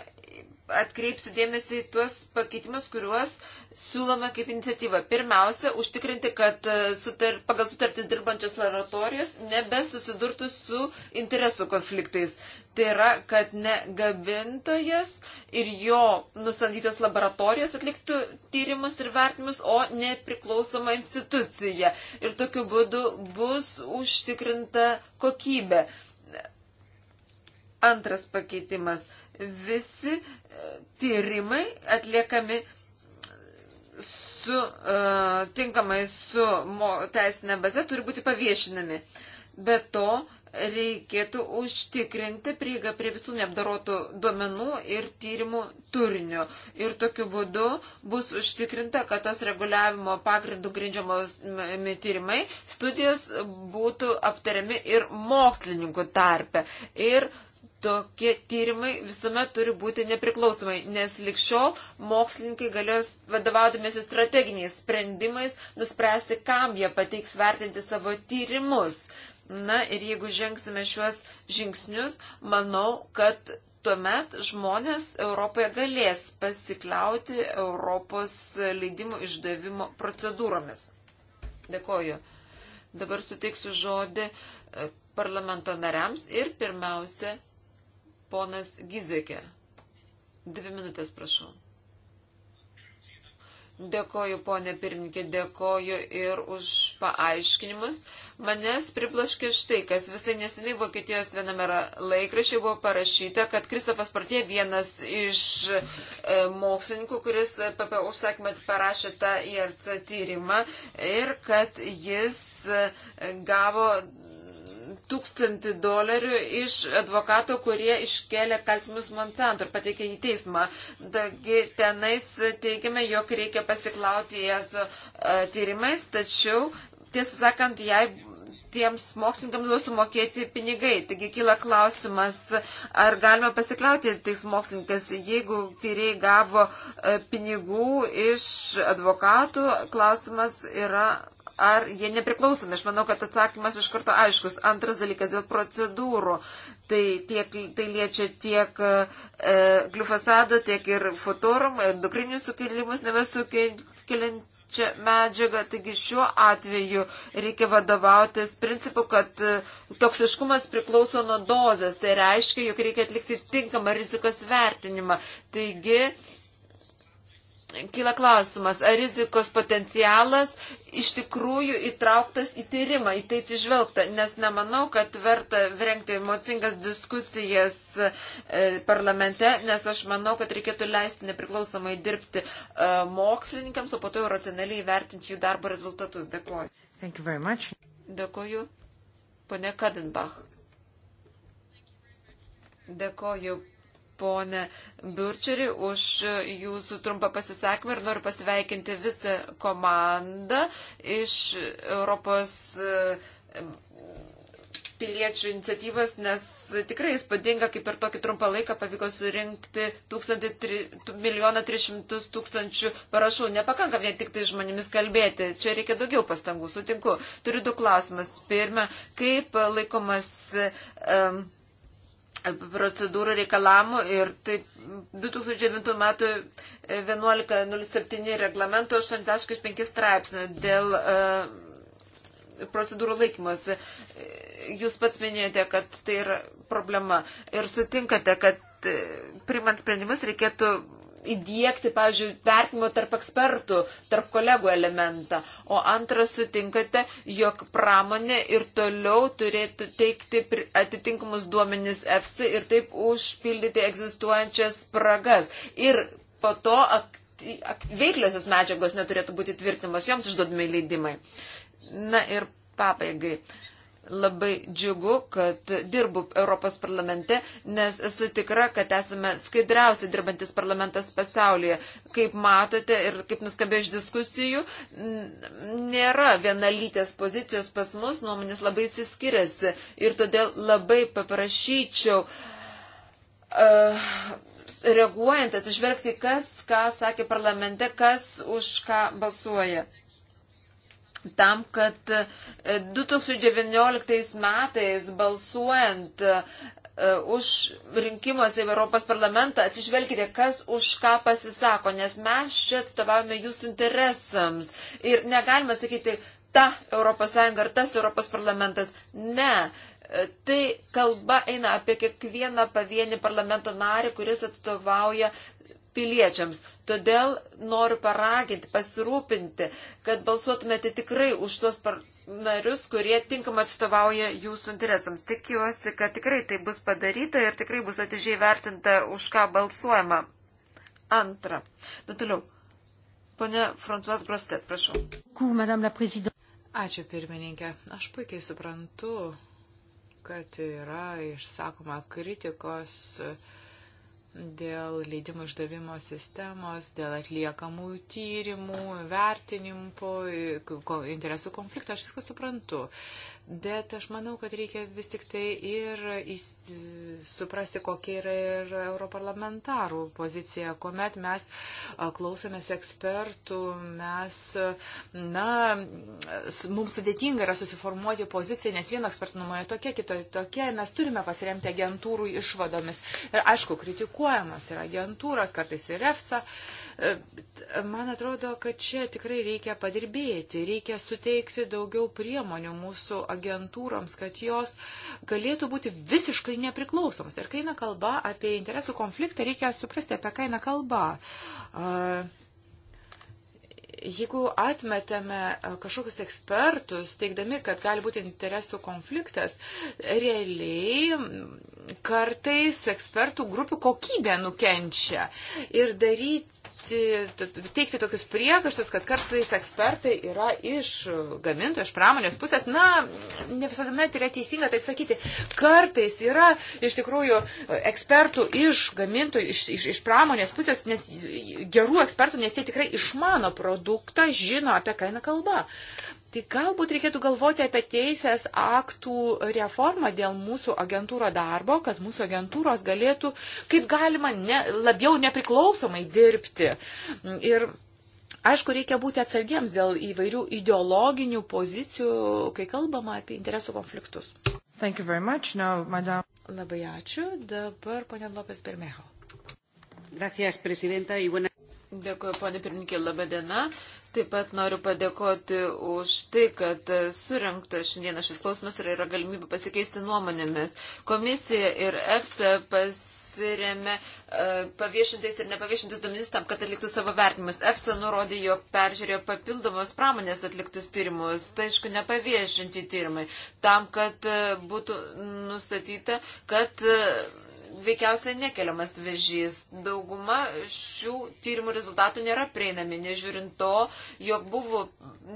atkreipsiu dėmesį į tuos pakeitimus, kuriuos uh, siūlome kaip iniciatyvą. Pirmiausia, užtikrinti, kad e, sutar, pagal sutartį dirbančios laboratorijos nebesusidurtų su interesų konfliktais. Tai yra, kad ne gamintojas ir jo nusamdytos laboratorijos atliktų tyrimus ir vertimus, o nepriklausoma institucija. Ir tokiu būdu bus užtikrinta kokybė. Antras pakeitimas. Visi e, tyrimai atliekami su, uh, tinkamai su teisinė baze turi būti paviešinami. Be to, reikėtų užtikrinti prieigą prie visų neapdarotų duomenų ir tyrimų turinio. Ir tokiu būdu bus užtikrinta, kad tos reguliavimo pagrindų grindžiamos tyrimai studijos būtų aptariami ir mokslininkų tarpe. Ir tokie tyrimai visuomet turi būti nepriklausomai, nes likščiol mokslininkai galės vadovaudomėsi strateginiais sprendimais nuspręsti, kam jie pateiks vertinti savo tyrimus. Na ir jeigu žengsime šiuos žingsnius, manau, kad tuomet žmonės Europoje galės pasikliauti Europos leidimų išdavimo procedūromis. Dėkoju. Dabar suteiksiu žodį e, parlamento nariams ir pirmiausia Ponas Gizekė. Dvi minutės, prašau. Dėkoju, ponė pirmininkė, dėkoju ir už paaiškinimus. Manęs priblaškė štai, kas visai neseniai Vokietijos viename laikraščiai buvo parašyta, kad Kristofas Partė vienas iš e, mokslininkų, kuris PP užsakymą parašė tą IRC tyrimą ir kad jis e, gavo tūkstantį dolerių iš advokato, kurie iškelia kaltinimus Monsanto ir pateikė į teismą. Taigi tenais teigiame, jog reikia pasiklauti jas e, tyrimais, tačiau, tiesą sakant, jai tiems mokslininkams buvo sumokėti pinigai. Taigi kyla klausimas, ar galima pasikliauti tais mokslininkas, jeigu tyriai gavo e, pinigų iš advokatų, klausimas yra ar jie nepriklausomi. Aš manau, kad atsakymas iš karto aiškus. Antras dalykas dėl procedūrų. Tai, tiek, tai liečia tiek e, glifosadą, tiek ir futurum, endokrinius sukėlimus nebesukeliant čia medžiaga. Taigi šiuo atveju reikia vadovautis principu, kad e, toksiškumas priklauso nuo dozės. Tai reiškia, jog reikia atlikti tinkamą rizikos vertinimą. Taigi kyla klausimas, ar rizikos potencialas iš tikrųjų įtrauktas į tyrimą, į tai atsižvelgta, nes nemanau, kad verta rengti emocingas diskusijas e, parlamente, nes aš manau, kad reikėtų leisti nepriklausomai dirbti e, mokslininkams, o po to jau racionaliai vertinti jų darbo rezultatus. Dėkuoju. Dėkuoju. Pone Kadenbach. Dėkuoju, ponę Burčerį už jūsų trumpą pasisakymą ir noriu pasveikinti visą komandą iš Europos e, piliečių iniciatyvas, nes tikrai įspūdinga, kaip per tokį trumpą laiką pavyko surinkti 1 milijoną 300 tūkstančių parašų. Nepakanka vien tik tai žmonėmis kalbėti, čia reikia daugiau pastangų, sutinku. Turiu du klausimus. Pirma, kaip laikomas um, procedūrų reikalavimų ir taip 2009 metų 11.07 e, reglamento 8.5 straipsnio dėl uh, procedūrų laikymosi. Jūs pats minėjote, kad tai yra problema ir sutinkate, kad e, primant sprendimus reikėtų įdėkti, pavyzdžiui, vertimo tarp ekspertų, tarp kolegų elementą. O antras, sutinkate, jog pramonė ir toliau turėtų teikti atitinkamus duomenys EFSI ir taip užpildyti egzistuojančias spragas. Ir po to veikliosios medžiagos neturėtų būti tvirtinamos, joms išduodami leidimai. Na ir pabaigai. Uh, Labai džiugu, kad dirbu Europos parlamente, nes esu tikra, kad esame skaidriausiai dirbantis parlamentas pasaulyje. Kaip matote ir kaip nuskambėjo iš diskusijų, nėra vienalytės pozicijos pas mus, nuomonės labai įsiskiriasi. Ir todėl labai paprašyčiau. Uh, reaguojant, atsižvelgti, kas ką sakė parlamente, kas už ką balsuoja tam, kad 2019 e, metais balsuojant e, už rinkimuose į Europos parlamentą atsižvelkite, kas už ką pasisako, nes mes čia atstovavome jūsų interesams ir negalime sakyti, ta Europos Sąjunga ar tas Europos parlamentas. Ne. E, tai kalba eina apie kiekvieną pavienį parlamento narį, kuris atstovauja piliečiams. Todėl noriu paraginti, pasirūpinti, kad balsuotumėte tikrai už tuos par narius, kurie tinkamai atstovauja jūsų interesams. Tikiuosi, kad tikrai tai bus padaryta ir tikrai bus atidžiai vertinta, už ką balsuojama. Antra. Na toliau. Pone Frantuas Brostet, prašau. Ačiū pirmininkė. Aš puikiai suprantu, kad yra išsakoma kritikos uh, dėl leidimų išdavimo sistemos, dėl atliekamų tyrimų, vertinimų, interesų konflikto, aš viską suprantu. Bet aš manau, kad reikia vis tik tai ir suprasti, kokia yra ir europarlamentarų pozicija, kuomet mes klausomės ekspertų, mes, na, mums sudėtinga yra susiformuoti poziciją, nes vieno ekspertų nuomonė tokia, kito tokia, mes turime pasiremti agentūrų išvadomis. Ir aišku, kritikuojamas yra agentūros, kartais ir EFSA. Uh, E, e, man atrodo, kad čia tikrai reikia padirbėti, reikia suteikti daugiau priemonių mūsų agentūroms, kad jos galėtų būti visiškai nepriklausomas. Ir kai eina kalba apie interesų konfliktą, reikia suprasti, apie ką eina kalba. Uh, jeigu atmetame kažkokius ekspertus, teikdami, kad gali būti interesų konfliktas, realiai kartais ekspertų grupių kokybė nukenčia. Ir daryti leisti teikti tokius priekaštus, kad kartais ekspertai yra iš gamintojų, iš pramonės pusės. Na, ne visada yra teisinga taip sakyti. Kartais yra iš tikrųjų ekspertų iš gamintojų, iš, iš, iš pramonės pusės, nes gerų ekspertų, nes jie tikrai išmano produktą, žino, apie ką eina kalba. Uh, Tai galbūt reikėtų galvoti apie teisės aktų reformą dėl mūsų agentūro darbo, kad mūsų agentūros galėtų kaip galima ne, labiau nepriklausomai dirbti. Ir Aišku, reikia būti atsargiems dėl įvairių ideologinių pozicijų, kai kalbama apie interesų konfliktus. Now, madame... Labai ačiū. Dabar ponė Lopės Bermejo. Gracias, buena... Dėkuoju, ponė pirmininkė, laba diena. Taip pat noriu padėkoti už tai, kad surinktas šiandieną šis klausimas ir yra galimybė pasikeisti nuomonėmis. Komisija ir EFSA pasiremė e, paviešintais ir nepaviešintais duomenys tam, kad atliktų savo vertinimus. EFSA nurodė, jog peržiūrėjo papildomos pramonės atliktus tyrimus, tai aišku, nepaviešinti tyrimai, tam, kad e, būtų nustatyta, kad e, veikiausiai nekeliamas vežys. Dauguma šių tyrimų rezultatų nėra prieinami, nežiūrint to, jog buvo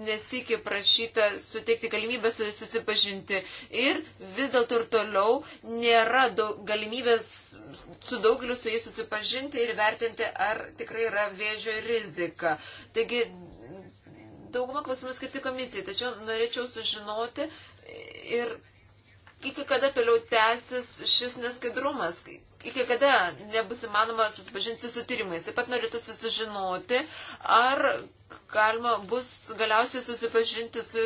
nesikį prašyta suteikti galimybę susipažinti ir vis dėlto ir toliau nėra daug, galimybės su daugeliu su jais susipažinti ir vertinti, ar tikrai yra vėžio rizika. Taigi, Dauguma klausimų skirti komisijai, tačiau norėčiau sužinoti ir iki kada toliau tęsis šis neskaidrumas, iki kada nebus įmanoma susipažinti su tyrimais. Taip pat norėtų susižinoti, ar galima bus galiausiai susipažinti su,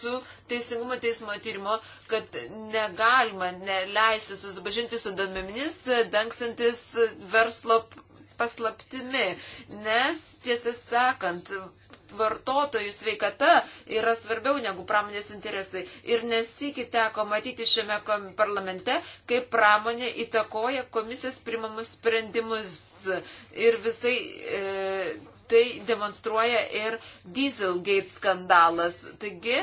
su teisingumo teismo tyrimo, kad negalima neleisti susipažinti su domenimis, dengsantis verslo paslaptimi, nes tiesą sakant, vartotojų sveikata yra svarbiau negu pramonės interesai. Ir nesikį teko matyti šiame parlamente, kaip pramonė įtakoja komisijos primamus sprendimus. Ir visai e, tai demonstruoja ir Dieselgate skandalas. Taigi,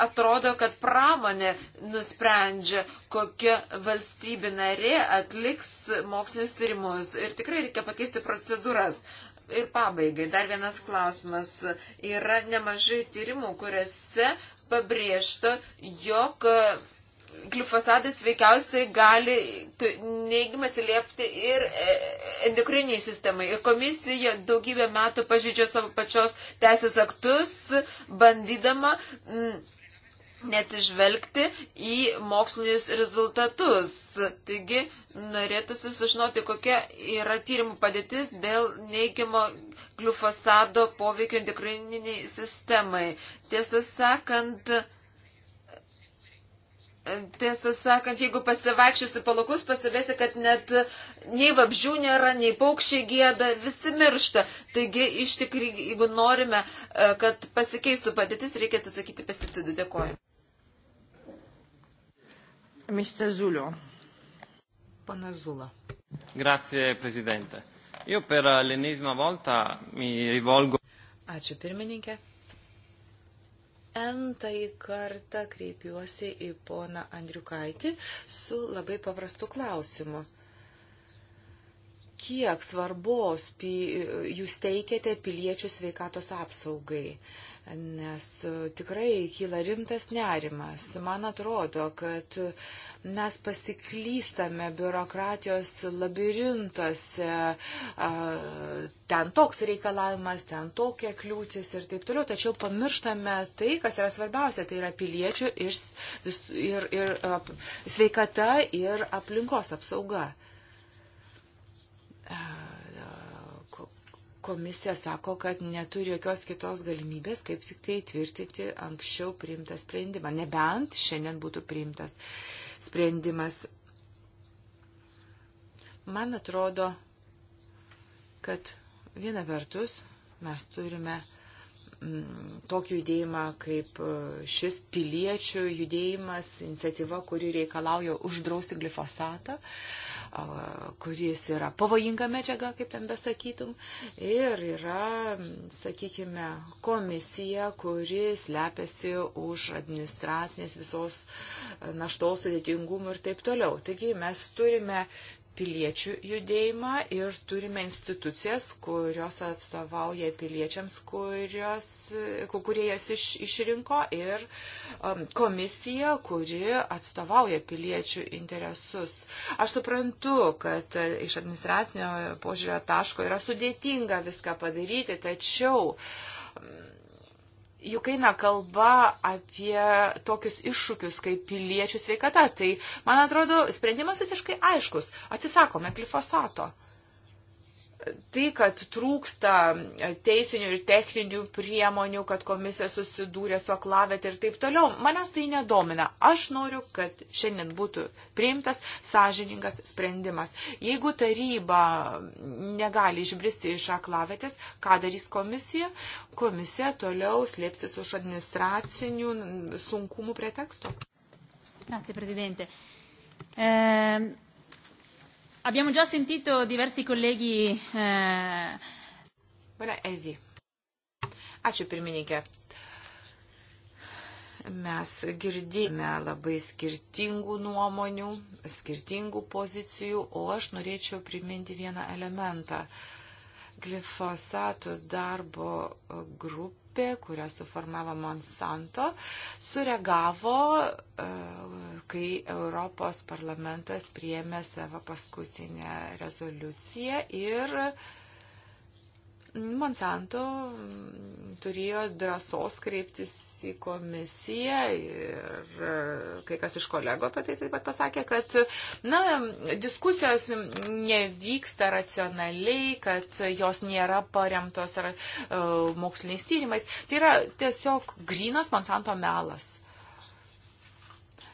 atrodo, kad pramonė nusprendžia, kokia valstybė narė atliks mokslinius tyrimus. Ir tikrai reikia pakeisti procedūras ir pabaigai dar vienas klausimas. Yra nemažai tyrimų, kuriuose pabrėžta, jog e, glifosadas veikiausiai gali neigiamai atsiliepti ir e, endokriniai sistemai. Ir komisija daugybę metų pažydžia savo pačios teisės aktus, bandydama mm, netižvelgti į mokslinius rezultatus. Taigi norėtųsi sužinoti, kokia yra tyrimų padėtis dėl neigiamo glufosado poveikio endokrininiai sistemai. Tiesą sakant, Tiesą sakant, jeigu pasivaikščiosi palakus, pasivėsi, kad net nei vabžių nėra, nei paukščiai gėda, visi miršta. Taigi, iš tikrųjų, jeigu norime, e, kad pasikeistų padėtis, reikia atsisakyti pesticidų. Dėkuoju. Mr. Zulio. Panazula. Grazie, prezidente. Io per l'ennesima volta mi rivolgo. Ačiū pirmininkė. Entai kartą kreipiuosi į poną Andriukaitį su labai paprastu klausimu. Kiek svarbos jūs teikėte piliečių sveikatos apsaugai? nes e, tikrai kyla rimtas nerimas. Man atrodo, kad mes pasiklystame biurokratijos labirintuose, ten toks reikalavimas, ten tokia kliūtis ir taip toliau, tačiau pamirštame tai, kas yra svarbiausia, tai yra piliečių ir, ir, ir sveikata ir aplinkos apsauga komisija sako, kad neturi jokios kitos galimybės, kaip tik tai tvirtinti anksčiau priimtą sprendimą, nebent šiandien būtų priimtas. Uh, sprendimas. Man atrodo, kad viena vertus mes turime Mm, tokį judėjimą kaip e, šis piliečių judėjimas, iniciatyva, kuri reikalauja uždrausti glifosatą, kuris yra pavojinga medžiaga, kaip ten besakytum, ir yra, sakykime, komisija, kuri slepiasi už administracinės visos e, naštos sudėtingumų ir taip toliau. Taigi mes turime piliečių judėjimą ir turime institucijas, kurios atstovauja piliečiams, kurios, kurie jas iš, išrinko ir um, komisija, kuri atstovauja piliečių interesus. Aš suprantu, kad e, iš administracinio požiūrio taško yra sudėtinga viską padaryti, tačiau um, Juk eina kalba apie tokius iššūkius kaip piliečių sveikata. Tai, man atrodo, sprendimas visiškai aiškus. Atsisakome glifosato tai, kad trūksta teisinių ir techninių priemonių, kad komisija susidūrė su aklavėt ir taip toliau, manęs tai nedomina. Aš noriu, kad šiandien būtų priimtas sąžiningas sprendimas. Jeigu taryba negali išbristi iš aklavėtės, ką darys komisija? Komisija toliau slėpsis už administracinių sunkumų preteksto. Grazie, Presidente. Eh, Abbiamo già sentito diversi colleghi. Eh... Pane Evi. Ačiū pirmininkė. Mes girdime labai skirtingų nuomonių, skirtingų pozicijų, o aš norėčiau priminti vieną elementą. Glifosatų darbo grupė grupė, kurią suformavo Monsanto, sureagavo, e, kai Europos parlamentas priėmė savo paskutinę rezoliuciją ir Monsanto mm, turėjo drąsos kreiptis į komisiją ir e, kai kas iš kolego apie tai taip pat pasakė, kad na, diskusijos nevyksta racionaliai, kad jos nėra paremtos ar, uh, e, moksliniais tyrimais. Tai yra tiesiog grinas Monsanto melas.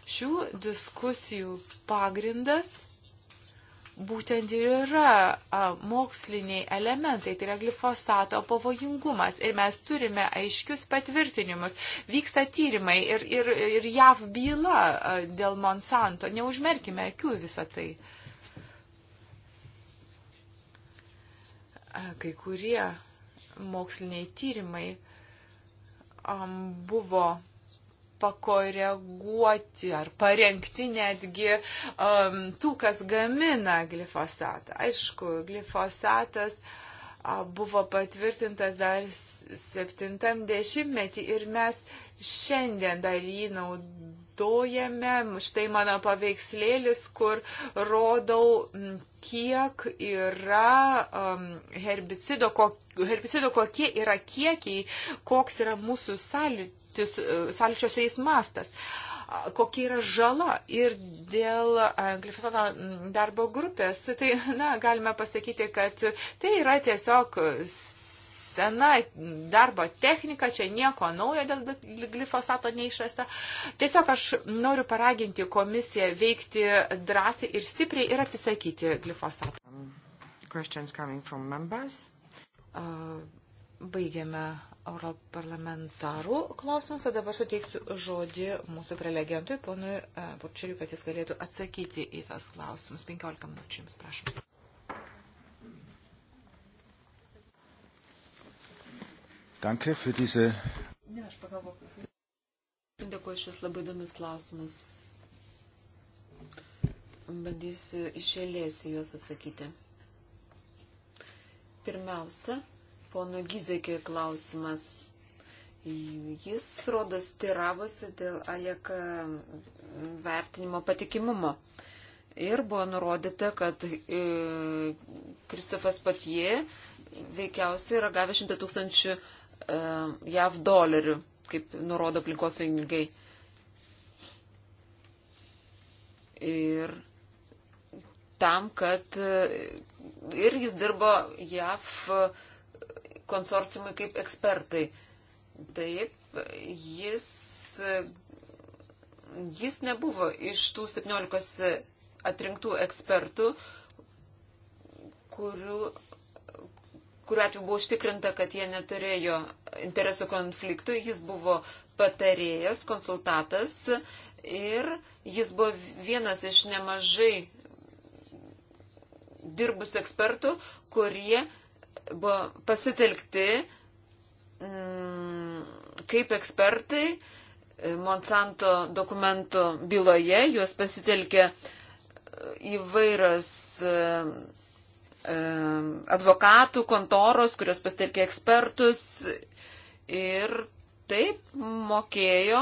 Šių diskusijų pagrindas būtent ir yra a, moksliniai elementai, tai yra glifosato pavojingumas. Ir mes turime aiškius patvirtinimus. Vyksta tyrimai ir, ir, ir JAV byla a, dėl Monsanto. Neužmerkime akių visą tai. A, kai kurie moksliniai tyrimai a, buvo pakoreguoti ar parengti netgi um, tų, kas gamina glifosatą. Aišku, glifosatas buvo patvirtintas dar 70-metį ir mes šiandien dar jį naudojame. Štai mano paveikslėlis, kur rodau, kiek yra um, herbicido, kok, herbicido, kokie yra kiekiai, koks yra mūsų sąlyčio E, sąlyčio su jais mastas kokia yra žala. Ir dėl e, glifosato darbo grupės, tai na, galime pasakyti, kad tai yra tiesiog sena darbo technika, čia nieko naujo dėl glifosato neišrasta. Tiesiog aš noriu paraginti komisiją veikti drąsiai ir stipriai ir atsisakyti glifosato. Um, baigiame europarlamentarų klausimus, o dabar suteiksiu žodį mūsų prelegentui, ponui Burčeriu, e, kad jis galėtų atsakyti į tas klausimus. 15 minučių jums, prašom. Danke für diese. Ne, aš pagalvoju. Dėkuoju šis labai įdomus klausimas. Bandysiu iš eilės juos atsakyti. Pirmiausia, Pono Gizekė klausimas. Jis, rodos, tiravosi dėl AJK vertinimo patikimumo. Ir buvo nurodyta, kad e, Kristofas Patie veikiausiai yra gavęs 100 tūkstančių e, JAV dolerių, kaip nurodo aplinkosaugininkai. Ir tam, kad e, ir jis dirbo JAV. E, konsorciumui kaip ekspertai. Taip, jis, jis nebuvo iš tų 17 atrinktų ekspertų, kurių, kuriuo atveju buvo užtikrinta, kad jie neturėjo interesų konfliktų, jis buvo patarėjas, konsultatas ir jis buvo vienas iš nemažai dirbusių ekspertų, kurie buvo pasitelkti mm, kaip ekspertai e, Monsanto dokumentų byloje, juos pasitelkė e, įvairios e, advokatų kontoros, kurios pasitelkė ekspertus ir taip mokėjo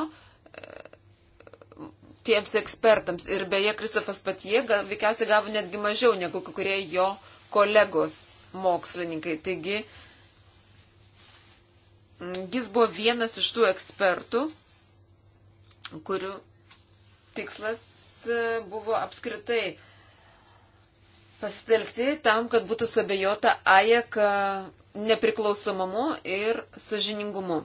tiems ekspertams. Ir beje, Kristofas Patie gal, veikiausiai gavo netgi mažiau negu kurie jo kolegos mokslininkai. Taigi, mm, jis buvo vienas iš tų ekspertų, kurių tikslas e, buvo apskritai pasitelkti tam, kad būtų sabėjota AJEK nepriklausomumu ir sažiningumu.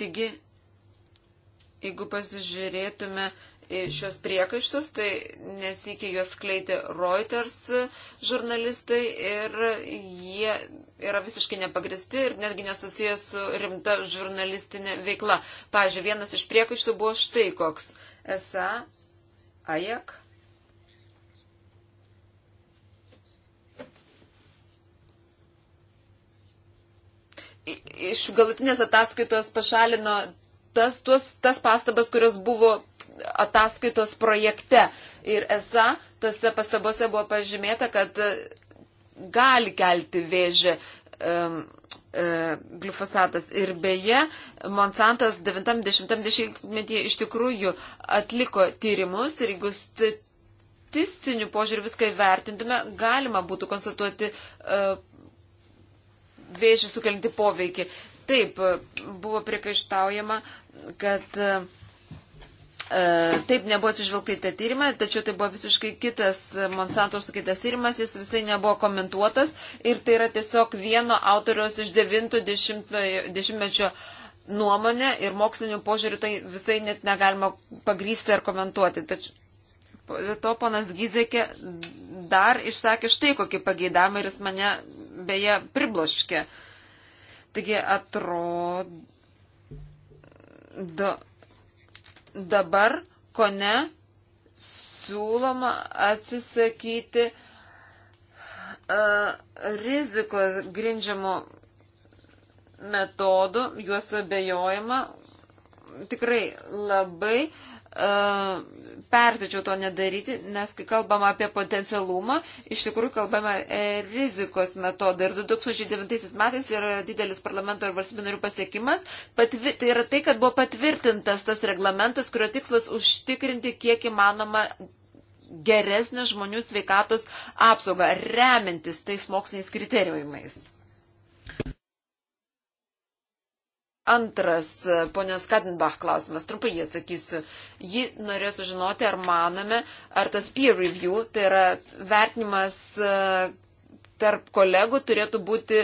Taigi, jeigu pasižiūrėtume šios priekaištus, tai nesikė juos kleiti Reuters žurnalistai ir jie yra visiškai nepagristi ir netgi nesusijęs su rimta žurnalistinė veikla. Pavyzdžiui, vienas iš priekaištų buvo štai koks. Esa Ajak. E iš galutinės ataskaitos pašalino tas, tuos, tas pastabas, kurios buvo ataskaitos projekte. Ir esą, tose pastabose buvo pažymėta, kad e, gali kelti vėžį um, glifosatas. Ir beje, Monsantas 90-metyje iš tikrųjų atliko tyrimus ir jeigu statistiniu požiūriu viską vertintume, galima būtų konstatuoti uh, vėžį sukelinti poveikį. Taip, buvo priekaištaujama, kad uh, E, taip nebuvo atsižvelgta į tą tyrimą, tačiau tai buvo visiškai kitas Monsanto užsakytas tyrimas, jis visai nebuvo komentuotas ir tai yra tiesiog vieno autoriaus iš 90-mečio nuomonė ir mokslinių požiūrių tai visai net negalima pagrysti ar komentuoti. Tačiau to ponas Gizekė dar išsakė štai kokį pageidavimą ir jis mane beje pribloškė. Taigi atrodo dabar ko ne siūloma atsisakyti uh, rizikos grindžiamų metodų, juos abejojama. Tikrai labai E, perpečiau to nedaryti, nes kai kalbam apie potencialumą, iš tikrųjų kalbame e, rizikos metodą. Ir 2009 metais yra didelis parlamento ir valstybių narių pasiekimas. Patvi, tai yra tai, kad buvo patvirtintas tas reglamentas, kurio tikslas užtikrinti kiek įmanoma geresnę žmonių sveikatos apsaugą, remintis tais moksliniais kriterijumais. Antras e, ponios Kadenbach klausimas, trumpai jį atsakysiu. Ji norėjo sužinoti, ar manome, ar tas peer review, tai yra vertinimas e, tarp kolegų, turėtų būti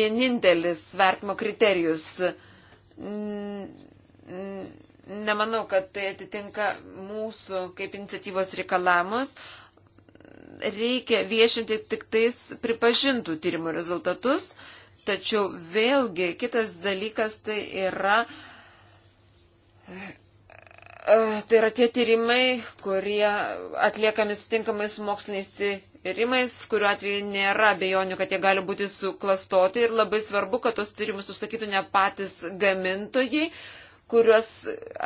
vienintelis vertimo kriterijus. Nemanau, kad tai atitinka mūsų kaip iniciatyvos reikalavimus. Reikia viešinti tik tais pripažintų tyrimų rezultatus. Uh, Tačiau vėlgi kitas dalykas tai yra, e, tai yra tie tyrimai, kurie atliekami sutinkamais moksliniais tyrimais, kuriuo atveju nėra bejonių, kad jie gali būti suklastoti ir labai svarbu, kad tos tyrimus užsakytų ne patys gamintojai, kuriuos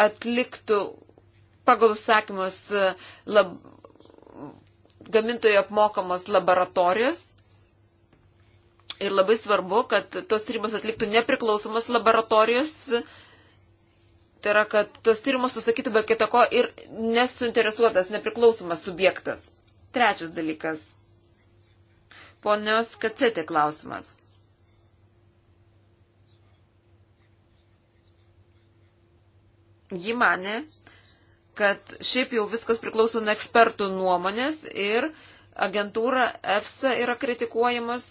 atliktų pagal užsakymus lab, gamintojų apmokamos laboratorijos Ir labai svarbu, kad tos tyrimus atliktų nepriklausomos laboratorijos. Tai yra, kad tos tyrimus susakytų be kitako ir nesuinteresuotas, nepriklausomas subjektas. Trečias dalykas. Ponios Kacetė klausimas. Ji mane, kad šiaip jau viskas priklauso nuo ekspertų nuomonės ir agentūra EFSA yra kritikuojamas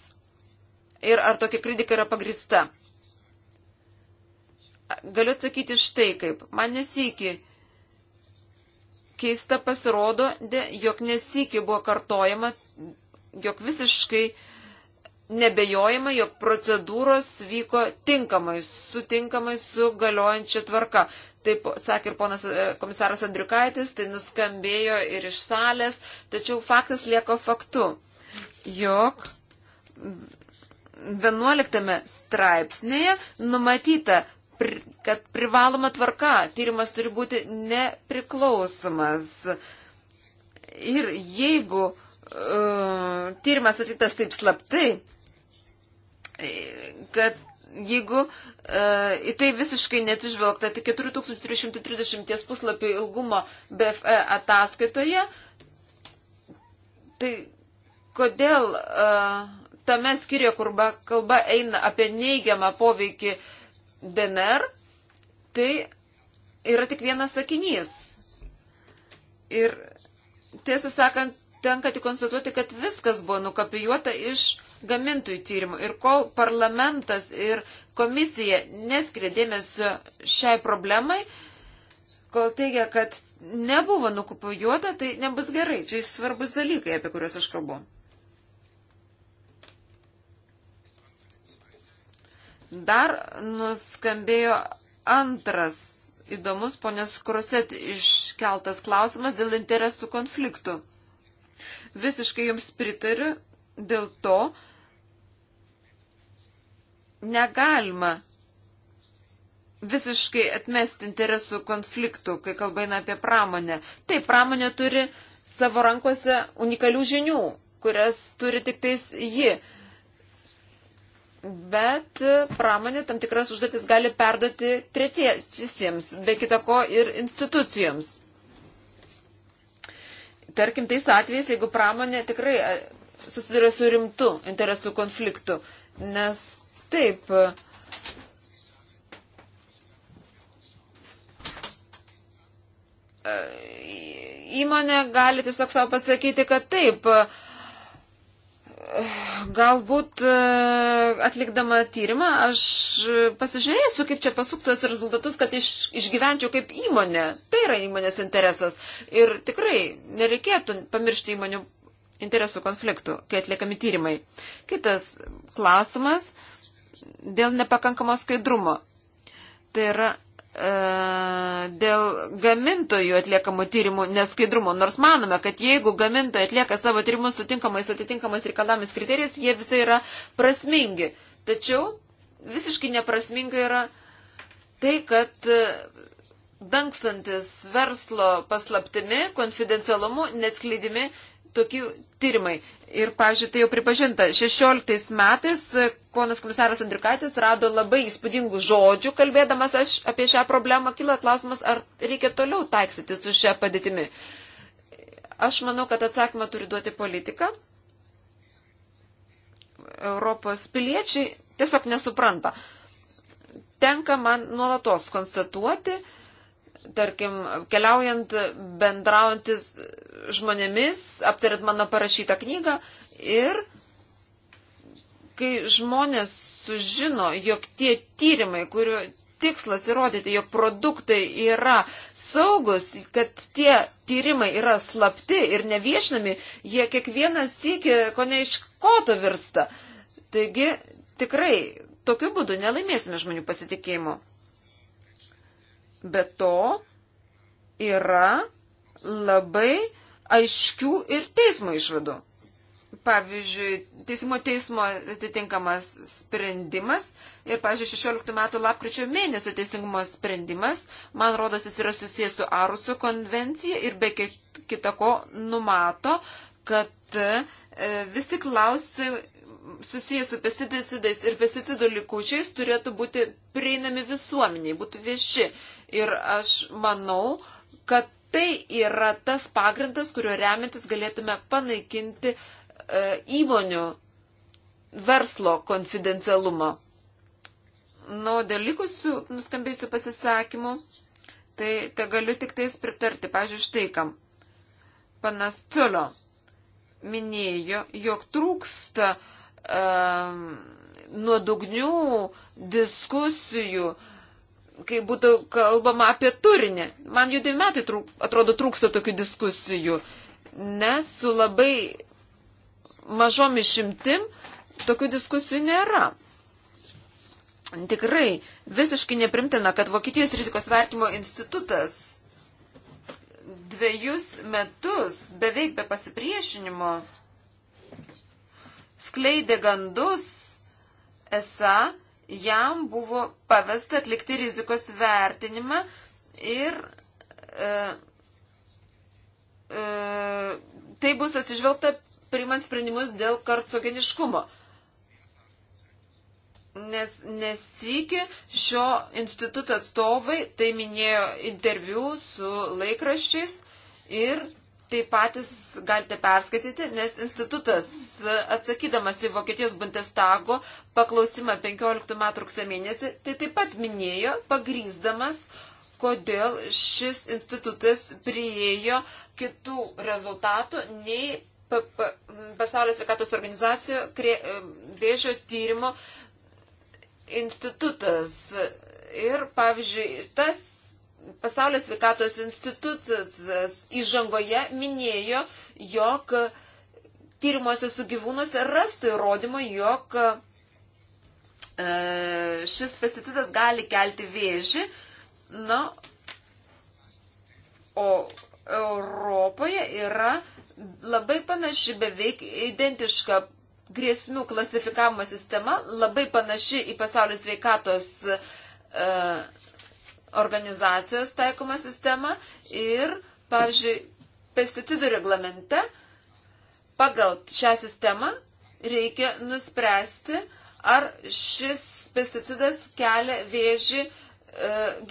ir ar tokia kritika yra pagrista. Galiu atsakyti štai kaip. Man nesiki keista pasirodo, jog nesiki buvo kartojama, jog visiškai nebejojama, jog procedūros vyko tinkamai, sutinkamai su galiojančia tvarka. Taip sakė ir ponas e, komisaras Andriukaitis, tai nuskambėjo ir iš salės, tačiau faktas lieko faktu, jog 11 straipsnėje numatyta, kad privaloma tvarka tyrimas turi būti nepriklausomas. Ir jeigu uh, tyrimas atliktas taip slaptai, kad jeigu uh, į tai visiškai neatsižvelgta, tai 4330 puslapio ilgumo BFE ataskaitoje, tai kodėl uh, tame skirioje, kur kalba eina apie neigiamą poveikį DNR, tai yra tik vienas sakinys. Ir tiesą sakant, tenka tik konstatuoti, kad viskas buvo nukapijuota iš gamintojų tyrimų. Ir kol parlamentas ir komisija neskiria dėmesio šiai problemai, kol teigia, kad nebuvo nukapijuota, tai nebus gerai. Čia svarbus dalykai, apie kuriuos aš kalbu. Dar nuskambėjo antras įdomus ponios Kruset iškeltas klausimas dėl interesų konfliktų. Visiškai jums pritariu, dėl to negalima visiškai atmesti interesų konfliktų, kai kalba eina apie pramonę. Taip, pramonė turi savo rankose unikalių žinių, kurias turi tik tais ji bet pramonė tam tikras užduotis gali perduoti tretiesiems, be kitako ir institucijoms. Tarkim, tais atvejais, jeigu pramonė tikrai susiduria su rimtu interesų konfliktu, nes taip. Įmonė gali tiesiog savo pasakyti, kad taip, uh, Galbūt e, atlikdama tyrimą aš pasižiūrėsiu, kaip čia pasuktos rezultatus, kad iš, išgyvenčiau kaip įmonė. Tai yra įmonės interesas. Ir tikrai nereikėtų pamiršti įmonių interesų konfliktų, kai atliekami tyrimai. Kitas klausimas dėl nepakankamo skaidrumo. Tai yra E, dėl gamintojų atliekamų tyrimų neskaidrumo. Nors manome, kad jeigu gamintojai atlieka savo tyrimus sutinkamais atitinkamais reikalavimais kriterijais, jie visai yra prasmingi. Tačiau visiškai neprasminga yra tai, kad e, dangstantis verslo paslaptimi, konfidencialumu, neatskleidimi tokie tyrimai. Ir, pažiūrėjau, tai jau pripažinta, 16 metais e, ponas komisaras Andrikaitis rado labai įspūdingų žodžių, kalbėdamas aš apie šią problemą, kilo klausimas, ar reikia toliau taiksyti su šią padėtimi. Aš manau, kad atsakymą turi duoti politika. Europos piliečiai tiesiog nesupranta. Tenka man nuolatos konstatuoti, tarkim, keliaujant, bendraujantis žmonėmis, aptarėt mano parašytą knygą ir kai žmonės sužino, jog tie tyrimai, kurių tikslas įrodyti, jog produktai yra saugus, kad tie tyrimai yra slapti ir neviešinami, jie kiekvieną sykį, ko ne iš koto virsta. Taigi, tikrai, tokiu būdu nelaimėsime žmonių pasitikėjimo. Bet to yra labai aiškių ir teismo išvadų. Pavyzdžiui, teismo teismo atitinkamas sprendimas ir, pavyzdžiui, 16 metų lapkričio mėnesio teisingumo sprendimas, man rodos, jis yra susijęs su Aruso konvencija ir be kitako numato, kad e, visi klausimai susijęs su pesticidais ir pesticidų likučiais turėtų būti prieinami visuomeniai, būtų vieši. Ir aš manau, kad tai yra tas pagrindas, kurio remintis galėtume panaikinti e, įmonių verslo konfidencialumą. Na, o dėl likusių nuskambėjusių pasisakymų, tai te galiu tik tais pritarti, pažiūrėjau, štai kam. Panas Ciulio minėjo, jog trūksta um, nuodugnių diskusijų kai būtų kalbama apie turinį. Man jau dvi metai trūk, atrodo trūksta tokių diskusijų, nes su labai mažom išimtim tokių diskusijų nėra. Tikrai visiškai neprimtina, kad Vokietijos rizikos vertimo institutas dviejus metus beveik be pasipriešinimo skleidė gandus, esą jam buvo pavesta atlikti rizikos vertinimą ir e, e, tai bus atsižvelgta primant sprendimus dėl karcogeniškumo. Nes nesiki šio instituto atstovai tai minėjo interviu su laikraščiais ir tai patys galite perskaityti, nes institutas, e, atsakydamas į Vokietijos Bundestago paklausimą 15 metų rugsė mėnesį, tai taip pat minėjo, pagrysdamas, kodėl šis institutas priejo kitų rezultatų nei Pasaulio sveikatos organizacijos e, vėžio tyrimo institutas. Ir, pavyzdžiui, tas Pasaulio sveikatos institucijos įžangoje minėjo, jog tyrimuose su gyvūnuose rasta įrodymo, jog e, šis pesticidas gali kelti vėžį. Na, o Europoje yra labai panaši, beveik identiška grėsmių klasifikavimo sistema, labai panaši į pasaulio sveikatos uh, organizacijos taikoma sistema ir, pavyzdžiui, pesticidų reglamente pagal šią sistemą reikia nuspręsti, ar šis pesticidas kelia vėžį e,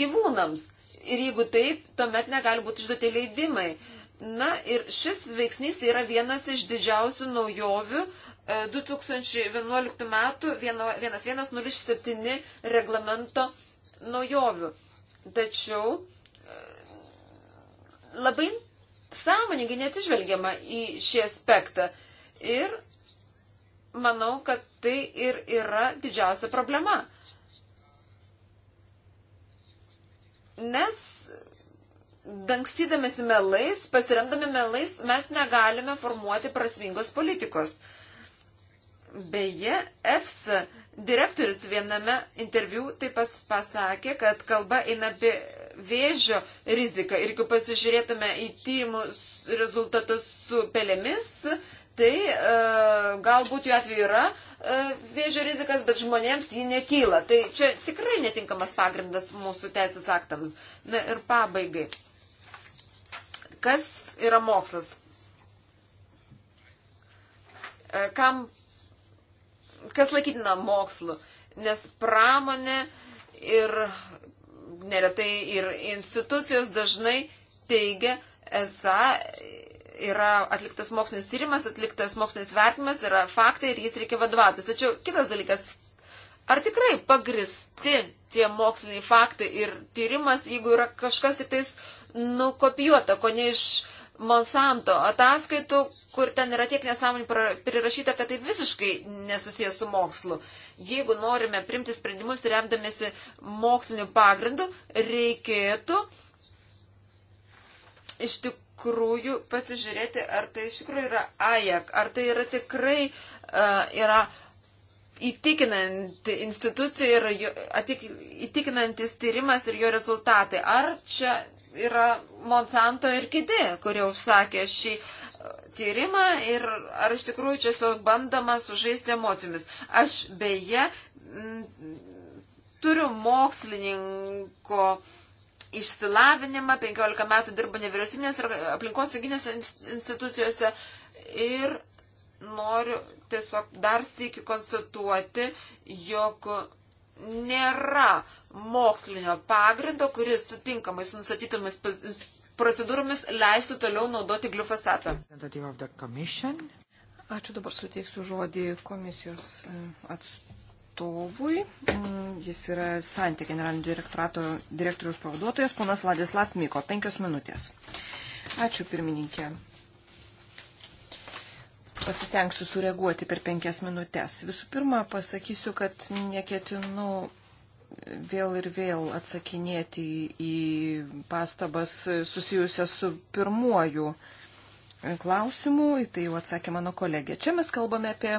gyvūnams. Ir jeigu taip, tuomet negali būti išduoti leidimai. Na ir šis veiksnys yra vienas iš didžiausių naujovių 2011 m. 1107 reglamento naujovių. Tačiau e, labai sąmoningai neatsižvelgiama į šį aspektą. Ir manau, kad tai ir yra didžiausia problema. Nes dangstydamėsi melais, pasiremdami melais, mes negalime formuoti prasmingos politikos. Beje, EFSA Direktorius viename interviu taip pas, pasakė, kad kalba eina apie vėžio riziką. Ir jeigu pasižiūrėtume į tyrimų rezultatus su pelėmis, tai e, galbūt jų atveju yra e, vėžio rizikas, bet žmonėms ji nekyla. Tai čia tikrai netinkamas pagrindas mūsų teisės aktams. Na ir pabaigai. Kas yra mokslas? E, kam kas laikytina mokslu, nes pramonė ir neretai ir institucijos dažnai teigia, esą yra atliktas mokslinis tyrimas, atliktas mokslinis vertimas, yra faktai ir jais reikia vadovautis. Tačiau kitas dalykas, ar tikrai pagristi tie moksliniai faktai ir tyrimas, jeigu yra kažkas tik tais nukopijuota, ko ne iš Monsanto ataskaitų, kur ten yra tiek nesąmonių prirašyta, kad tai visiškai nesusijęs su mokslu. Jeigu norime primti sprendimus remdamėsi moksliniu pagrindu, reikėtų iš tikrųjų pasižiūrėti, ar tai iš tikrųjų yra AJAK, ar tai yra tikrai uh, yra įtikinanti institucija ir jo, atik, įtikinantis tyrimas ir jo rezultatai. Ar čia yra Monsanto ir kiti, kurie užsakė šį e, tyrimą ir ar iš tikrųjų čia su bandama sužaisti emocijomis. Aš beje m, turiu mokslininko išsilavinimą, 15 metų dirbu nevyriausybinės ir aplinkosauginės institucijose ir noriu tiesiog dar sėki konstatuoti, jog nėra mokslinio pagrindo, kuris sutinkamai su nusatytomis procedūromis leistų toliau naudoti glifosatą. Ačiū dabar suteiksiu žodį komisijos e, atstovui. Mm, jis yra santė generalinio direktoriaus pavaduotojas, ponas Ladislav Miko. Penkios minutės. Ačiū pirmininkė pasistengsiu sureaguoti per penkias minutės. Visų pirma, pasakysiu, kad neketinu vėl ir vėl atsakinėti į pastabas susijusias su pirmuoju klausimu, į tai jau atsakė mano kolegė. Čia mes kalbame apie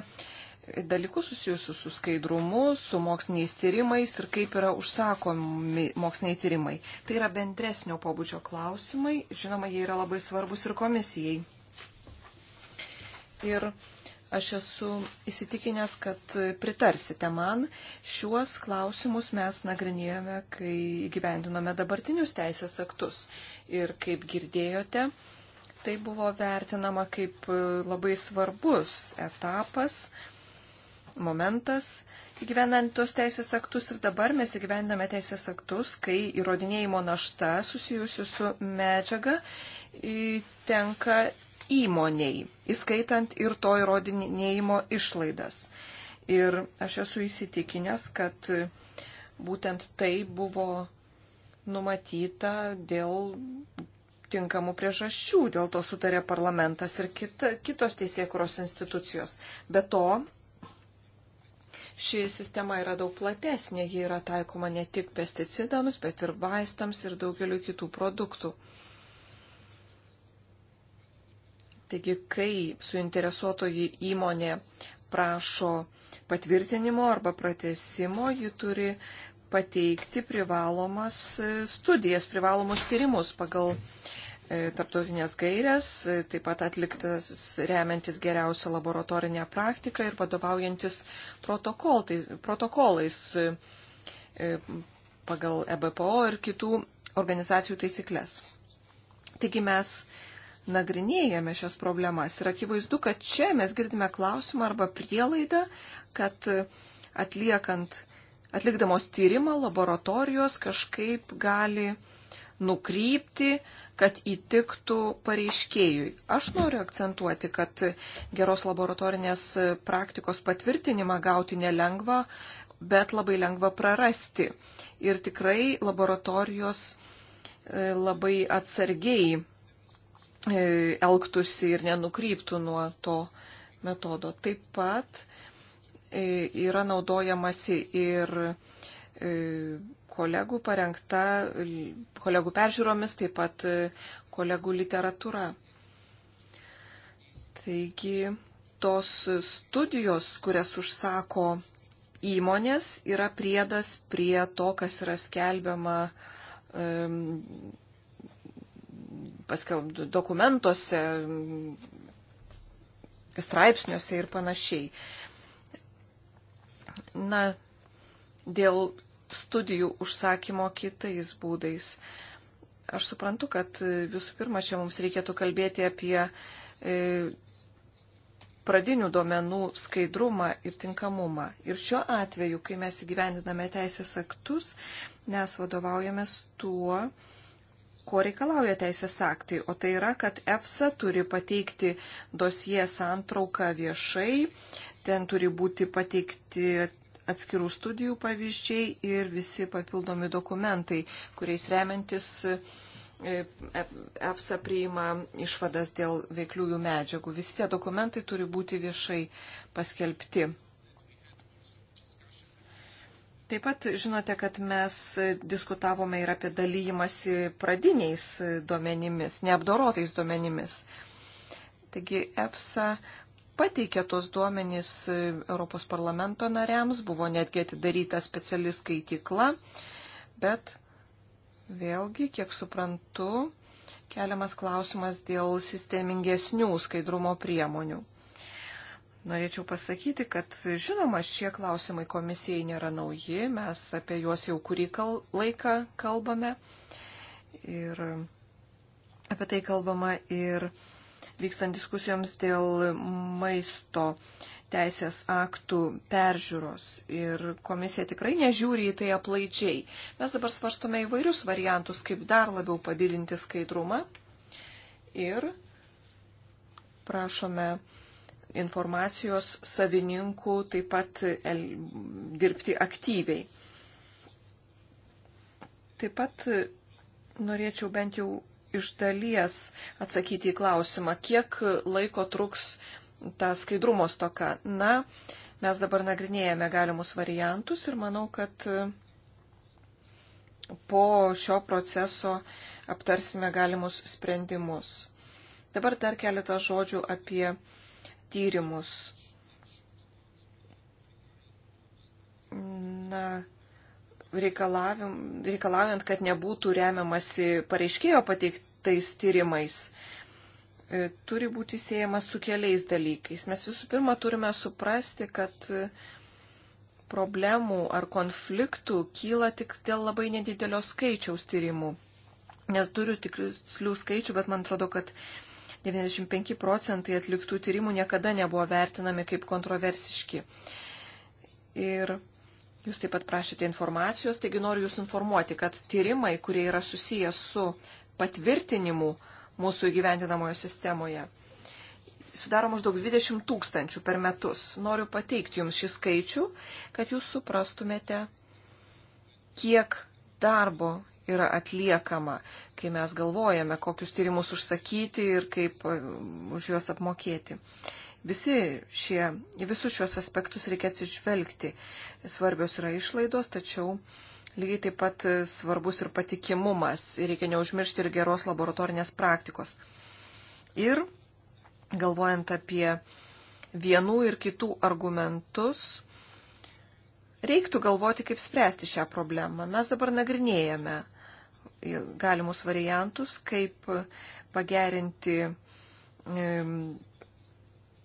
dalykus susijusius su skaidrumu, su moksliniais tyrimais ir kaip yra užsakomi moksliniai tyrimai. Tai yra bendresnio pobūdžio klausimai, žinoma, jie yra labai svarbus ir komisijai. Ir Aš esu įsitikinęs, kad pritarsite man. Šiuos klausimus mes nagrinėjome, kai įgyvendinome dabartinius teisės aktus. Ir kaip girdėjote, tai buvo vertinama kaip labai svarbus etapas, momentas įgyvendant tuos teisės aktus. Ir dabar mes įgyvendame teisės aktus, kai įrodinėjimo našta susijusi su medžiaga tenka įmoniai, įskaitant ir to įrodinėjimo išlaidas. Ir aš esu įsitikinęs, kad būtent tai buvo numatyta dėl tinkamų priežasčių, dėl to sutarė parlamentas ir kita, kitos teisėkuros institucijos. Be to, ši sistema yra daug platesnė, ji yra taikoma ne tik pesticidams, bet ir vaistams ir daugeliu kitų produktų. Taigi, kai suinteresuotoji įmonė prašo patvirtinimo arba pratesimo, ji turi pateikti privalomas e, studijas, privalomus tyrimus pagal e, tarptautinės gairias, e, taip pat atliktas remiantis geriausią laboratorinę praktiką ir vadovaujantis protokol, tai, protokolais pagal EBPO ir kitų organizacijų taisyklės. Taigi mes nagrinėjame šios problemas. Ir akivaizdu, kad čia mes girdime klausimą arba prielaidą, kad atliekant, atlikdamos tyrimą laboratorijos kažkaip gali nukrypti, kad įtiktų pareiškėjui. Aš noriu akcentuoti, kad geros laboratorinės praktikos patvirtinimą gauti nelengva, bet labai lengva prarasti. Ir tikrai laboratorijos e, labai atsargiai E, elgtųsi ir nenukryptų nuo to metodo. Taip pat e, yra naudojamasi ir e, kolegų parengta, kolegų peržiūromis, taip pat kolegų literatūra. Taigi tos studijos, kurias užsako įmonės, yra priedas prie to, kas yra skelbiama paskelbtų dokumentuose, straipsniuose ir panašiai. Na, dėl studijų užsakymo kitais būdais. Aš suprantu, kad visų pirma, čia mums reikėtų kalbėti apie e, pradinių duomenų skaidrumą ir tinkamumą. Ir šiuo atveju, kai mes įgyvendiname teisės aktus, mes vadovaujamės tuo, ko reikalauja teisės aktai, o tai yra, kad EFSA turi pateikti dosie santrauką viešai, ten turi būti pateikti atskirų studijų pavyzdžiai ir visi papildomi dokumentai, kuriais remiantis e, EFSA priima išvadas dėl veikliųjų medžiagų. Visi tie dokumentai turi būti viešai paskelbti. Taip pat žinote, kad mes diskutavome ir apie dalyjimąsi pradiniais duomenimis, neapdorotais duomenimis. Taigi EPSA pateikė tos duomenys Europos parlamento nariams, buvo netgi atidaryta speciali skaitykla, bet vėlgi, kiek suprantu, keliamas klausimas dėl sistemingesnių skaidrumo priemonių. Norėčiau pasakyti, kad žinoma, šie klausimai komisijai nėra nauji, mes apie juos jau kurį kal laiką kalbame ir apie tai kalbama ir vykstant diskusijoms dėl maisto teisės aktų peržiūros ir komisija tikrai nežiūri į tai aplaidžiai. Mes dabar svarstome įvairius variantus, kaip dar labiau padidinti skaidrumą ir prašome informacijos savininkų taip pat el, dirbti aktyviai. Taip pat norėčiau bent jau iš dalies atsakyti į klausimą, kiek laiko truks ta skaidrumo stoka. Na, mes dabar nagrinėjame galimus variantus ir manau, kad po šio proceso aptarsime galimus sprendimus. Dabar dar keletą žodžių apie tyrimus. Na, reikalaujant, kad nebūtų remiamasi pareiškėjo pateiktais tyrimais, e, turi būti siejamas su keliais dalykais. Mes visų pirma turime suprasti, kad e, problemų ar konfliktų kyla tik dėl labai nedidelio skaičiaus tyrimų. Nes turiu tiklių skaičių, bet man atrodo, kad 95 procentai atliktų tyrimų niekada nebuvo vertinami kaip kontroversiški. Ir jūs taip pat prašėte informacijos, taigi noriu jūs informuoti, kad tyrimai, kurie yra susijęs su patvirtinimu mūsų įgyvendinamojo sistemoje, sudaro maždaug 20 tūkstančių per metus. Noriu pateikti jums šį skaičių, kad jūs suprastumėte, kiek darbo yra atliekama, kai mes galvojame, kokius tyrimus užsakyti ir kaip e, už juos apmokėti. Visi šie, visus šios aspektus reikia atsižvelgti. Svarbios yra išlaidos, tačiau lygiai taip pat svarbus ir patikimumas. Ir reikia neužmiršti ir geros laboratorinės praktikos. Ir galvojant apie vienų ir kitų argumentus, reiktų galvoti, kaip spręsti šią problemą. Mes dabar nagrinėjame galimus variantus, kaip pagerinti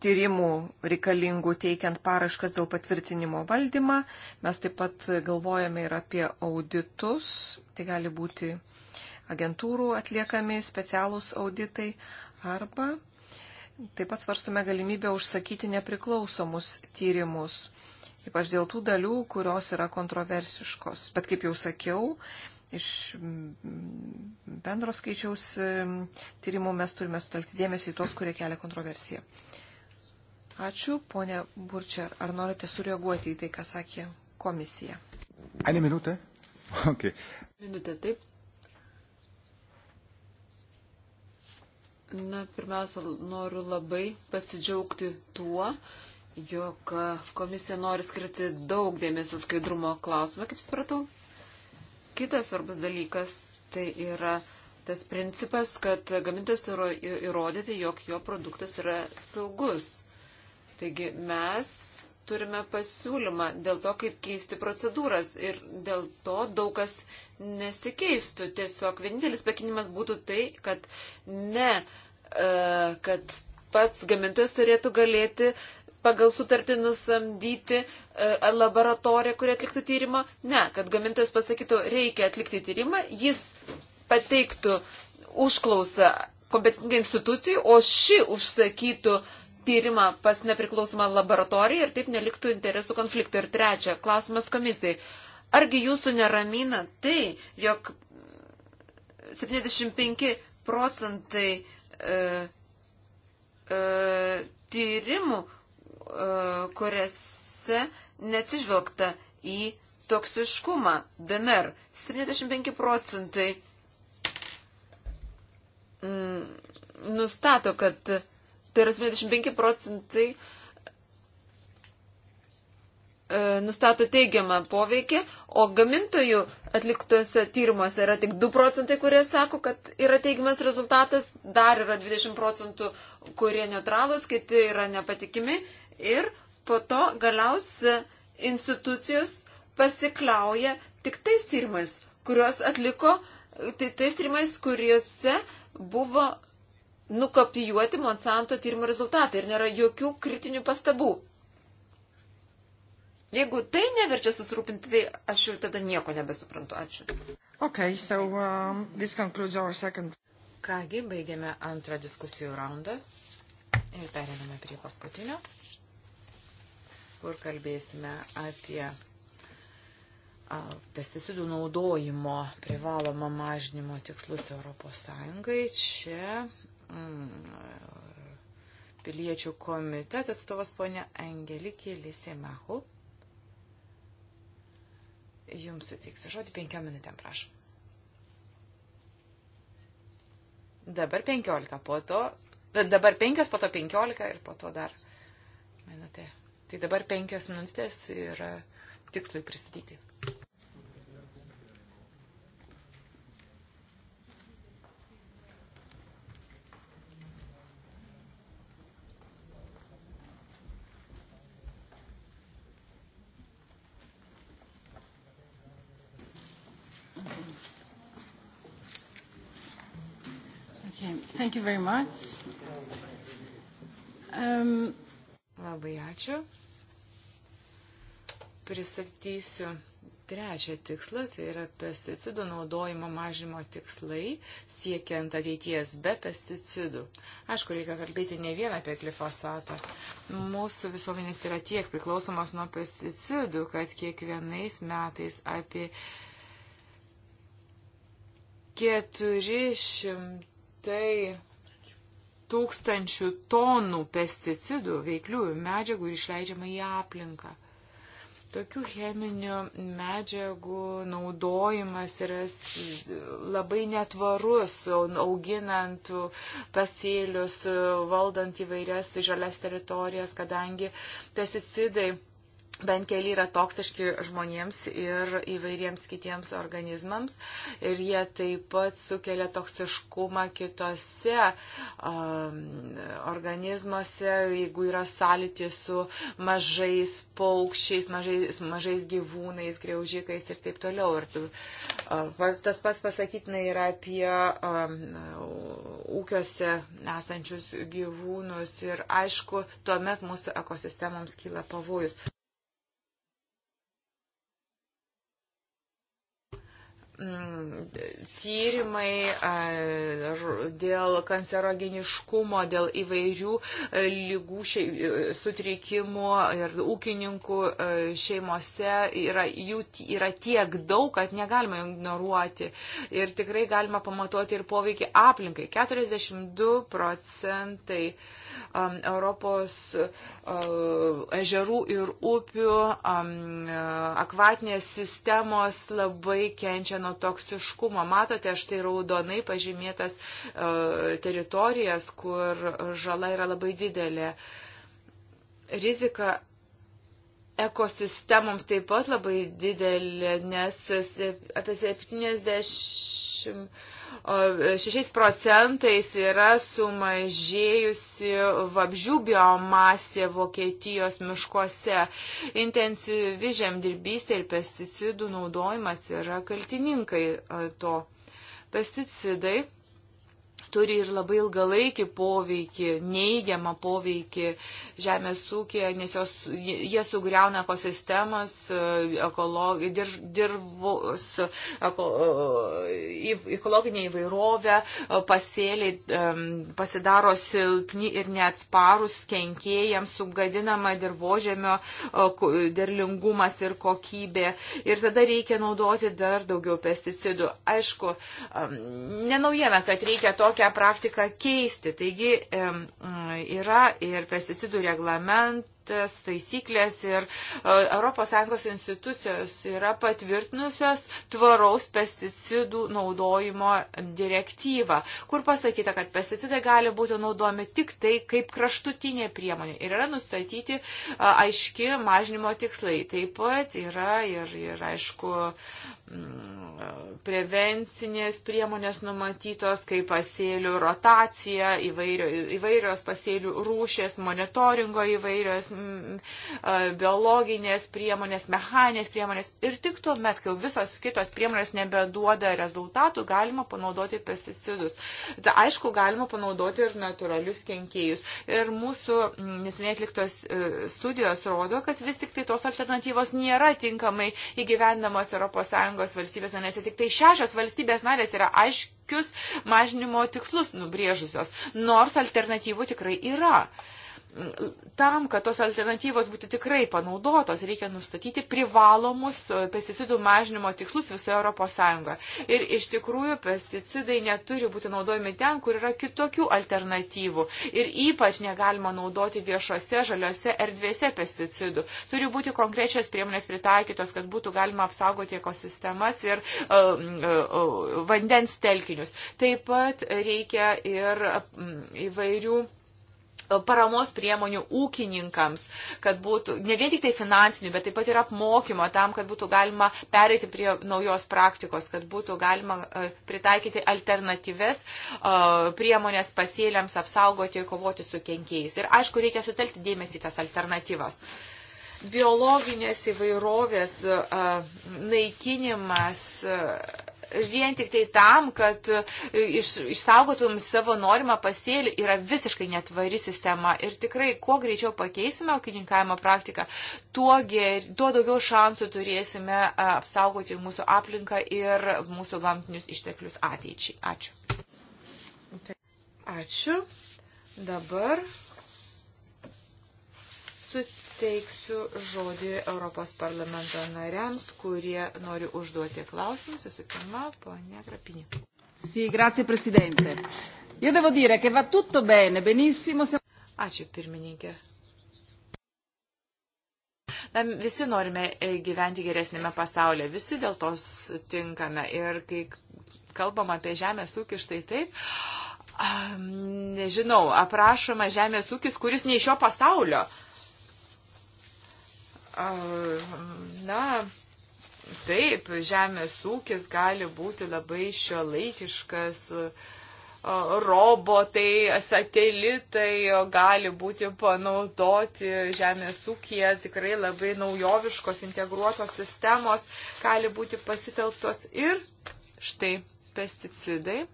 tyrimų reikalingų teikiant paraškas dėl patvirtinimo valdymą. Mes taip pat galvojame ir apie auditus. Tai gali būti agentūrų atliekami specialūs auditai arba taip pat svarstume galimybę užsakyti nepriklausomus tyrimus, ypač dėl tų dalių, kurios yra kontroversiškos. Bet kaip jau sakiau, Iš mm, bendros skaičiaus mm, tyrimų mes turime sutelkti dėmesį į tos, kurie kelia kontroversiją. Ačiū, ponė Burčer. Ar norite sureaguoti į tai, ką sakė komisija? Eine minutė? Okay. Minutė, taip. Na, pirmiausia, noriu labai pasidžiaugti tuo, jog komisija nori skirti daug dėmesio skaidrumo klausimą, kaip supratau. Kitas svarbus dalykas tai yra tas principas, kad gamintojas turi įrodyti, jog jo produktas yra saugus. Taigi mes turime pasiūlymą dėl to, kaip keisti procedūras ir dėl to daug kas nesikeistų. Tiesiog vienintelis pakinimas būtų tai, kad ne, e, kad pats gamintojas turėtų galėti pagal sutartį nusamdyti e, laboratoriją, kuri atliktų tyrimą. Ne, kad gamintojas pasakytų, reikia atlikti tyrimą, jis pateiktų užklausą kompetentingai institucijai, o ši užsakytų tyrimą pas nepriklausomą laboratoriją ir taip neliktų interesų konfliktų. Ir trečia, klausimas komisijai. Argi jūsų neramina tai, jog 75 procentai e, e, tyrimų E, kuriuose neatsižvelgta į toksiškumą DNR. 75 procentai mm, nustato, kad tai yra 75 procentai e, nustato teigiamą poveikį, o gamintojų atliktose tyrimuose yra tik 2 procentai, kurie sako, kad yra teigiamas rezultatas, dar yra 20 procentų, kurie neutralūs, kiti yra nepatikimi ir po to galiausia institucijos pasikliauja tik tais tyrimais, kuriuos atliko, tai tais tyrimais, kuriuose buvo nukopijuoti Monsanto tyrimo rezultatai ir nėra jokių kritinių pastabų. Jeigu tai neverčia susirūpinti, tai aš jau tada nieko nebesuprantu. Ačiū. Okay, so, um, this concludes our second. Kągi, baigiame antrą diskusijų raundą ir perėmėme prie paskutinio kur kalbėsime apie pesticidų naudojimo privalomą mažinimo tikslus Europos Sąjungai. Čia mm, piliečių komiteto atstovas ponia Angelikė Lisimahu. Jums sutiksiu žodį penkiom minutėm, prašom. Dabar penkiolika, po to, dabar penkios, po to penkiolika ir po to dar minutė. Tai dabar penkias minutės yra e, tikslui pristatyti. Okay, thank you very much. Um, Labai ačiū. Pristatysiu trečią tikslą, tai yra pesticidų naudojimo mažimo tikslai, siekiant ateities be pesticidų. Aišku, reikia kalbėti ne vien apie glifosatą. Mūsų visuomenės yra tiek priklausomas nuo pesticidų, kad kiekvienais metais apie 400 tūkstančių tonų pesticidų, veikliųjų medžiagų išleidžiama į aplinką. Tokių cheminių medžiagų naudojimas yra labai netvarus, auginant pasėlius, valdant įvairias žalias teritorijas, kadangi pesticidai bent keli yra toksiški žmonėms ir įvairiems kitiems organizmams ir jie taip pat sukelia toksiškumą kitose um, organizmuose, jeigu yra sąlyti su mažais paukščiais, mažais, mažais gyvūnais, greužikais ir taip toliau. Ir tu, uh, tas pats pasakytina yra apie um, ūkiuose esančius gyvūnus ir aišku, tuomet mūsų ekosistemoms kyla pavojus. Mm, tyrimai dėl kancerogeniškumo, dėl įvairių e, lygų e, sutrikimų ir ūkininkų e, šeimose yra, jų yra tiek daug, kad negalima ignoruoti. Ir tikrai galima pamatuoti ir poveikį aplinkai. 42 procentai Um, Europos uh, ežerų ir upių um, uh, akvatinės sistemos labai kenčia nuo toksiškumo. Matote, štai raudonai pažymėtas uh, teritorijas, kur žala yra labai didelė. Rizika ekosistemoms taip pat labai didelė, nes apie 76 procentais yra sumažėjusi vabžių biomasė Vokietijos miškuose. Intensyvi žemdirbystė ir pesticidų naudojimas yra kaltininkai to. Pesticidai turi ir labai ilgalaikį poveikį, neigiamą poveikį žemės ūkėje, nes jos, jie sugriauna ekosistemas, e, ekologi, dir, dirvus, eko, e, ekologinė įvairovė, e, pasėliai pasidaro silpni ir neatsparus kenkėjams, sugadinama dirbožėmio derlingumas ir kokybė. Ir tada reikia naudoti dar daugiau pesticidų. Aišku, nenaujiena, kad reikia tokią šią praktiką keisti. Taigi yra ir pesticidų reglamentų tas taisyklės ir ES institucijos yra patvirtinusios tvaraus pesticidų naudojimo direktyvą, kur pasakyta, kad pesticidai gali būti naudojami tik tai kaip kraštutinė priemonė ir yra nustatyti aiški mažinimo tikslai. Taip pat yra ir, ir aišku, Mm, prevencinės priemonės numatytos, kaip pasėlių rotacija, įvairio, įvairios pasėlių rūšės, monitoringo įvairios m, mm, biologinės priemonės, mechaninės priemonės. Ir tik tuo met, kai visos kitos priemonės nebeduoda rezultatų, galima panaudoti pesticidus. Ta, aišku, galima panaudoti ir natūralius kenkėjus. Ir mūsų mm, neseniai atliktos e, studijos rodo, kad vis tik tai tos alternatyvos nėra tinkamai įgyvendamos ES valstybės narėse tik tai šešios valstybės narės yra aiškius mažinimo tikslus nubrėžusios, nors alternatyvų tikrai yra. Uh, Tam, kad tos alternatyvos būtų tikrai panaudotos, reikia nustatyti privalomus e, pesticidų mažinimo tikslus visoje Europos Sąjungoje. Ir iš tikrųjų pesticidai neturi būti naudojami ten, kur yra kitokių alternatyvų. Ir ypač negalima naudoti viešose žaliose erdvėse pesticidų. Turi būti konkrečios priemonės pritaikytos, kad būtų galima apsaugoti ekosistemas ir uh, uh, vandens telkinius. Taip pat reikia ir uh, įvairių paramos priemonių ūkininkams, kad būtų ne vien tik tai finansinių, bet taip pat ir apmokymo tam, kad būtų galima pereiti prie naujos praktikos, kad būtų galima e, pritaikyti alternatyves e, priemonės pasėliams apsaugoti ir kovoti su kenkėjais. Ir aišku, reikia sutelkti dėmesį tas alternatyvas. Biologinės įvairovės e, naikinimas vien tik tai tam, kad e, iš, išsaugotum savo norimą pasėlį, yra visiškai netvari sistema. Ir tikrai, kuo greičiau pakeisime ūkininkavimo praktiką, tuo, ger, tuo daugiau šansų turėsime e, apsaugoti mūsų aplinką ir mūsų gamtinius išteklius ateičiai. Ačiū. Ačiū. Dabar su suteiksiu žodį Europos parlamento nariams, kurie nori užduoti klausimus. Visų pirma, ponia Grapinė. Sì, grazie Presidente. Io devo dire che va tutto bene, benissimo. Se... Ačiū pirmininkė. Na, visi norime e, gyventi geresnėme pasaulyje, visi dėl to sutinkame. Ir kai kalbam apie žemės ūkį, štai taip, nežinau, aprašoma žemės ūkis, kuris ne iš šio pasaulio. Uh, na, taip, žemės ūkis gali būti labai šio laikiškas, robotai, satelitai gali būti panaudoti žemės ūkija, tikrai labai naujoviškos integruotos sistemos gali būti pasitelktos ir štai pesticidai.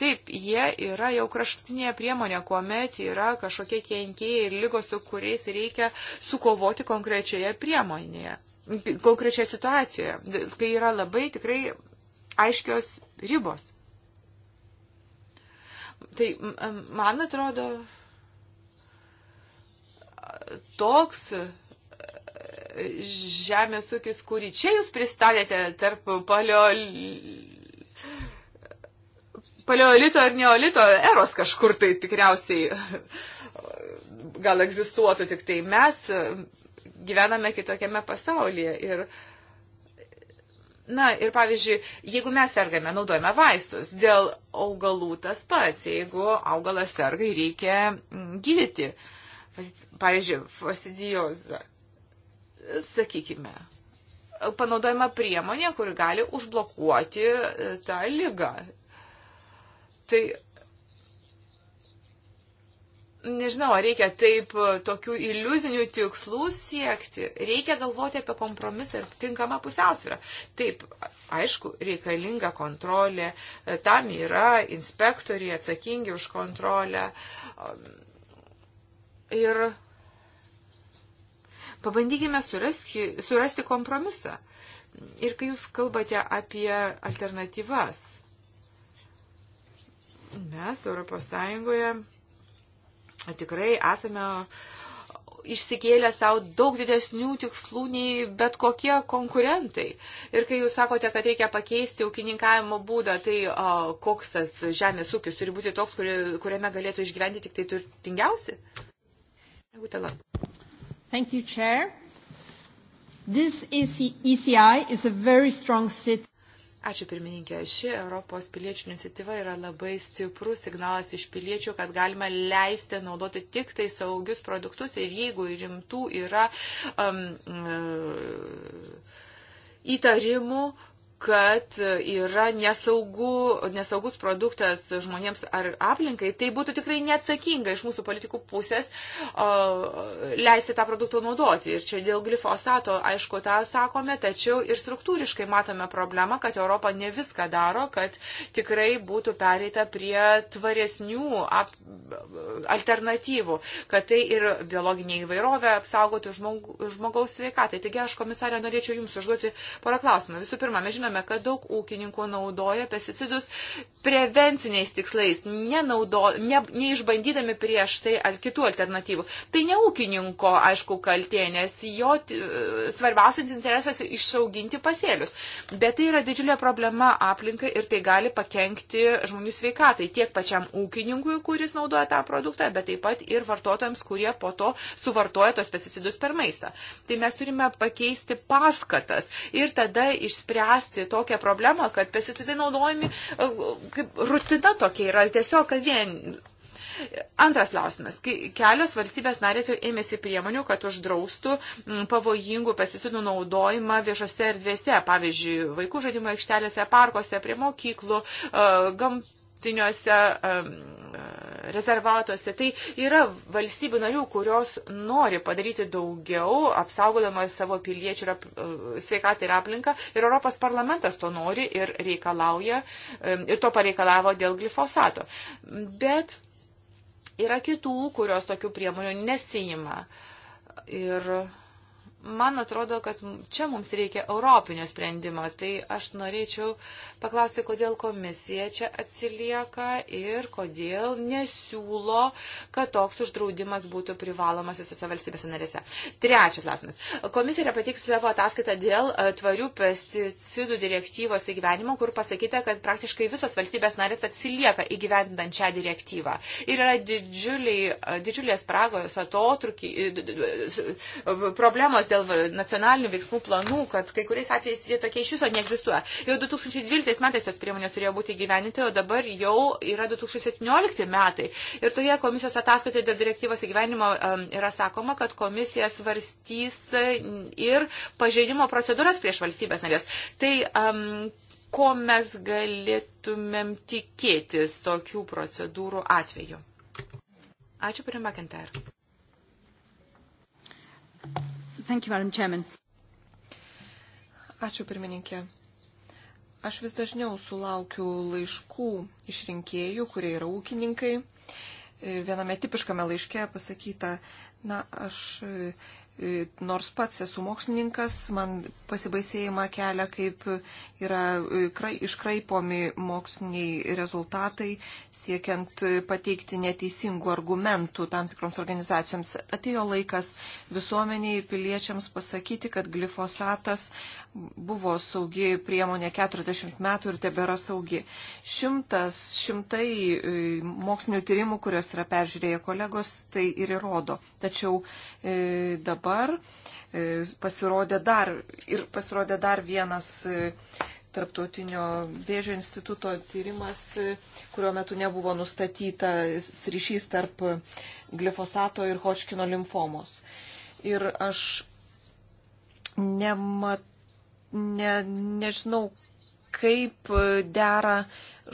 Taip, jie yra jau kraštutinė priemonė, kuomet yra kažkokie kenkėjai ir lygos, su kuriais reikia sukovoti konkrečioje priemonėje, konkrečioje situacijoje, kai yra labai tikrai aiškios ribos. Tai man atrodo, toks e, e, žemės ūkis, kurį čia jūs pristatėte tarp paleo paleolito ar neolito eros kažkur tai tikriausiai gal egzistuotų, tik tai mes e, gyvename kitokiame pasaulyje. Ir, Na ir pavyzdžiui, jeigu mes sergame, naudojame vaistus, dėl augalų tas pats, jeigu augalas serga, reikia gydyti. Pavyzdžiui, fasidijoza, sakykime, panaudojama priemonė, kuri gali užblokuoti e, tą lygą. Tai nežinau, ar reikia taip e, tokių iliuzinių tikslų siekti. Reikia galvoti apie kompromisą ir tinkamą pusiausvyrą. Taip, aišku, reikalinga kontrolė, e, tam yra inspektoriai atsakingi už kontrolę. E, ir pabandykime surasti, surasti kompromisą. Ir kai jūs kalbate apie alternatyvas, mes Europos Sąjungoje tikrai esame išsikėlę savo daug didesnių tikslų nei bet kokie konkurentai. Ir kai jūs sakote, kad reikia pakeisti ūkininkavimo būdą, tai o, koks tas žemės ūkis turi būti toks, kuri, kuriame galėtų išgyventi tik tai turtingiausi? Thank you, Chair. This ECI e is a very strong city. Ačiū pirmininkė. Ši Europos piliečių iniciatyva yra labai stiprus signalas iš piliečių, kad galima leisti naudoti tik tai saugius produktus ir jeigu rimtų yra um, uh, įtarimų, kad yra nesaugu, nesaugus produktas žmonėms ar aplinkai, tai būtų tikrai neatsakinga iš mūsų politikų pusės o, leisti tą produktą naudoti. Ir čia dėl glifosato, aišku, tą sakome, tačiau ir struktūriškai matome problemą, kad Europa ne viską daro, kad tikrai būtų pereita prie tvaresnių ap, alternatyvų, kad tai ir biologinė įvairovė apsaugotų žmog, žmogaus sveikatai. Taigi aš, komisarė, norėčiau Jums užduoti porą klausimų. Visų pirma, mes žinome, žinome, kad daug ūkininkų naudoja pesticidus prevenciniais tikslais, nenaudo, ne, neišbandydami prieš tai ar kitų alternatyvų. Tai ne ūkininko, aišku, kaltė, nes jo svarbiausias interesas išsauginti pasėlius. Bet tai yra didžiulė problema aplinkai ir tai gali pakenkti žmonių sveikatai tiek pačiam ūkininkui, kuris naudoja tą produktą, bet taip pat ir vartotojams, kurie po to suvartoja tos pesticidus per maistą. Tai mes turime pakeisti paskatas ir tada išspręsti spręsti tokią problemą, kad pesticidai naudojami e, kaip rutina tokia yra tiesiog kasdien. Antras klausimas. Kelios valstybės narės jau ėmėsi priemonių, kad uždraustų pavojingų pesticidų naudojimą viešose erdvėse, pavyzdžiui, vaikų žaidimo aikštelėse, parkuose, prie mokyklų, e, gam, gamtiniuose rezervatuose. Tai yra valstybių narių, kurios nori padaryti daugiau, apsaugodamas savo piliečių ir e, sveikatą ir aplinką. Ir Europos parlamentas to nori ir reikalauja, ir to pareikalavo dėl glifosato. Bet yra kitų, kurios tokių priemonių nesijima. Ir man atrodo, kad čia mums reikia europinio sprendimo. Tai aš norėčiau paklausti, kodėl komisija čia atsilieka ir kodėl nesiūlo, kad toks uždraudimas būtų privalomas visose valstybėse narėse. Trečias klausimas. Komisija yra pateikusi savo ataskaitą dėl e, tvarių pesticidų direktyvos įgyvenimo, kur pasakyta, kad praktiškai visos valstybės narės atsilieka įgyvendinant šią direktyvą. Ir yra didžiuliai, e, didžiulės spragos atotrukiai, e, problemos dėl dėl nacionalinių veiksmų planų, kad kai kuriais atvejais jie tokie iš viso neegzistuoja. Jau 2012 metais tos priemonės turėjo būti gyveninti, o dabar jau yra 2017 metai. Ir toje komisijos ataskaitoje dėl direktyvos įgyvenimo um, yra sakoma, kad komisija svarstys mm, ir pažeidimo procedūras prieš valstybės narės. Tai um, ko mes galėtumėm tikėtis tokių procedūrų atveju? Ačiū, Pirim McIntyre. Thank you, Madam Chairman. Ačiū pirmininkė. Aš vis dažniau sulaukiu laiškų iš rinkėjų, kurie yra ūkininkai. Viename tipiškame laiške pasakyta, na, aš E, nors pats esu mokslininkas, man pasibaisėjimą kelia, kaip yra e, iškraipomi moksliniai rezultatai, siekiant e, pateikti neteisingų argumentų tam tikroms organizacijoms. Atėjo laikas visuomeniai piliečiams pasakyti, kad glifosatas buvo saugi priemonė 40 metų ir tebėra saugi. Šimtas, šimtai mokslinių tyrimų, kuriuos yra peržiūrėję kolegos, tai ir įrodo. Tačiau e, dabar dabar e, pasirodė dar, ir pasirodė dar vienas e, Tarptautinio vėžio instituto tyrimas, e, kurio metu nebuvo nustatyta ryšys tarp glifosato ir Hodžkino limfomos. Ir aš nema, ne, nežinau, kaip dera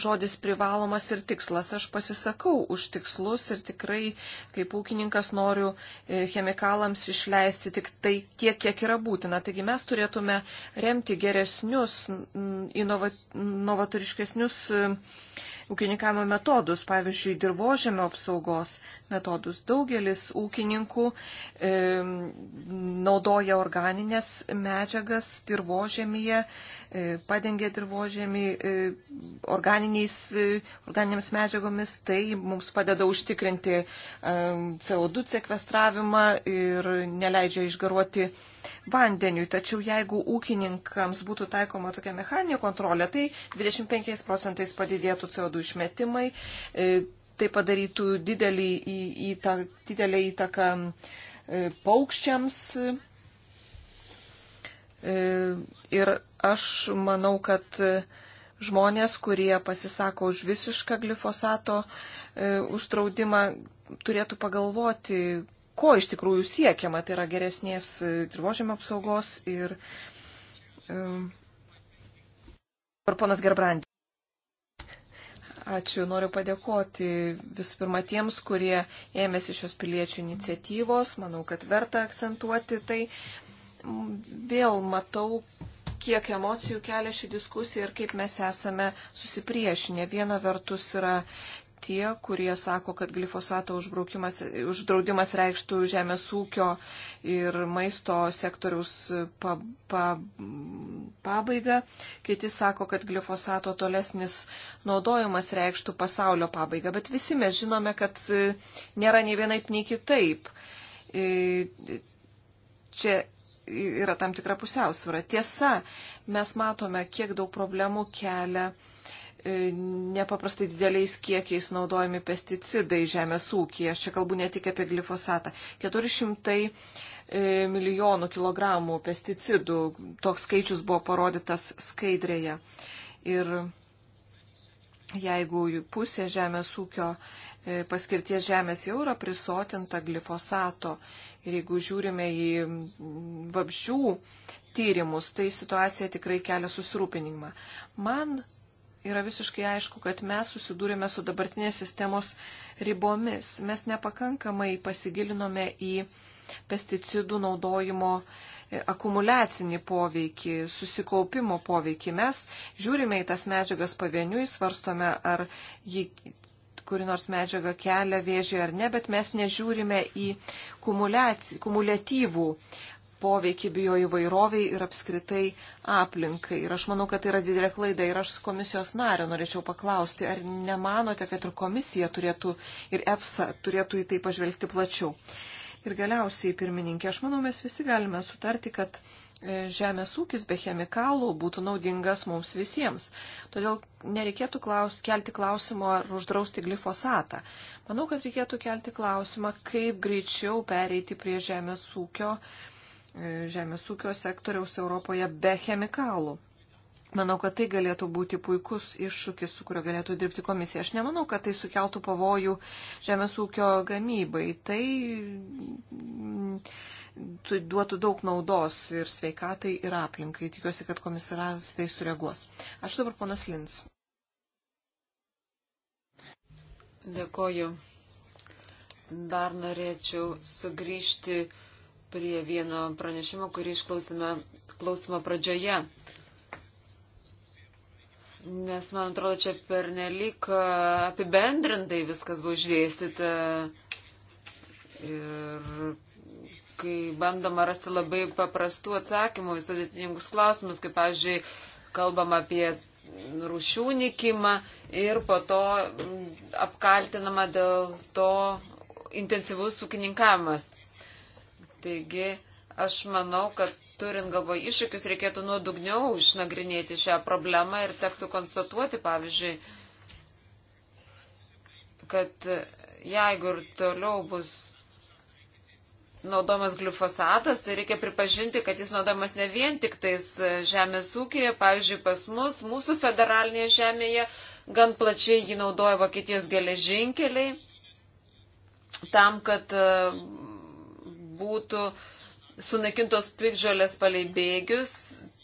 žodis privalomas ir tikslas. Aš pasisakau už tikslus ir tikrai, kaip ūkininkas, noriu e, chemikalams išleisti tik tai tiek, kiek yra būtina. Taigi mes turėtume remti geresnius, inovatoriškesnius. Inova, ūkininkavimo metodus, pavyzdžiui, dirbožėmio apsaugos metodus. Daugelis ūkininkų e, naudoja organinės medžiagas dirbožėmėje, e, padengia dirbožėmį e, organiniais, e, organinėms medžiagomis. Tai mums padeda užtikrinti e, CO2 sekvestravimą ir neleidžia išgaruoti e, vandeniui. Tačiau jeigu ūkininkams būtų taikoma tokia mechaninė kontrolė, tai 25 procentais padidėtų CO2 išmetimai, e, tai padarytų didelį, į, į tą, didelį įtaką e, paukščiams. E, ir aš manau, kad žmonės, kurie pasisako už visišką glifosato uždraudimą, turėtų pagalvoti, ko iš tikrųjų siekiama, tai yra geresnės e, dirbožėmio apsaugos ir. Um, ir ponas Gerbrandė. Ačiū, noriu padėkoti visų pirma tiems, kurie ėmėsi šios piliečių iniciatyvos. Manau, kad verta akcentuoti tai. Vėl matau, kiek emocijų kelia ši diskusija ir kaip mes esame susipriešinę. Viena vertus yra tie, kurie sako, kad glifosato uždraudimas reikštų žemės ūkio ir maisto sektoriaus pa, pa, pabaigą. Kiti sako, kad glifosato tolesnis naudojimas reikštų pasaulio pabaigą. Bet visi mes žinome, kad e, nėra nei vienaip, nei kitaip. E, čia yra tam tikra pusiausvara. Tiesa, mes matome, kiek daug problemų kelia E, nepaprastai dideliais kiekiais naudojami pesticidai žemės ūkija. Aš čia kalbu ne tik apie glifosatą. 400 e, milijonų kilogramų pesticidų. Toks skaičius buvo parodytas skaidrėje. Ir jeigu pusė žemės ūkio e, paskirties žemės jau yra prisotinta glifosato ir jeigu žiūrime į vabžių tyrimus, tai situacija tikrai kelia susirūpinimą. Man yra visiškai aišku, kad mes susidūrėme su dabartinės sistemos ribomis. Mes nepakankamai pasigilinome į pesticidų naudojimo e, akumulacinį poveikį, susikaupimo poveikį. Mes žiūrime į tas medžiagas pavieniui, svarstome, ar jį kuri nors medžiaga kelia vėžį ar ne, bet mes nežiūrime į kumuliatyvų poveikį bio įvairoviai ir apskritai aplinkai. Ir aš manau, kad tai yra didelė klaida. Ir aš komisijos nario norėčiau paklausti, ar nemanote, kad ir komisija turėtų, ir EFSA turėtų į tai pažvelgti plačiau. Ir galiausiai, pirmininkė, aš manau, mes visi galime sutarti, kad e, žemės ūkis be chemikalų būtų naudingas mums visiems. Todėl nereikėtų klaus, kelti klausimo ar uždrausti glifosatą. Manau, kad reikėtų kelti klausimą, kaip greičiau pereiti prie žemės ūkio uh, E, žemės ūkio sektoriaus Europoje be chemikalų. Manau, kad tai galėtų būti puikus iššūkis, su kuriuo galėtų dirbti komisija. Aš nemanau, kad tai sukeltų pavojų žemės ūkio gamybai. Tai mm, duotų daug naudos ir sveikatai, ir aplinkai. Tikiuosi, kad komisaras tai sureaguos. Aš dabar ponas Lins. Dėkoju. Dar norėčiau sugrįžti prie vieno pranešimo, kurį išklausime klausimo pradžioje. Nes, man atrodo, čia pernelyg e, apibendrintai viskas buvo išdėstyta. Ir kai bandoma rasti labai paprastų atsakymų į sudėtingus klausimus, kaip, pavyzdžiui, kalbam apie rūšių nikimą ir po to apkaltinama dėl to intensyvus ūkininkavimas. Taigi, aš manau, kad turint galvoj iššūkius, reikėtų nuodugniau išnagrinėti šią problemą ir tektų konstatuoti, pavyzdžiui, kad jeigu ir toliau bus naudomas glifosatas, tai reikia pripažinti, kad jis naudomas ne vien tik tais e, žemės ūkėje, pavyzdžiui, pas mus, mūsų federalinėje žemėje, gan plačiai jį naudoja Vokietijos geležinkeliai, tam, kad e, būtų sunaikintos pikžolės palei bėgius,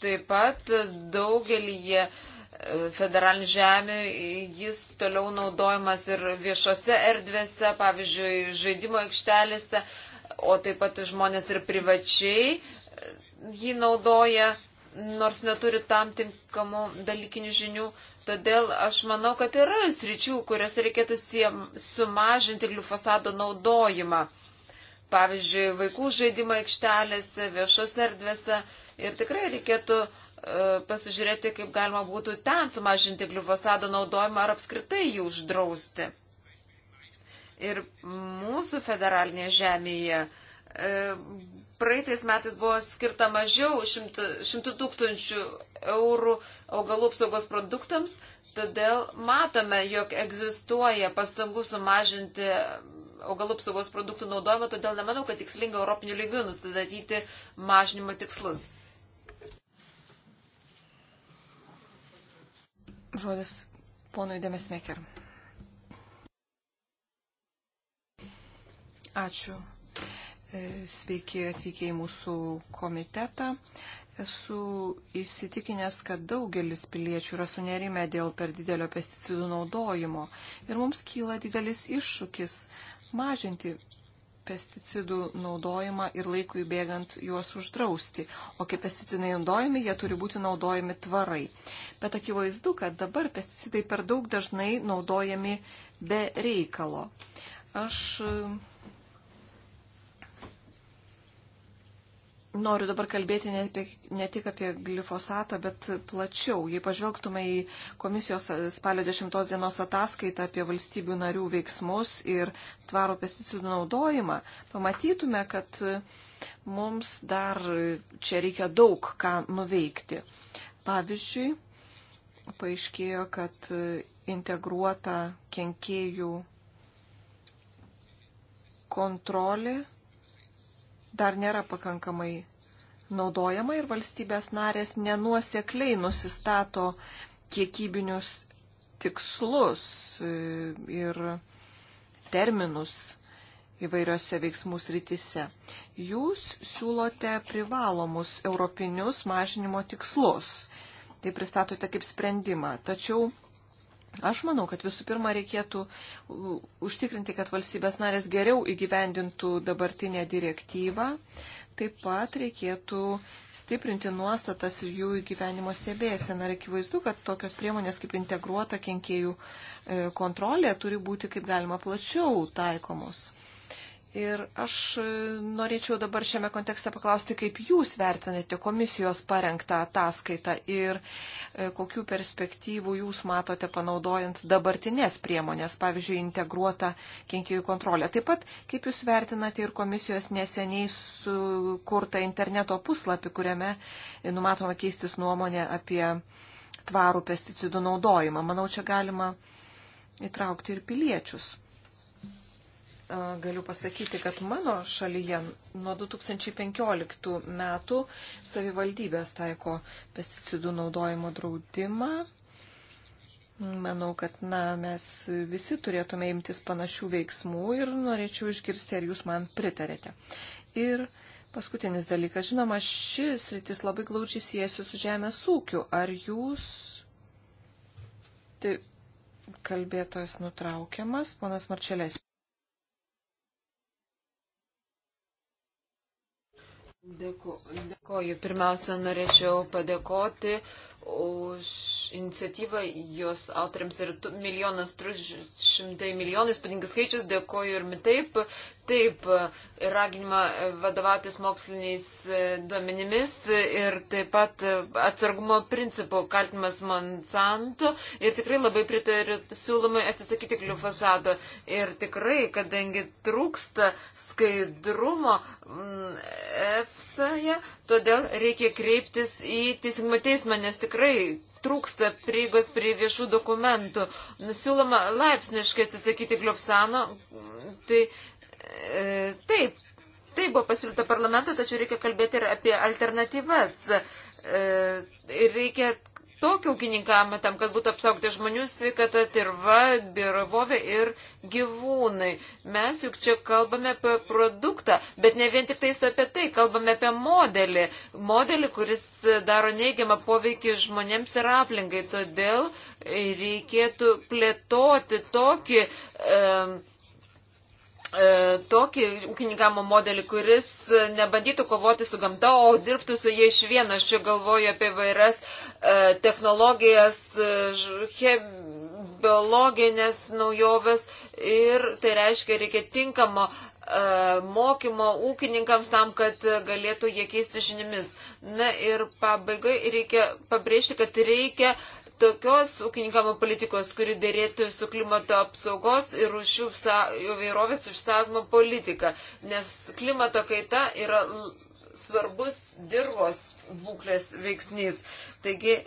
taip pat daugelį e, federalinių žemė, jis toliau naudojamas ir viešose erdvėse, pavyzdžiui, žaidimo aikštelėse, o taip pat žmonės ir privačiai e, jį naudoja, nors neturi tam tinkamų dalykinių žinių. Todėl aš manau, kad yra sričių, kuriuose reikėtų sumažinti glifosado naudojimą pavyzdžiui, vaikų žaidimo aikštelėse, viešos erdvėse. Ir tikrai reikėtų e, pasižiūrėti, kaip galima būtų ten sumažinti glifosado naudojimą ar apskritai jį uždrausti. Ir mūsų federalinėje žemėje e, praeitais metais buvo skirta mažiau 100 tūkstančių eurų augalų apsaugos produktams, Todėl matome, jog egzistuoja pastangų sumažinti augalų apsaugos produktų naudojimą, todėl nemanau, kad tikslinga Europinių lygių nustatyti mažinimo tikslus. Žodis ponui Demesmeker. Ačiū. E, sveiki atvykę į mūsų komitetą. Esu įsitikinęs, kad daugelis piliečių yra sunerime dėl per didelio pesticidų naudojimo ir mums kyla didelis iššūkis mažinti pesticidų naudojimą ir laikui bėgant juos uždrausti. O kai pesticidai naudojami, jie turi būti naudojami tvarai. Bet akivaizdu, kad dabar pesticidai per daug dažnai naudojami be reikalo. Aš noriu dabar kalbėti ne, apie, ne tik apie glifosatą, bet plačiau. Jei pažvelgtume į komisijos spalio 10 dienos ataskaitą apie valstybių narių veiksmus ir tvaro pesticidų naudojimą, pamatytume, kad mums dar čia reikia daug ką nuveikti. Pavyzdžiui, paaiškėjo, kad integruota kenkėjų kontrolė dar nėra pakankamai naudojama ir valstybės narės nenuosekliai nusistato kiekybinius tikslus e, ir terminus įvairiose veiksmų srityse. Jūs siūlote privalomus europinius mažinimo tikslus. Tai pristatote kaip sprendimą. Tačiau Aš manau, kad visų pirma reikėtų užtikrinti, kad valstybės narės geriau įgyvendintų dabartinę direktyvą. Taip pat reikėtų stiprinti nuostatas ir jų įgyvenimo stebėseną. Ir akivaizdu, kad tokios priemonės kaip integruota kenkėjų e, kontrolė turi būti kaip galima plačiau taikomos. Ir aš norėčiau dabar šiame kontekste paklausti, kaip jūs vertinate komisijos parengtą ataskaitą ir e, kokių perspektyvų jūs matote panaudojant dabartinės priemonės, pavyzdžiui, integruotą kenkėjų kontrolę. Taip pat, kaip jūs vertinate ir komisijos neseniai sukurtą interneto puslapį, kuriame e, numatoma keistis nuomonė apie tvarų pesticidų naudojimą. Manau, čia galima įtraukti ir piliečius galiu pasakyti, kad mano šalyje nuo 2015 metų savivaldybės taiko pesticidų naudojimo draudimą. Manau, kad na, mes visi turėtume imtis panašių veiksmų ir norėčiau išgirsti, ar jūs man pritarėte. Ir paskutinis dalykas, žinoma, šis rytis labai glaučiai siejasi su žemės ūkiu. Ar jūs. Tai kalbėtojas nutraukiamas, ponas Marčelės. Dėku, dėkoju. Pirmiausia, norėčiau padėkoti už iniciatyvą jos autoriams ir milijonas, šimtai milijonai, spūdingas skaičius, dėkoju ir taip, taip, raginimą vadovautis moksliniais e, duomenimis ir taip pat e, atsargumo principų kaltinimas Monsanto ir tikrai labai pritariu siūlomai atsisakyti glifosato ir tikrai, kadangi trūksta skaidrumo EFSA, Todėl reikia kreiptis į teisingumo teismą, nes tikrai trūksta prieigos prie viešų dokumentų. Siūloma laipsniškai atsisakyti gliopsano. Tai e, taip, tai buvo pasiūlyta parlamento, tačiau reikia kalbėti ir apie alternatyvas. E, reikia tokį ūkininkavimą tam, kad būtų apsaugti žmonių sveikata, tirva, biravovė ir gyvūnai. Mes juk čia kalbame apie produktą, bet ne vien tik tais apie tai, kalbame apie modelį. Modelį, kuris daro neigiamą poveikį žmonėms ir aplinkai. Todėl reikėtų plėtoti tokį. Um, e, E, tokį ūkininkavimo modelį, kuris nebandytų kovoti su gamta, o dirbtų su jie iš vieno. Aš čia galvoju apie vairias e, technologijas, e, biologinės naujoves ir tai reiškia reikia tinkamo mokymo ūkininkams tam, kad galėtų jie keisti žinimis. Na ir pabaigai reikia pabrėžti, kad reikia uh, tokios ūkininkamo politikos, kuri dėrėtų su klimato apsaugos ir rūšių įvairovės išsaugomo politika, nes klimato kaita yra svarbus dirbos būklės veiksnys. Taigi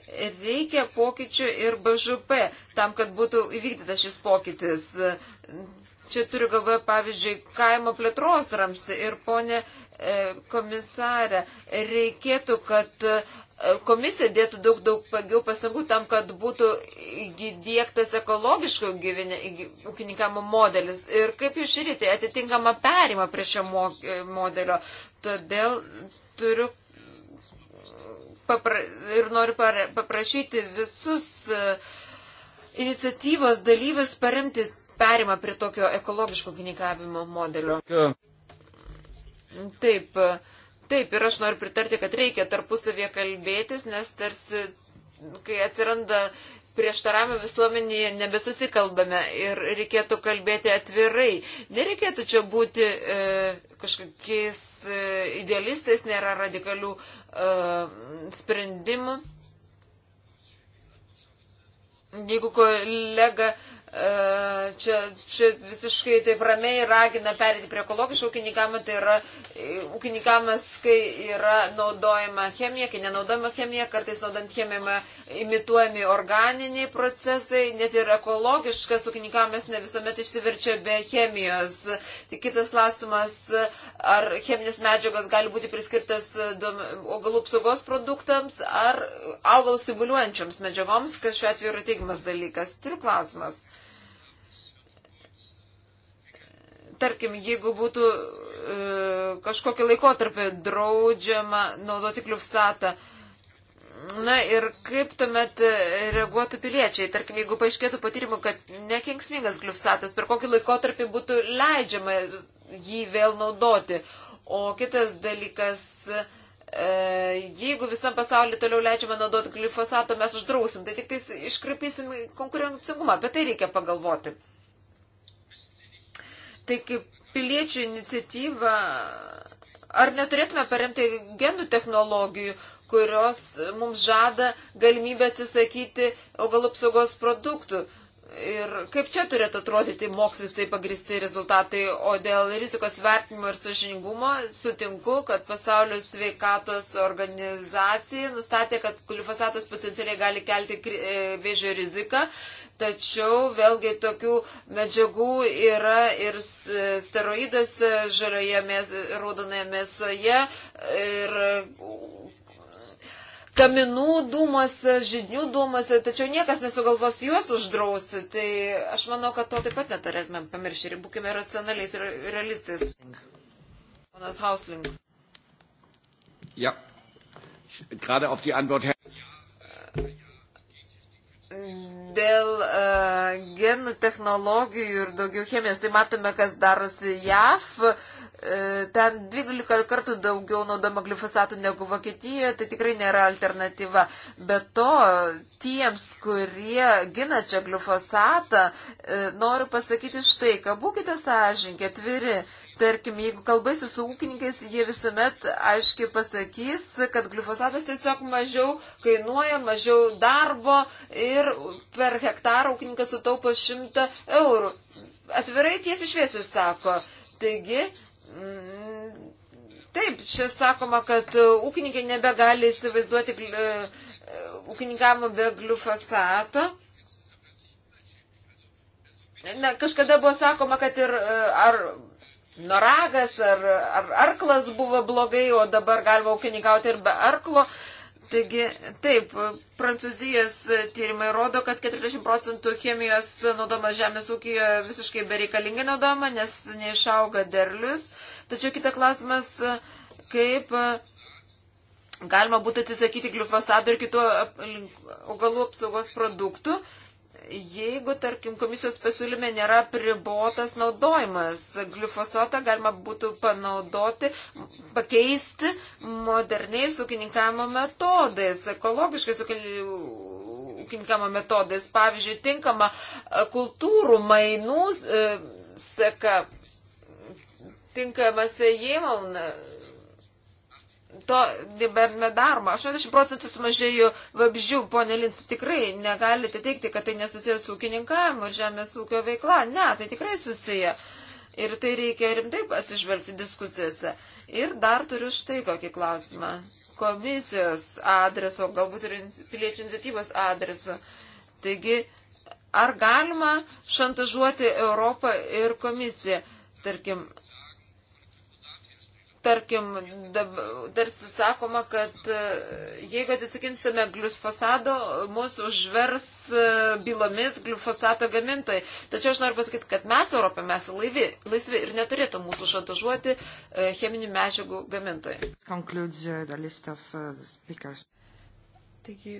reikia pokyčių ir BŽP tam, kad būtų įvykdytas šis pokytis. Čia turiu galvoje, pavyzdžiui, kaimo plėtros ramsti ir ponė e, komisarė, reikėtų, kad Komisija dėtų daug, daug pagiau pastangų tam, kad būtų įdėktas ekologiško ūkininkamo modelis. Ir kaip jūs širite atitinkama perima prie šio e, modelio. Todėl turiu papra ir noriu paprašyti visus e, iniciatyvos dalyvius paremti perimą prie tokio ekologiško ūkininkavimo modelio. Taip. Taip, ir aš noriu pritarti, kad reikia tarpusavėje kalbėtis, nes tarsi, kai atsiranda prieštaravimą visuomenėje nebesusikalbame ir reikėtų kalbėti atvirai. Nereikėtų čia būti e, kažkokiais e, idealistais, nėra radikalių e, sprendimų. Jeigu kolega e, E, čia, čia visiškai taip ramiai ragina perėti prie ekologiško ūkininkavimo, tai yra e, ūkininkavimas, kai yra naudojama chemija, kai nenaudojama chemija, kartais naudant chemiją imituojami organiniai procesai, net ir ekologiškas ūkininkavimas ne visuomet išsiverčia be chemijos. Tik kitas klausimas, ar cheminės medžiagos gali būti priskirtas e, augalų apsaugos produktams ar augalų simuliuojančioms medžiagoms, kas šiuo atveju yra teigiamas dalykas. Turiu klausimas. Thank you. tarkim, jeigu būtų e, kažkokį laikotarpį draudžiama naudoti kliufsatą, Na ir kaip tuomet e, reaguotų piliečiai? Tarkim, jeigu paaiškėtų patyrimų, kad nekenksmingas gliufsatas, per kokį laikotarpį būtų leidžiama jį vėl naudoti. O kitas dalykas, e, jeigu visam pasauliu toliau leidžiama naudoti glifosato, mes uždrausim, tai tik tais iškrapysim konkurencingumą, apie tai reikia pagalvoti. Tai kaip piliečių iniciatyva, ar neturėtume paremti genų technologijų, kurios mums žada galimybę atsisakyti augalų apsaugos produktų. Ir kaip čia turėtų atrodyti mokslis tai pagristi rezultatai, o dėl rizikos vertinimo ir sažiningumo sutinku, kad pasaulio sveikatos organizacija nustatė, kad glifosatas potencialiai gali kelti e, vėžio riziką tačiau vėlgi tokių medžiagų yra ir steroidose, žalioje mėso, raudonoje mėsoje ir kaminų dūmose, žydinių dūmose, tačiau niekas nesugalvos juos uždrausti. Tai aš manau, kad to taip pat neturėtumėm pamiršti ir būkime racionaliais ir realistais. Ponas Hausling. Ja. Gerade auf die Antwort, Herr. Dėl uh, genų technologijų ir daugiau chemijos, tai matome, kas darosi JAV. Uh, e, ten 12 kartų daugiau naudojama glifosatų negu Vokietijoje, tai tikrai nėra alternatyva. Be to, tiems, kurie gina čia glifosatą, uh, noriu pasakyti štai, kad būkite sąžinkai, atviri. Uh, tarkim, jeigu kalbasi su ūkininkais, jie visuomet aiškiai pasakys, kad glifosatas tiesiog mažiau kainuoja, mažiau darbo ir per hektarą ūkininkas sutaupo 100 eurų. Atvirai tiesiai šviesiai sako. Taigi, mm, taip, čia sakoma, kad ūkininkai nebegali įsivaizduoti e, ūkininkavimo be glifosato. Na, kažkada buvo sakoma, kad ir e, ar noragas ar, ar arklas buvo blogai, o dabar galima ūkininkauti ir be arklo. Taigi, taip, Prancūzijos tyrimai rodo, kad 40 procentų chemijos naudoma žemės ūkijoje visiškai bereikalingai naudoma, nes neišauga derlius. Tačiau kita klausimas, kaip galima būtų atsisakyti glifosato ir kitų augalų apsaugos produktų, jeigu, tarkim, komisijos pasiūlyme nėra pribotas naudojimas, glifosatą galima būtų panaudoti, pakeisti moderniais ūkininkavimo metodais, ekologiškais ūkininkavimo metodais, pavyzdžiui, tinkama kultūrų mainų e, seka, tinkama sėjimą to nebėrime daroma. 80 procentų sumažėjo vabzdžių, ponė Lins, tikrai negalite teikti, kad tai nesusijęs su ūkininkavimu ir žemės ūkio veikla. Ne, tai tikrai susiję. Ir tai reikia rimtai atsižvelgti diskusijose. Ir dar turiu štai kokį klausimą. Komisijos adreso, galbūt ir piliečių iniciatyvos adreso. Taigi, ar galima šantažuoti Europą ir komisiją? Tarkim, Tarkim, tarsi sakoma, kad e, jeigu atsisakinsime glifosado, mūsų užvers e, bylomis glifosato gamintojai. Tačiau aš noriu pasakyti, kad mes Europą mes laivi, laisvi ir neturėtų mūsų šantažuoti e, cheminių medžiagų gamintojai. Uh, uh, Taigi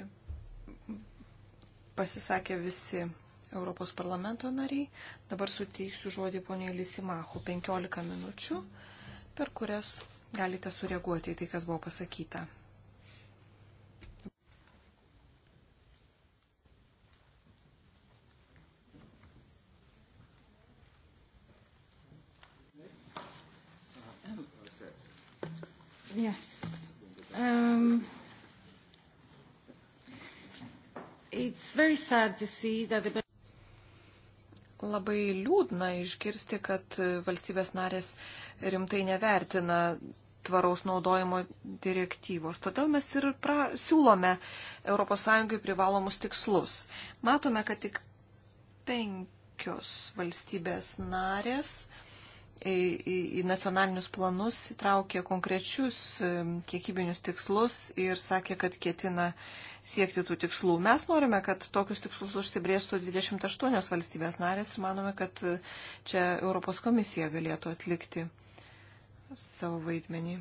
pasisakė visi Europos parlamento nariai. Dabar suteiksiu žodį poniai Lisimachu 15 minučių. Mm per kurias galite sureaguoti į tai, kas buvo pasakyta. Yes. Um, it's very sad to see that the labai liūdna išgirsti, kad valstybės narės rimtai nevertina tvaraus naudojimo direktyvos. Todėl mes ir pra, siūlome ES privalomus tikslus. Matome, kad tik penkios valstybės narės į nacionalinius planus įtraukė konkrečius e, kiekybinius tikslus ir sakė, kad ketina siekti tų tikslų. Mes norime, kad tokius tikslus užsibrėžtų 28 valstybės narės ir manome, kad e, čia Europos komisija galėtų atlikti savo vaidmenį.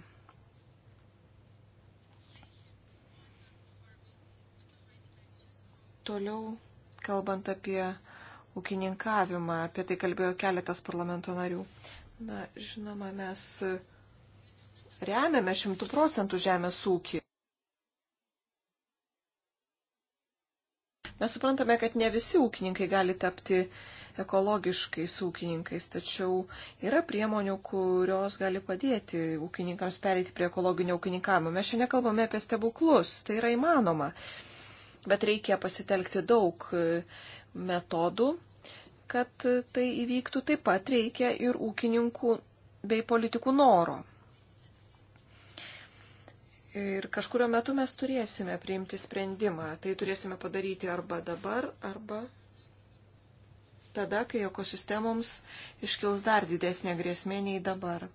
Toliau, kalbant apie ūkininkavimą, apie tai kalbėjo keletas parlamento narių. Na, žinoma, mes remiame šimtų procentų žemės ūkį. Mes suprantame, kad ne visi ūkininkai gali tapti ekologiškais ūkininkais, tačiau yra priemonių, kurios gali padėti ūkininkams pereiti prie ekologinio ūkininkavimo. Mes šiandien kalbame apie stebuklus, tai yra įmanoma, bet reikia pasitelkti daug metodų, kad tai įvyktų, taip pat reikia ir ūkininkų bei politikų noro. Ir kažkurio metu mes turėsime priimti sprendimą. Tai turėsime padaryti arba dabar, arba tada, kai ekosistemoms iškils dar didesnė grėsmė nei dabar.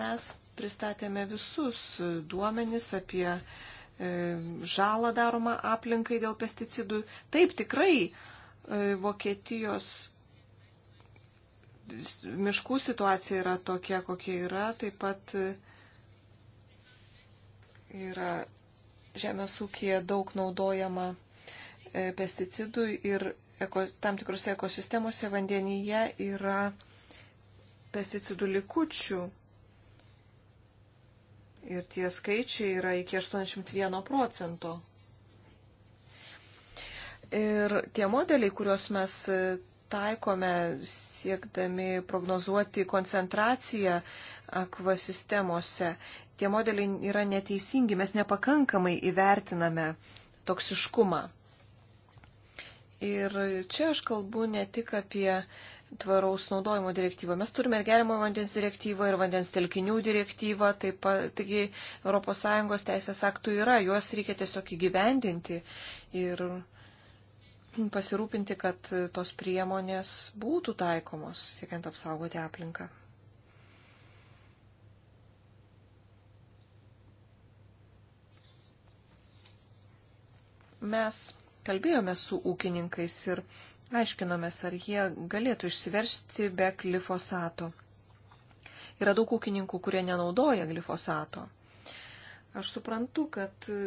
Mes pristatėme visus duomenis apie e, žalą daromą aplinkai dėl pesticidų. Taip, tikrai E, Vokietijos miškų situacija yra tokia, kokia yra, taip pat e, yra žemės ūkija daug naudojama e, pesticidų ir eko, tam tikrose ekosistemose vandenyje yra pesticidų likučių. Ir tie skaičiai yra iki 81 procento. Ir tie modeliai, kuriuos mes e, taikome siekdami prognozuoti koncentraciją akvasistemose, tie modeliai yra neteisingi, mes nepakankamai įvertiname toksiškumą. Ir čia aš kalbu ne tik apie tvaraus naudojimo direktyvą. Mes turime ir gerimo vandens direktyvą, ir vandens telkinių direktyvą, taip pat, taigi ES teisės aktų yra, juos reikia tiesiog įgyvendinti. Ir pasirūpinti, kad tos priemonės būtų taikomos, siekiant apsaugoti aplinką. Mes kalbėjome su ūkininkais ir aiškinomės, ar jie galėtų išsiversti be glifosato. Yra daug ūkininkų, kurie nenaudoja glifosato. Aš suprantu, kad su,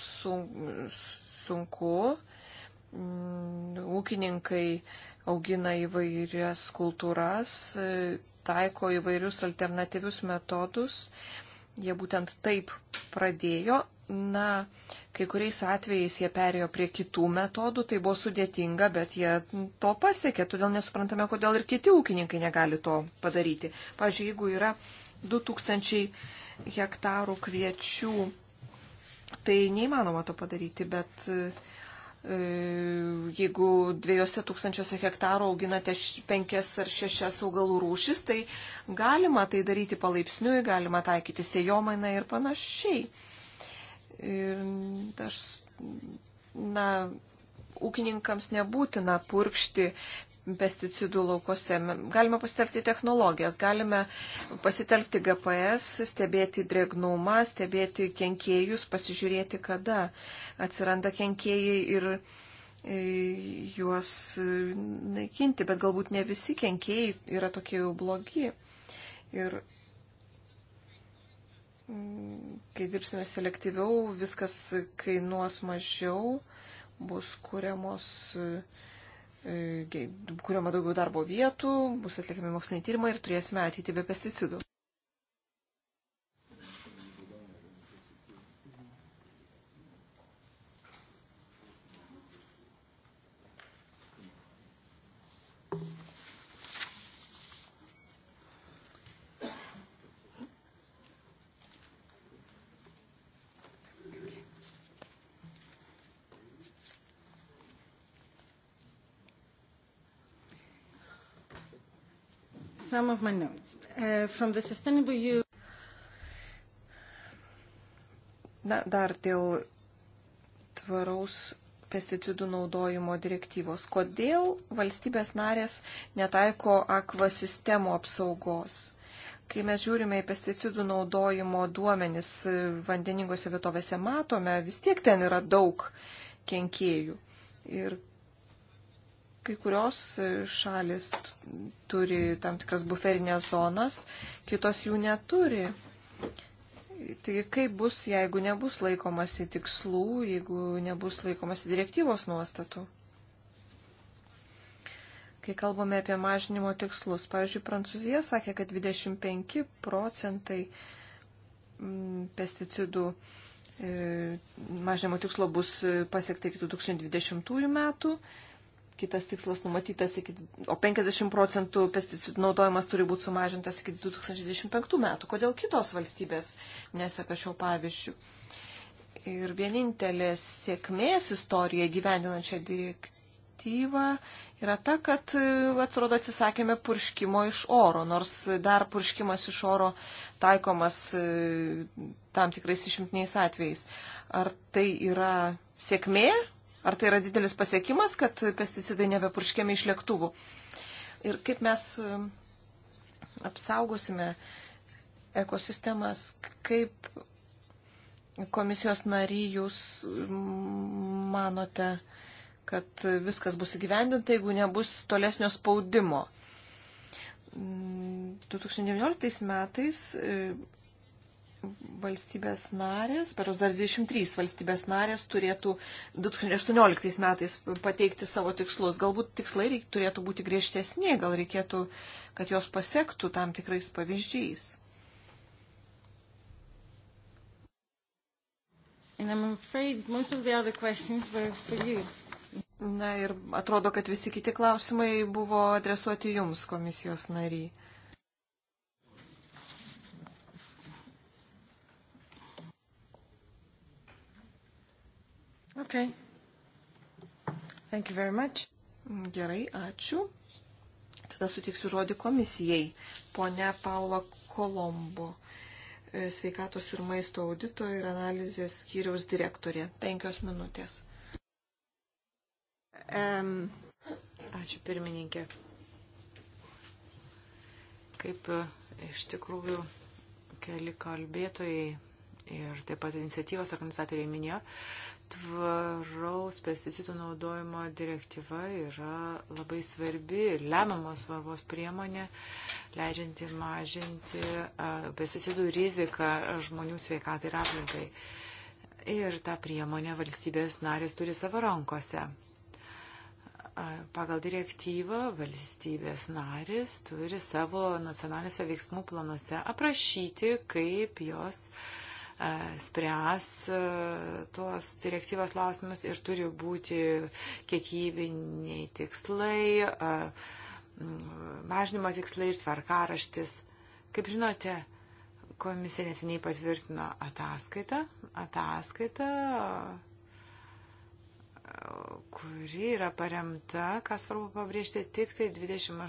su sunku. Mm, ūkininkai augina įvairias kultūras, taiko įvairius alternatyvius metodus. Jie būtent taip pradėjo. Na, kai kuriais atvejais jie perėjo prie kitų metodų, tai buvo sudėtinga, bet jie to pasiekė, todėl nesuprantame, kodėl ir kiti ūkininkai negali to padaryti. Pavyzdžiui, jeigu yra 2000 hektarų kviečių Tai neįmanoma to padaryti, bet e, jeigu dviejose tūkstančiuose hektarų auginate penkias ar šešias augalų rūšis, tai galima tai daryti palaipsniui, galima taikyti sėjomainą ir panašiai. Ir aš, na, ūkininkams nebūtina purkšti pesticidų laukose. Galime pasitelkti technologijas, galime pasitelkti GPS, stebėti dregnumą, stebėti kenkėjus, pasižiūrėti, kada atsiranda kenkėjai ir e, juos e, naikinti, bet galbūt ne visi kenkėjai yra tokie jau blogi. Ir mm, kai dirbsime selektyviau, viskas kainuos mažiau, bus kuriamos uh, E, kuriuoma daugiau darbo vietų, bus atliekami moksliniai tyrimai ir turėsime ateitį be pesticidų. some of my notes. Uh, from the sustainable EU. Na, dar dėl tvaraus pesticidų naudojimo direktyvos. Kodėl valstybės narės netaiko akvasistemų apsaugos? Kai mes žiūrime į pesticidų naudojimo duomenis e, vandeningose vietovėse, matome, vis tiek ten yra daug kenkėjų. Ir kai kurios e, šalis turi tam tikras buferinės zonas, kitos jų neturi. Tai kaip bus, jeigu nebus laikomasi tikslų, jeigu nebus laikomasi direktyvos nuostatų? Kai kalbame apie mažinimo tikslus, pavyzdžiui, Prancūzija sakė, kad 25 procentai mm, pesticidų e, mažinimo tikslo bus pasiekta iki 2020 metų kitas tikslas numatytas, iki, o 50 procentų pesticidų naudojimas turi būti sumažintas iki 2025 metų. Kodėl kitos valstybės neseka šio pavyzdžių? Ir vienintelė sėkmės istorija gyvendinančią direktyvą yra ta, kad atrodo atsisakėme purškimo iš oro, nors dar purškimas iš oro taikomas e, tam tikrais išimtiniais atvejais. Ar tai yra sėkmė Ar tai yra didelis pasiekimas, kad pesticidai nebepurškiami iš lėktuvų? Ir kaip mes um, apsaugosime ekosistemas, kaip komisijos nary jūs um, manote, kad viskas bus įgyvendinta, jeigu nebus tolesnio spaudimo. 2019 mm, metais valstybės narės, per dar 23 valstybės narės turėtų 2018 metais pateikti savo tikslus. Galbūt tikslai reik, turėtų būti griežtesni, gal reikėtų, kad jos pasiektų tam tikrais pavyzdžiais. Na ir atrodo, kad visi kiti klausimai buvo adresuoti jums, komisijos nariai. Okay. Thank you very much. Gerai, ačiū. Tada sutiksiu žodį komisijai. Pone Paula Kolombo, e, sveikatos ir maisto audito ir analizės skyriaus direktorė. Penkios minutės. Um, ačiū pirmininkė. Kaip e, iš tikrųjų keli kalbėtojai ir taip pat iniciatyvos organizatoriai minėjo, tvaraus pesticidų naudojimo direktyva yra labai svarbi ir lemiamos svarbos priemonė, leidžianti mažinti pesticidų riziką žmonių sveikatai ir aplinkai. Ir tą priemonę valstybės narės turi savo rankose. Pagal direktyvą valstybės narės turi savo nacionaliniuose veiksmų planuose aprašyti, kaip jos uh, E, spręs e, tuos direktyvos klausimus ir turi būti kiekybiniai tikslai, e, mažinimo tikslai ir tvarkaraštis. Kaip žinote, komisija neseniai patvirtino ataskaitą, ataskaitą, kuri yra paremta, kas svarbu pabrėžti, tik tai 28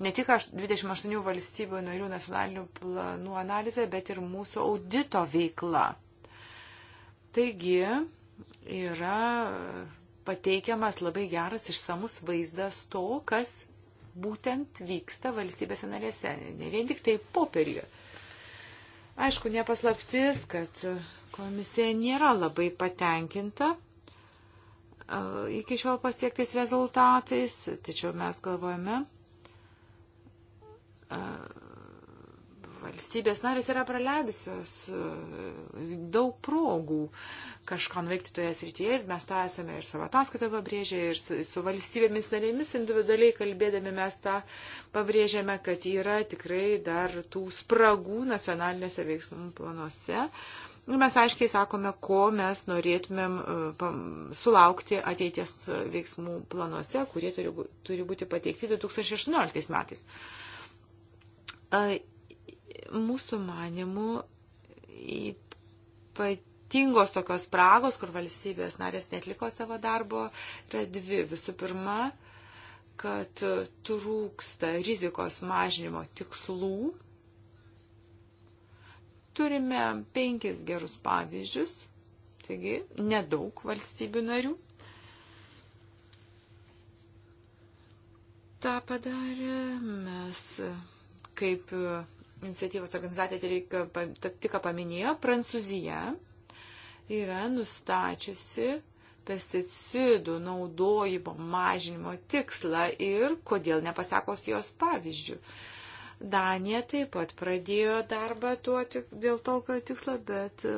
ne tik 28 valstybių narių nacionalinių planų analizė, bet ir mūsų audito veikla. Taigi yra pateikiamas labai geras išsamus vaizdas to, kas būtent vyksta valstybėse narėse, ne vien tik tai popierį. Aišku, nepaslaptis, kad komisija nėra labai patenkinta e, iki šiol pasiektais rezultatais, tačiau mes galvojame, valstybės narės yra praleidusios daug progų kažką nuveikti toje srityje ir mes tą esame ir savo ataskaitoje pabrėžę, ir su valstybėmis narėmis individualiai kalbėdami mes tą pabrėžėme, kad yra tikrai dar tų spragų nacionaliniuose veiksmų planuose. Mes aiškiai sakome, ko mes norėtumėm sulaukti ateities veiksmų planuose, kurie turi būti pateikti 2016 metais. Mūsų manimų ypatingos tokios spragos, kur valstybės narės netliko savo darbo, yra dvi. Visų pirma, kad trūksta rizikos mažinimo tikslų. Turime penkis gerus pavyzdžius, taigi nedaug valstybių narių. tą padarė, mes kaip e, iniciatyvos organizacija tai tik paminėjo, Prancūzija yra nustačiusi pesticidų naudojimo mažinimo tikslą ir kodėl nepasakos jos pavyzdžių. Danija taip pat pradėjo darbą tuo tik dėl tokio tikslo, bet e,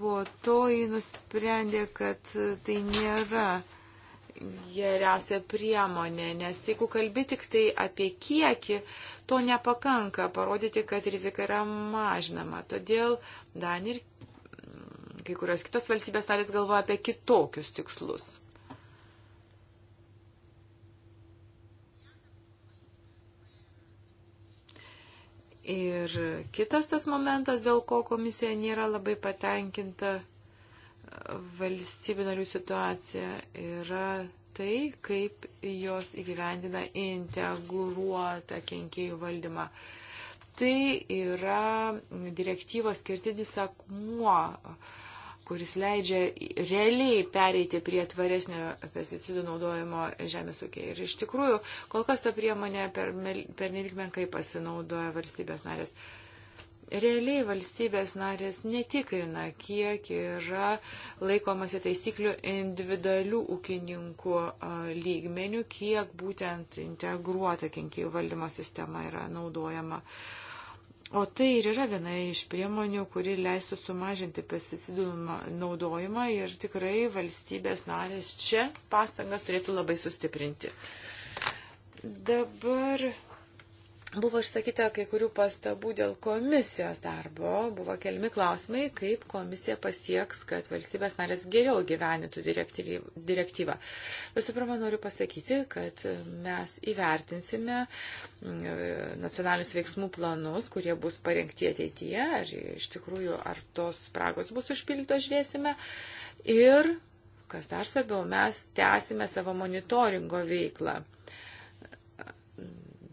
po to jį nusprendė, kad e, tai nėra geriausia priemonė, nes jeigu kalbi tik tai apie kiekį, to nepakanka parodyti, kad rizika yra mažinama. Todėl Danija ir mm, kai kurios kitos valstybės narės galvoja apie kitokius tikslus. Ir kitas tas momentas, dėl ko komisija nėra labai patenkinta valstybių narių situacija yra tai, kaip jos įgyvendina integruotą kenkėjų valdymą. Tai yra direktyvos skirtinis akmuo, kuris leidžia realiai pereiti prie tvaresnio pesticidų naudojimo žemės ūkiai. Ir iš tikrųjų, kol kas ta priemonė per, per nelik menkai pasinaudoja valstybės narės. Uh, Realiai valstybės narės netikrina, kiek yra laikomasi taisyklių individualių ūkininkų lygmenių, kiek būtent integruota kenkėjų valdymo sistema yra naudojama. O tai ir yra viena iš priemonių, kuri leistų sumažinti pesticidų naudojimą ir tikrai valstybės narės čia pastangas turėtų labai sustiprinti. Dabar Buvo išsakyta kai kurių pastabų dėl komisijos darbo, buvo kelmi klausimai, kaip komisija pasieks, kad valstybės narės geriau gyvenintų direktyvą. Visų pirma, noriu pasakyti, kad mes įvertinsime mm, nacionalinius veiksmų planus, kurie bus parengti ateityje, ar iš tikrųjų, ar tos spragos bus užpildytos, žiūrėsime. Ir, kas dar svarbiau, mes tęsime savo monitoringo veiklą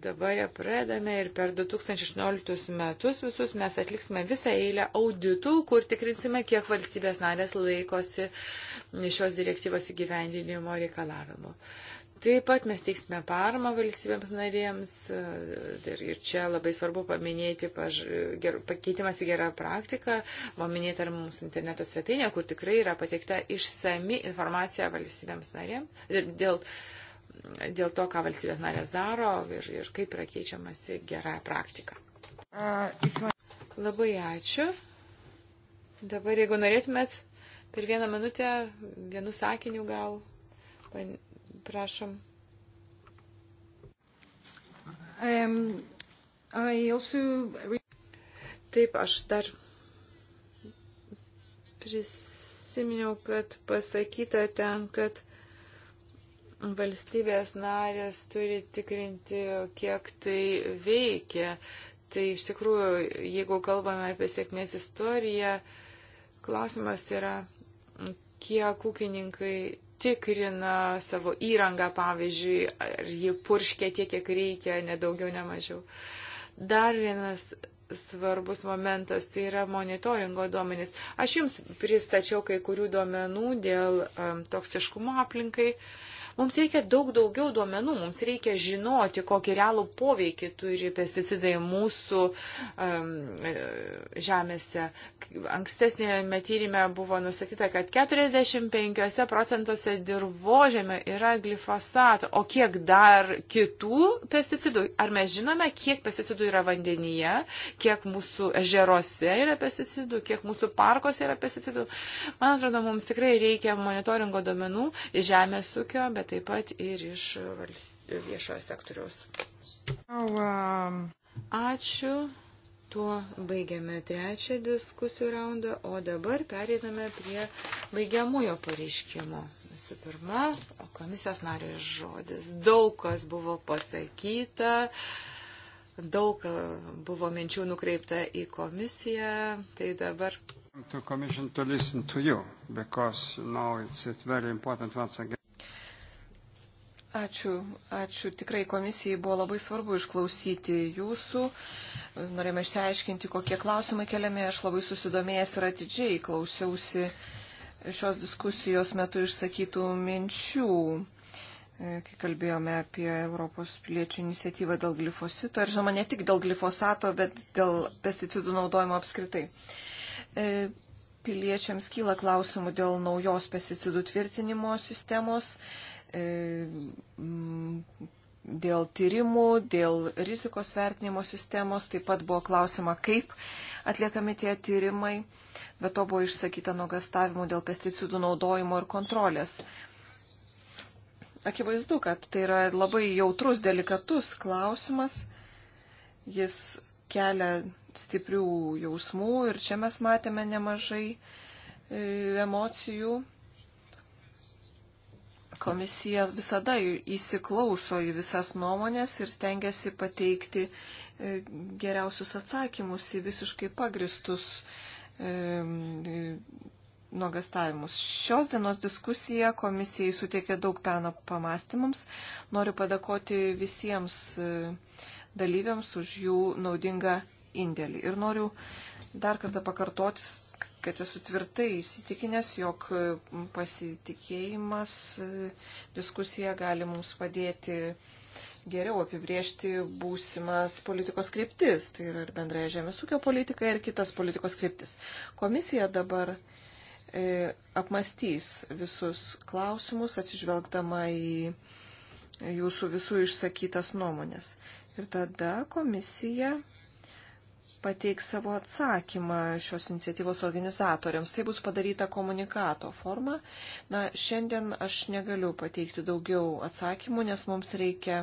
dabar ją pradame ir per 2016 metus visus mes atliksime visą eilę auditų, kur tikrinsime, kiek valstybės narės laikosi šios direktyvos įgyvendinimo reikalavimų. Taip pat mes teiksime paramą valstybėms narėms e, ir, ir čia labai svarbu paminėti paž, ger, pakeitimas į gerą praktiką, paminėti ar mūsų interneto svetainė, kur tikrai yra pateikta išsami informacija valstybėms narėms e, dėl, dėl dėl to, ką valstybės narės daro ir, ir kaip yra keičiamasi gerąją praktiką. Labai ačiū. Dabar, jeigu norėtumėt, per vieną minutę, vienu sakiniu gal, prašom. Um, also... Taip, aš dar prisiminiau, kad pasakyta ten, kad valstybės narės turi tikrinti, kiek tai veikia. Tai iš tikrųjų, jeigu kalbame apie sėkmės istoriją, klausimas yra, kiek ūkininkai tikrina savo įrangą, pavyzdžiui, ar ji purškia tiek, kiek reikia, nedaugiau, nemažiau. Dar vienas svarbus momentas, tai yra monitoringo duomenys. Aš jums pristačiau kai kurių duomenų dėl um, toksiškumo aplinkai. Uh, Mums reikia daug daugiau duomenų, mums reikia žinoti, kokį realų poveikį turi pesticidai mūsų um, žemėse. Ankstesnėme tyrimė buvo nustatyta, kad 45 procentuose dirbožėme yra glifosato, o kiek dar kitų pesticidų. Ar mes žinome, kiek pesticidų yra vandenyje, kiek mūsų ežerose yra pesticidų, kiek mūsų parkose yra pesticidų. Man atrodo, mums tikrai reikia monitoringo duomenų žemės ūkio, bet taip pat ir iš viešojo sektoriaus. Um. Ačiū. Tuo baigiame trečią diskusijų raundą, o dabar pereiname prie baigiamojo pareiškimo. Visų pirma, komisijos narės žodis. Daug kas buvo pasakyta, daug uh, buvo minčių nukreipta į komisiją. Tai dabar. To to you, because, you know, Ačiū, ačiū. Tikrai komisijai buvo labai svarbu išklausyti jūsų. Norėjome išsiaiškinti, kokie klausimai keliami. Aš labai susidomėjęs ir atidžiai klausiausi šios diskusijos metu išsakytų minčių, kai kalbėjome apie Europos piliečių iniciatyvą dėl glifosito ir, žinoma, ne tik dėl glifosato, bet dėl pesticidų naudojimo apskritai. E, piliečiams kyla klausimų dėl naujos pesticidų tvirtinimo sistemos E, dėl tyrimų, dėl rizikos vertinimo sistemos. Taip pat buvo klausima, kaip atliekami tie tyrimai. Be to buvo išsakyta nuogastavimų dėl pesticidų naudojimo ir kontrolės. Akivaizdu, kad tai yra labai jautrus, delikatus klausimas. Jis kelia stiprių jausmų ir čia mes matėme nemažai e, emocijų Komisija visada įsiklauso į visas nuomonės ir stengiasi pateikti e, geriausius atsakymus į visiškai pagristus e, e, nuogastavimus. Šios dienos diskusija komisijai suteikė daug peno pamastymams. Noriu padėkoti visiems dalyviams už jų naudingą indėlį. Ir noriu dar kartą pakartotis, kad esu tvirtai įsitikinęs, jog pasitikėjimas e, diskusija gali mums padėti geriau apibriežti būsimas politikos kryptis, tai yra ir bendraja žemės ūkio politika ir kitas politikos kryptis. Komisija dabar e, apmastys visus klausimus, atsižvelgdama į jūsų visų išsakytas nuomonės. Ir tada komisija pateiks savo atsakymą šios iniciatyvos organizatoriams. Tai bus padaryta komunikato forma. Na, šiandien aš negaliu pateikti daugiau atsakymų, nes mums reikia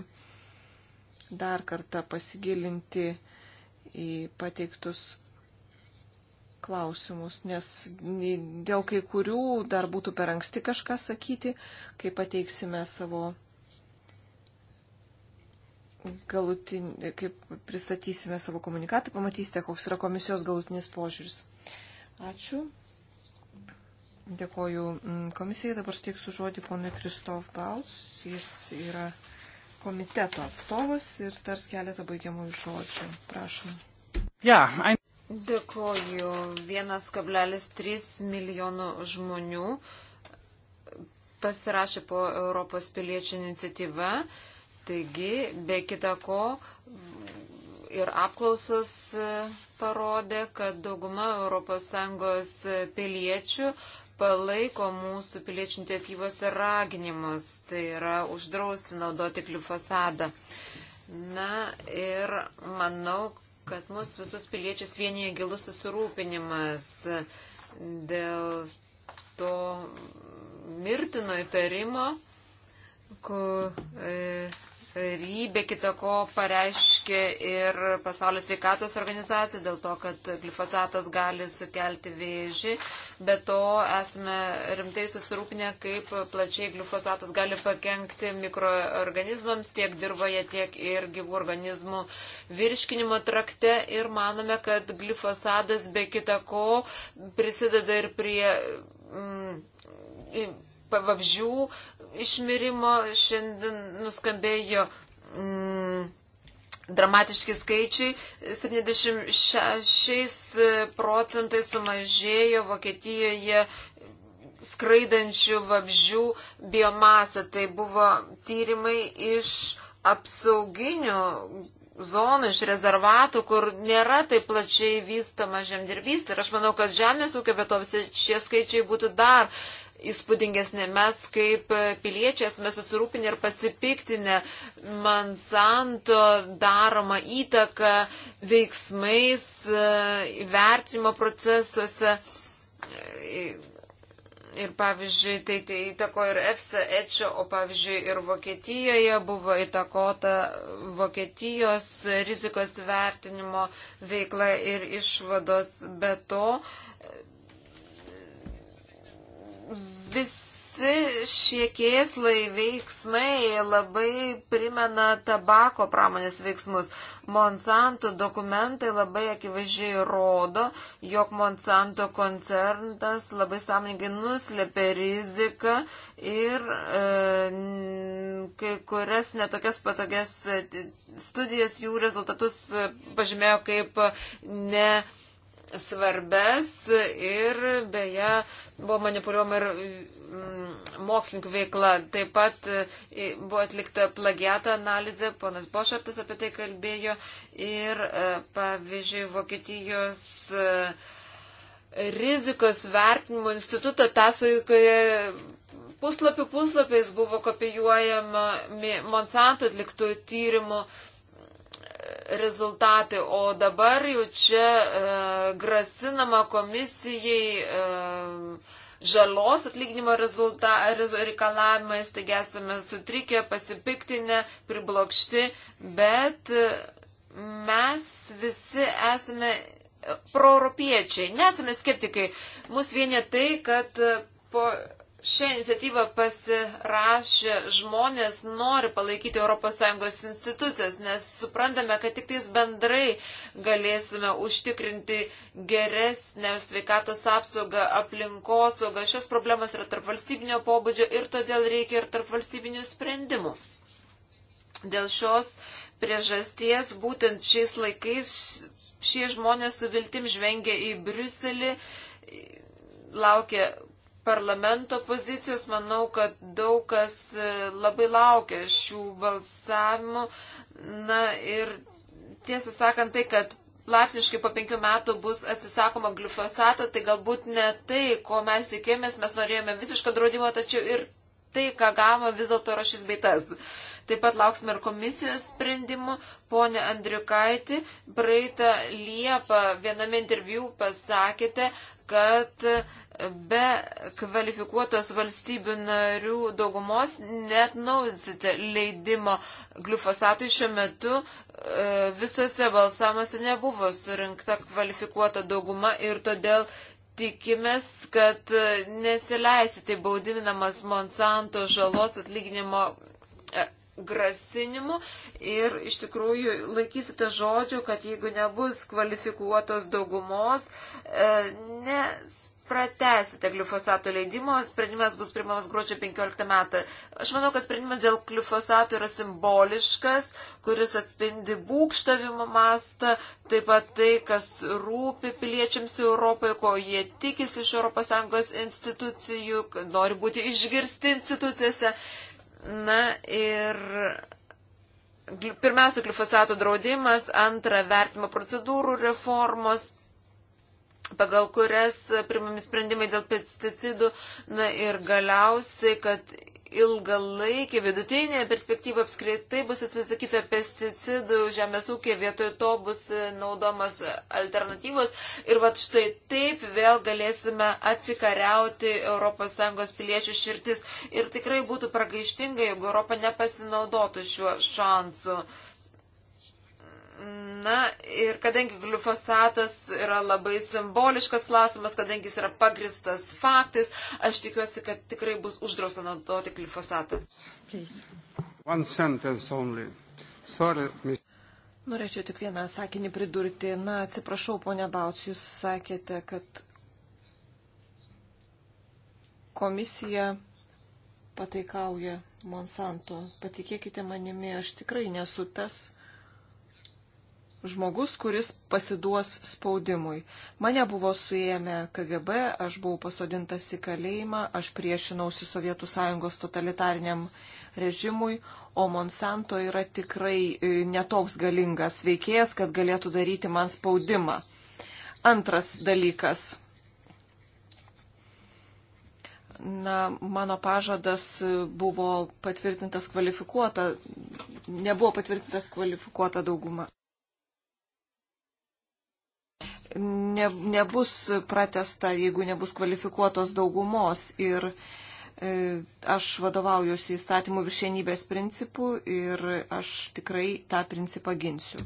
dar kartą pasigilinti į pateiktus klausimus, nes dėl kai kurių dar būtų per anksti kažką sakyti, kai pateiksime savo galutinį, kaip pristatysime savo komunikatą, pamatysite, koks yra komisijos galutinis požiūris. Ačiū. Dėkoju mm, komisijai. Dabar steiksiu žodį ponui Kristof Baus. Jis yra komiteto atstovas ir tars keletą baigiamųjų žodžių. Prašom. Ja, ein... Dėkoju. 1,3 milijonų žmonių pasirašė po Europos piliečių iniciatyvą. Taigi, be kita ko, ir apklausos e, parodė, kad dauguma ES piliečių palaiko mūsų piliečių iniciatyvos raginimus, tai yra uždrausti naudoti glifosadą. Na ir manau, kad mūsų visus piliečius vienyje gilus susirūpinimas dėl to mirtino įtarimo, kur, e, Rybė kitako pareiškė ir pasaulio sveikatos organizacija dėl to, kad glifosatas gali sukelti vėžį, bet to esame rimtai susirūpinę, kaip plačiai glifosatas gali pakengti mikroorganizmams tiek dirboje, tiek ir gyvų organizmų virškinimo trakte ir manome, kad glifosatas be kitako prisideda ir prie. Mm, vabžių išmirimo šiandien nuskambėjo mm, dramatiški skaičiai. 76 procentai sumažėjo Vokietijoje skraidančių vabžių biomasą. Tai buvo tyrimai iš apsauginių zonų, iš rezervatų, kur nėra taip plačiai vystama žemdirbystė. Ir aš manau, kad žemės ūkio vietovėse šie skaičiai būtų dar įspūdingesnė. Mes kaip piliečiai esame susirūpinę ir pasipiktinę Monsanto daromą įtaką veiksmais, e, vertimo procesuose. E, ir pavyzdžiui, tai, tai įtako ir EFSA, ECHO, o pavyzdžiui, ir Vokietijoje buvo įtakota Vokietijos rizikos vertinimo veikla ir išvados. Be to, uh, visi šie kėslai veiksmai labai primena tabako pramonės veiksmus. Monsanto dokumentai labai akivaizdžiai rodo, jog Monsanto koncernas labai sąmoningai nuslėpė riziką ir e, kai kurias netokias patogias e, studijas jų rezultatus e, pažymėjo kaip ne svarbes ir beje buvo manipuliuojama ir mm, mokslininkų veikla. Taip pat e, buvo atlikta plagiato analizė, ponas Bošartas apie tai kalbėjo ir e, pavyzdžiui Vokietijos e, rizikos vertinimo instituto tasoje puslapių puslapiais buvo kopijuojama Monsanto atliktų tyrimų rezultatai, o dabar jau čia e, grasinama komisijai e, žalos atlyginimo rezulta, reikalavimais, taigi esame sutrikę, pasipiktinę, priblokšti, bet e, mes visi esame proeuropiečiai, nesame skeptikai. Mūsų vienė tai, kad e, po Šią iniciatyvą pasirašę žmonės nori palaikyti ES institucijas, nes suprantame, kad tik tais bendrai galėsime užtikrinti geresnę sveikatos apsaugą, aplinkosaugą. Šios problemas yra tarp valstybinio pobūdžio ir todėl reikia ir tarp valstybinių sprendimų. Dėl šios priežasties būtent šiais laikais šie žmonės su viltim žvengia į Briuselį, laukia parlamento pozicijos. Manau, kad daug kas e, labai laukia šių balsavimų. Na ir tiesą sakant, tai, kad laipsniškai po penkių metų bus atsisakoma glifosato, tai galbūt ne tai, ko mes tikėjomės, mes norėjome visišką draudimą, tačiau ir tai, ką gavome, vis dėlto yra šis beitas. Taip pat lauksime ir komisijos sprendimų. Pone Andriukaitį, praeitą Liepą viename interviu pasakėte, kad be kvalifikuotos valstybių narių daugumos net nausite leidimo glifosatui šiuo metu e, visose balsamuose nebuvo surinkta kvalifikuota dauguma ir todėl tikimės, kad e, nesileisite baudinamas Monsanto žalos atlyginimo e, grasinimu ir iš tikrųjų laikysite žodžio, kad jeigu nebus kvalifikuotos daugumos, e, nespratesite glifosato leidimo, sprendimas bus primamas gruodžio 15 metą. Aš manau, kad sprendimas dėl glifosato yra simboliškas, kuris atspindi būkštavimo mastą, taip pat tai, kas rūpi piliečiams Europoje, ko jie tikisi iš ES institucijų, nori būti išgirsti institucijose. Na ir pirmiausia, glifosato draudimas, antra, vertimo procedūrų reformos, pagal kurias e, primami sprendimai dėl pesticidų, na ir galiausiai, kad ilgalaikė, vidutinė perspektyva apskritai bus atsisakyta pesticidų žemės ūkė, vietoj to bus naudomas alternatyvos ir va štai taip vėl galėsime atsikariauti ES piliečių širtis ir tikrai būtų pragaištinga, jeigu Europa nepasinaudotų šiuo šansu. Na ir kadangi glifosatas yra labai simboliškas klausimas, kadangi jis yra pagristas faktais, aš tikiuosi, kad tikrai bus uždrausta naudoti glifosatą. Sorry, Norėčiau tik vieną sakinį pridurti. Na, atsiprašau, ponia Bauts, jūs sakėte, kad komisija pataikauja Monsanto. Patikėkite manimi, aš tikrai nesu tas žmogus, kuris pasiduos spaudimui. Mane buvo suėmę KGB, aš buvau pasodintas į kalėjimą, aš priešinausi Sovietų Sąjungos totalitariniam režimui, o Monsanto yra tikrai e, netoks galingas veikėjas, kad galėtų daryti man spaudimą. Antras dalykas. Na, mano pažadas buvo patvirtintas kvalifikuota, nebuvo patvirtintas kvalifikuota dauguma ne, nebus pratesta, jeigu nebus kvalifikuotos daugumos. Ir e, aš vadovaujuosi įstatymų viršienybės principų ir aš tikrai tą principą ginsiu.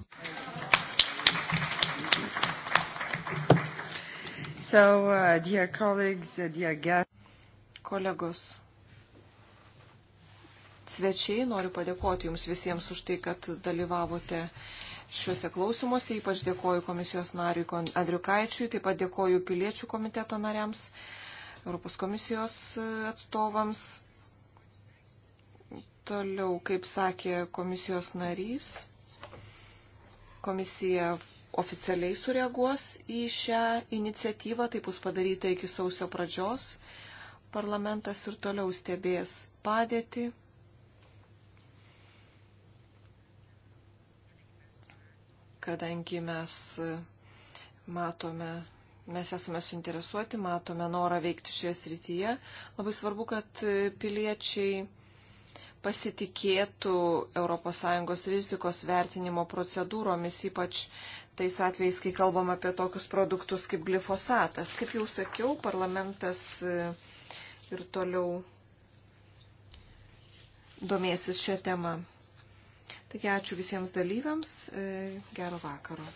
So, uh, dear colleagues, uh, dear guests. Kolegos. Svečiai, noriu padėkoti Jums visiems už tai, kad dalyvavote uh, šiuose klausimuose. Ypač dėkoju komisijos nariui Andriukaičiui, taip pat dėkoju piliečių komiteto nariams, Europos komisijos e, atstovams. Toliau, kaip sakė komisijos narys, komisija oficialiai sureaguos į šią iniciatyvą, tai bus padaryta iki sausio pradžios. Parlamentas ir toliau stebės padėtį kadangi mes e, matome, mes esame suinteresuoti, matome norą veikti šioje srityje. Labai svarbu, kad e, piliečiai pasitikėtų ES rizikos vertinimo procedūromis, ypač tais atvejais, kai kalbam apie tokius produktus kaip glifosatas. Kaip jau sakiau, parlamentas e, ir toliau domėsis šią temą. Taigi ačiū visiems dalyviams, e, gero vakaro.